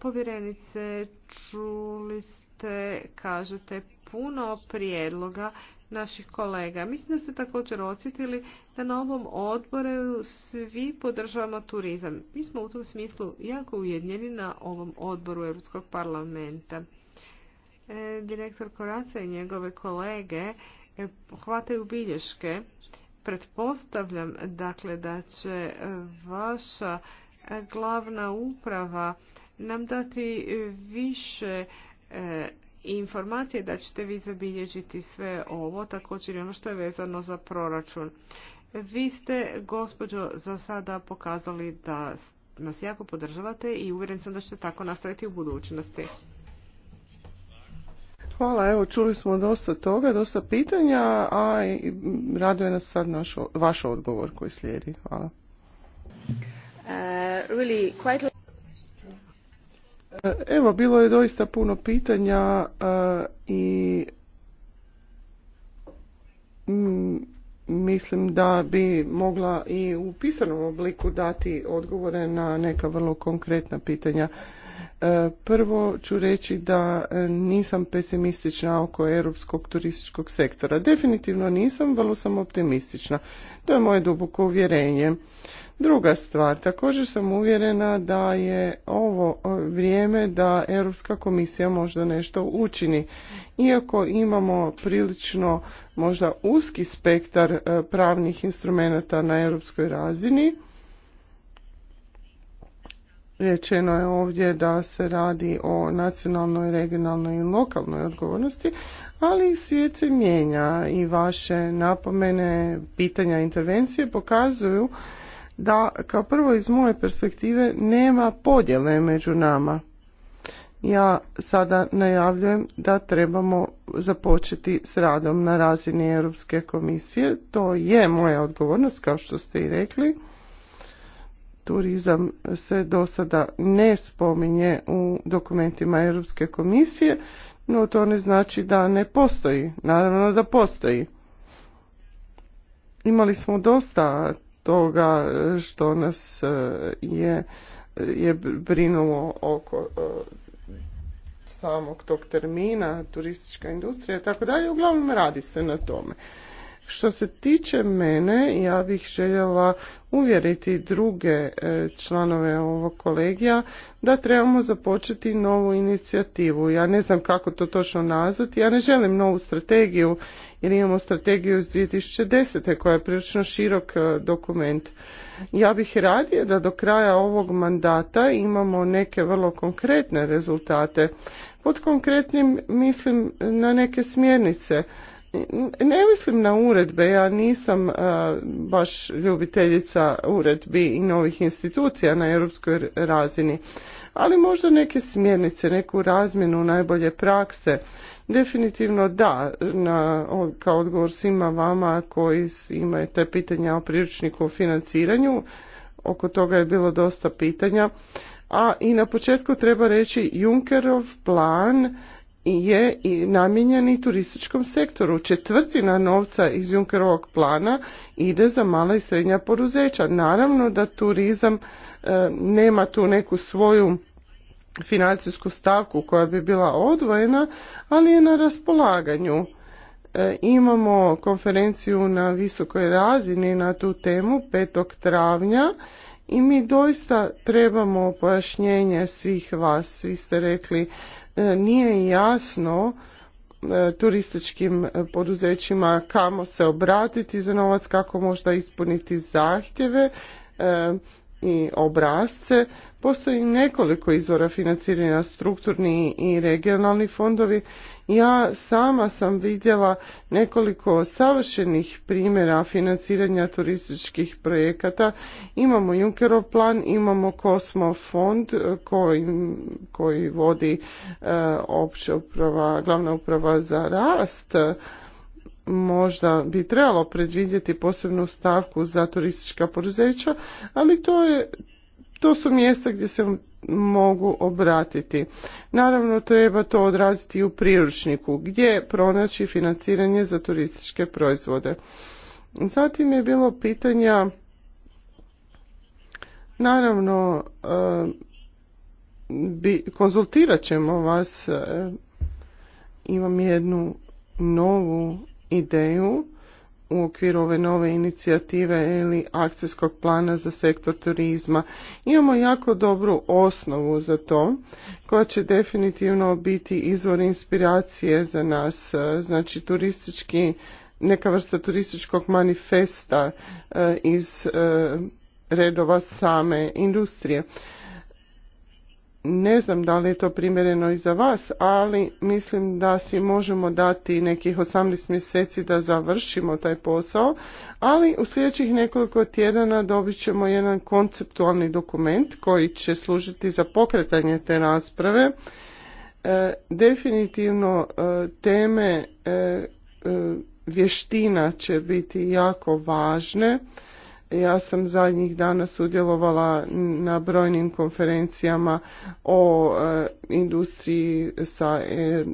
Povjerenice, čuli ste, kažete, puno prijedloga naših kolega. Mislim da ste također osjetili da na ovom odboru svi podržavamo turizam. Mi smo u tom smislu jako ujedinjeni na ovom odboru Europskog parlamenta. E, direktor Koraca i njegove kolege e, hvataju bilješke Pretpostavljam dakle da će e, vaša glavna uprava nam dati više e, informacije da ćete vi zabilježiti sve ovo, također i ono što je vezano za proračun. Vi ste, gospođo, za sada pokazali da nas jako podržavate i uvjeren sam da ćete tako nastaviti u budućnosti. Hvala, evo čuli smo dosta toga, dosta pitanja, a raduje nas sad naš, vaš odgovor koji slijedi. Hvala. Uh, e, evo, bilo je doista puno pitanja e, i mislim da bi mogla i u pisanom obliku dati odgovore na neka vrlo konkretna pitanja. E, prvo ću reći da e, nisam pesimistična oko europskog turističkog sektora. Definitivno nisam, vrlo sam optimistična. To je moje duboko uvjerenje. Druga stvar, također sam uvjerena da je ovo e, vrijeme da Europska komisija možda nešto učini. Iako imamo prilično možda uski spektar pravnih instrumenata na europskoj razini, Rečeno je ovdje da se radi o nacionalnoj, regionalnoj i lokalnoj odgovornosti, ali svijet se mijenja i vaše napomene, pitanja, intervencije pokazuju da kao prvo iz moje perspektive nema podjele među nama. Ja sada najavljujem da trebamo započeti s radom na razini Europske komisije. To je moja odgovornost, kao što ste i rekli turizam se do sada ne spominje u dokumentima Europske komisije, no to ne znači da ne postoji. Naravno da postoji. Imali smo dosta toga što nas e, je, je brinulo oko e, samog tog termina, turistička industrija i tako dalje. Uglavnom radi se na tome. Što se tiče mene, ja bih željela uvjeriti druge e, članove ovog kolegija da trebamo započeti novu inicijativu. Ja ne znam kako to točno nazvati, ja ne želim novu strategiju jer imamo strategiju iz 2010. koja je prilično širok e, dokument. Ja bih radije da do kraja ovog mandata imamo neke vrlo konkretne rezultate. Pod konkretnim mislim na neke smjernice ne mislim na uredbe, ja nisam e, baš ljubiteljica uredbi i novih institucija na europskoj razini, ali možda neke smjernice, neku razmjenu najbolje prakse. Definitivno da, na, kao odgovor svima vama koji imate pitanja o priručniku o financiranju, oko toga je bilo dosta pitanja. A i na početku treba reći Junkerov plan je i i turističkom sektoru. Četvrtina novca iz Junkerovog plana ide za mala i srednja poduzeća. Naravno da turizam e, nema tu neku svoju financijsku stavku koja bi bila odvojena, ali je na raspolaganju. E, imamo konferenciju na visokoj razini na tu temu 5. travnja i mi doista trebamo pojašnjenje svih vas. Vi ste rekli E, nije jasno e, turističkim poduzećima kamo se obratiti za novac, kako možda ispuniti zahtjeve e, i obrazce. Postoji nekoliko izvora financiranja, strukturni i regionalni fondovi ja sama sam vidjela nekoliko savršenih primjera financiranja turističkih projekata. Imamo Junkerov plan, imamo Kosmo fond eh, koji, koji vodi eh, opća uprava, glavna uprava za rast možda bi trebalo predvidjeti posebnu stavku za turistička poduzeća, ali to je to su mjesta gdje se mogu obratiti. Naravno treba to odraziti u priručniku gdje pronaći financiranje za turističke proizvode. Zatim je bilo pitanja naravno eh, konzultirat ćemo vas eh, imam jednu novu ideju u okviru ove nove inicijative ili akcijskog plana za sektor turizma. Imamo jako dobru osnovu za to koja će definitivno biti izvor inspiracije za nas, e, znači turistički, neka vrsta turističkog manifesta e, iz e, redova same industrije ne znam da li je to primjereno i za vas, ali mislim da si možemo dati nekih 18 mjeseci da završimo taj posao, ali u sljedećih nekoliko tjedana dobit ćemo jedan konceptualni dokument koji će služiti za pokretanje te rasprave. E, definitivno e, teme e, vještina će biti jako važne. Ja sam zadnjih dana sudjelovala na brojnim konferencijama o e, industriji sa e,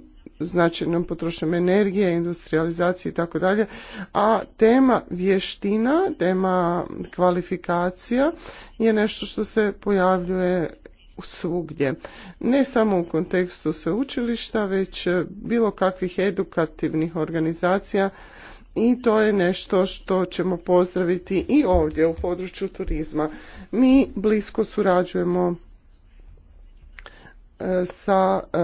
značajnom potrošnjom energije, industrializaciji i tako dalje, a tema vještina, tema kvalifikacija je nešto što se pojavljuje svugdje. Ne samo u kontekstu sveučilišta, već e, bilo kakvih edukativnih organizacija i to je nešto što ćemo pozdraviti i ovdje u području turizma. Mi blisko surađujemo e, sa e,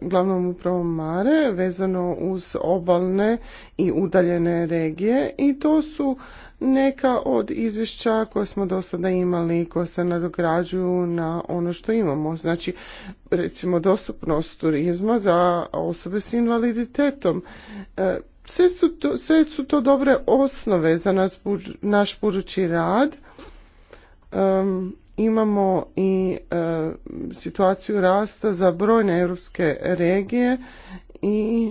glavnom upravom Mare vezano uz obalne i udaljene regije i to su neka od izvješća koje smo do sada imali i koje se nadograđuju na ono što imamo. Znači, recimo dostupnost turizma za osobe s invaliditetom. E, sve su to, sve su to dobre osnove za nas, naš budući rad. imamo i e, situaciju rasta za brojne europske regije i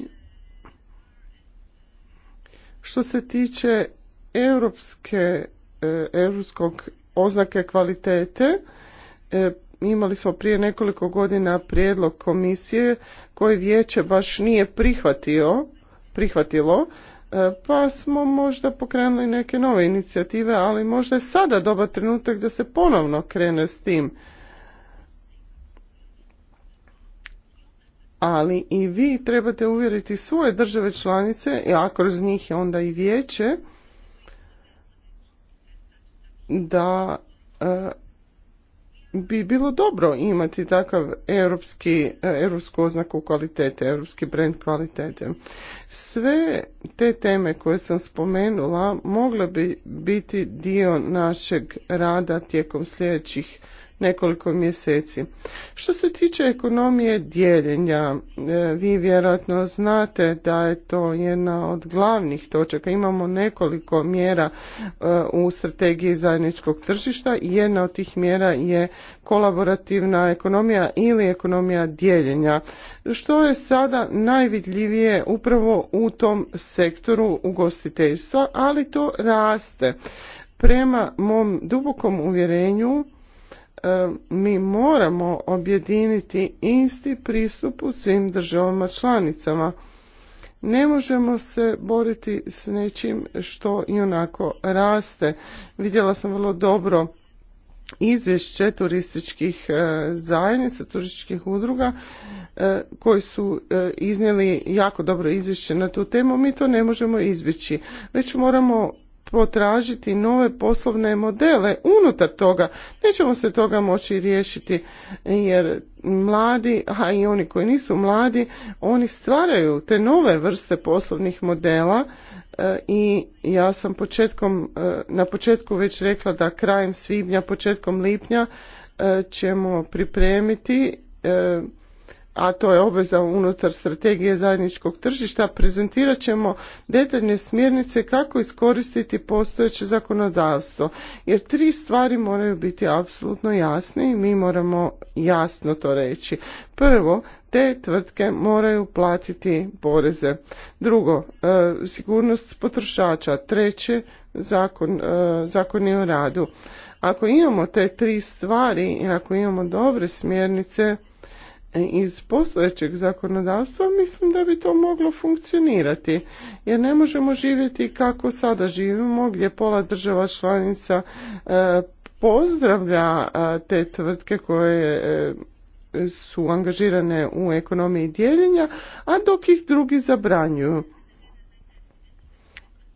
što se tiče europske e, europskog oznake kvalitete e, imali smo prije nekoliko godina prijedlog komisije koji vijeće baš nije prihvatio prihvatilo, e, pa smo možda pokrenuli neke nove inicijative, ali možda je sada dobar trenutak da se ponovno krene s tim. Ali i vi trebate uvjeriti svoje države članice, a kroz njih je onda i vijeće, da e, bi bilo dobro imati takav europski, e, europsku oznaku kvalitete, europski brand kvalitete. Sve te teme koje sam spomenula mogle bi biti dio našeg rada tijekom sljedećih nekoliko mjeseci. Što se tiče ekonomije dijeljenja, e, vi vjerojatno znate da je to jedna od glavnih točaka. Imamo nekoliko mjera e, u strategiji zajedničkog tržišta i jedna od tih mjera je kolaborativna ekonomija ili ekonomija dijeljenja. Što je sada najvidljivije upravo u tom sektoru ugostiteljstva, ali to raste. Prema mom dubokom uvjerenju E, mi moramo objediniti isti pristup u svim državama članicama. Ne možemo se boriti s nečim što i onako raste. Vidjela sam vrlo dobro izvješće turističkih e, zajednica, turističkih udruga e, koji su iznijeli jako dobro izvješće na tu temu, mi to ne možemo izbjeći. Već moramo potražiti nove poslovne modele unutar toga. Nećemo se toga moći riješiti jer mladi, a i oni koji nisu mladi, oni stvaraju te nove vrste poslovnih modela e, i ja sam početkom, e, na početku već rekla da krajem svibnja, početkom lipnja e, ćemo pripremiti a to je obveza unutar strategije zajedničkog tržišta, prezentirat ćemo detaljne smjernice kako iskoristiti postojeće zakonodavstvo. Jer tri stvari moraju biti apsolutno jasne i mi moramo jasno to reći. Prvo, te tvrtke moraju platiti poreze. Drugo, e, sigurnost potrošača. Treće, zakon, je o radu. Ako imamo te tri stvari i ako imamo dobre smjernice, iz postojećeg zakonodavstva mislim da bi to moglo funkcionirati jer ne možemo živjeti kako sada živimo gdje pola država članica e, pozdravlja e, te tvrtke koje e, su angažirane u ekonomiji dijeljenja, a dok ih drugi zabranjuju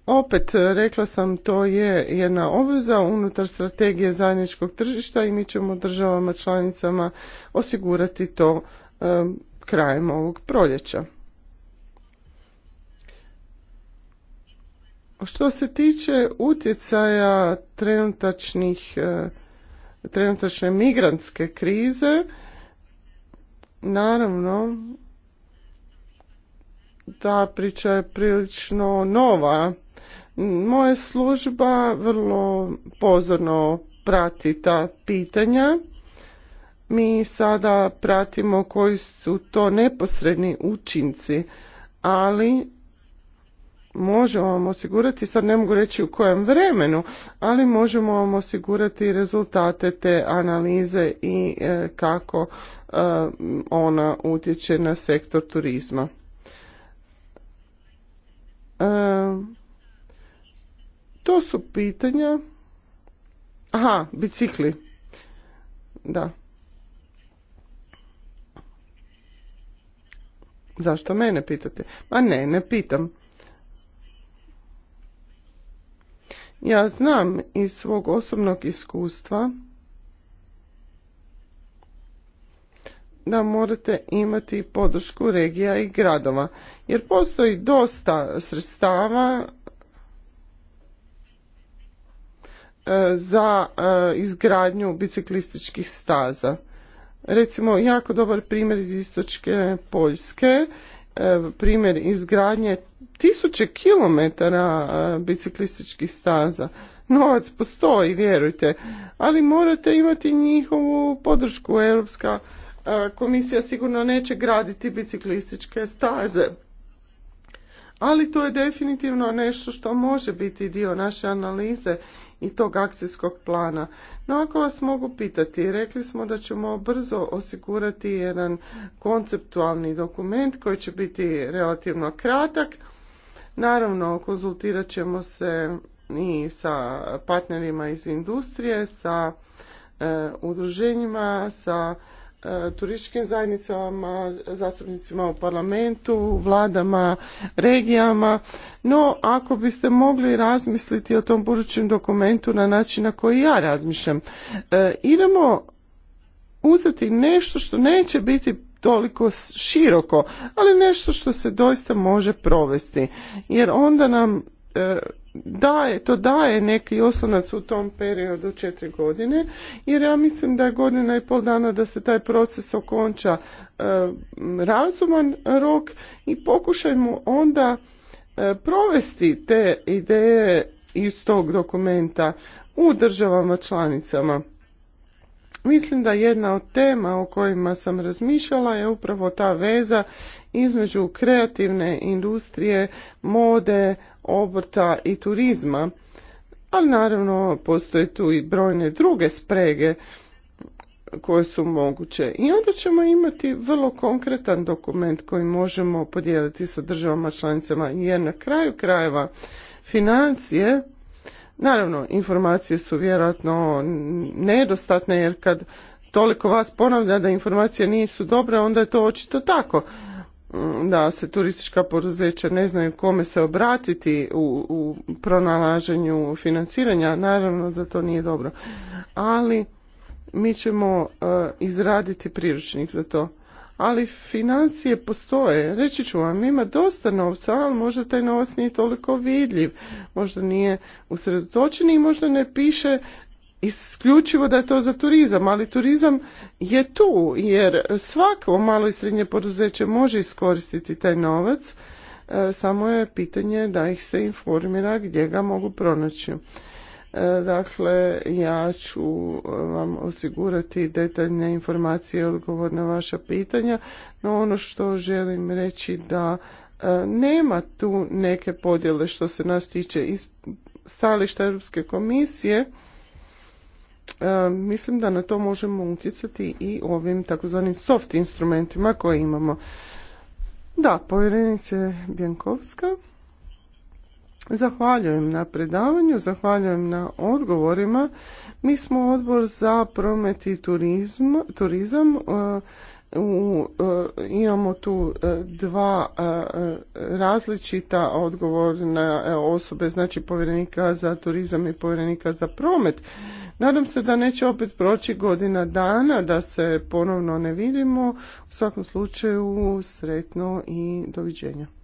opet e, rekla sam to je jedna obveza unutar strategije zajedničkog tržišta i mi ćemo državama članicama osigurati to e, krajem ovog proljeća. Što se tiče utjecaja trenutačnih e, trenutačne migrantske krize naravno ta priča je prilično nova moja služba vrlo pozorno prati ta pitanja. Mi sada pratimo koji su to neposredni učinci, ali možemo vam osigurati, sad ne mogu reći u kojem vremenu, ali možemo vam osigurati rezultate te analize i e, kako e, ona utječe na sektor turizma. E, to su pitanja... Aha, bicikli. Da. Zašto mene pitate? Ma ne, ne pitam. Ja znam iz svog osobnog iskustva da morate imati podršku regija i gradova jer postoji dosta sredstava E, za e, izgradnju biciklističkih staza. Recimo, jako dobar primjer iz istočke Poljske, e, primjer izgradnje tisuće kilometara biciklističkih staza. Novac postoji, vjerujte, ali morate imati njihovu podršku. Europska komisija sigurno neće graditi biciklističke staze. Ali to je definitivno nešto što može biti dio naše analize i tog akcijskog plana. No ako vas mogu pitati, rekli smo da ćemo brzo osigurati jedan konceptualni dokument koji će biti relativno kratak. Naravno, konzultirat ćemo se i sa partnerima iz industrije, sa e, udruženjima, sa E, turističkim zajednicama, zastupnicima u parlamentu, vladama, regijama. No, ako biste mogli razmisliti o tom budućem dokumentu na način na koji ja razmišljam, e, idemo uzeti nešto što neće biti toliko široko, ali nešto što se doista može provesti. Jer onda nam e, daje, to daje neki oslonac u tom periodu četiri godine jer ja mislim da je godina i pol dana da se taj proces okonča e, razuman rok i pokušajmo onda e, provesti te ideje iz tog dokumenta u državama članicama. Mislim da jedna od tema o kojima sam razmišljala je upravo ta veza između kreativne industrije, mode, obrta i turizma, ali naravno postoje tu i brojne druge sprege koje su moguće. I onda ćemo imati vrlo konkretan dokument koji možemo podijeliti sa državama članicama jer na kraju krajeva financije Naravno, informacije su vjerojatno nedostatne jer kad toliko vas ponavlja da informacije nisu dobre, onda je to očito tako. Mm, da se turistička poduzeća ne znaju kome se obratiti u, pronalaženju financiranja, naravno da to nije dobro. Ali mi ćemo e, izraditi priručnik za to. Ali financije postoje, reći ću vam, ima dosta novca, ali možda taj novac nije toliko vidljiv, možda nije usredotočen i možda ne piše isključivo da je to za turizam, ali turizam je tu jer svako malo i srednje poduzeće može iskoristiti taj novac, e, samo je pitanje da ih se informira gdje ga mogu pronaći. E, dakle, ja ću e, vam osigurati detaljne informacije i odgovor na vaša pitanja, no ono što želim reći da nema tu neke podjele što se nas tiče iz stališta Europske komisije, E, mislim da na to možemo utjecati i ovim takozvanim soft instrumentima koje imamo. Da, povjerenice Bjankovska, zahvaljujem na predavanju, zahvaljujem na odgovorima. Mi smo odbor za promet i turizam e, u, e, imamo tu e, dva e, različita odgovor na osobe, znači povjerenika za turizam i povjerenika za promet. Nadam se da neće opet proći godina dana, da se ponovno ne vidimo. U svakom slučaju sretno i doviđenja.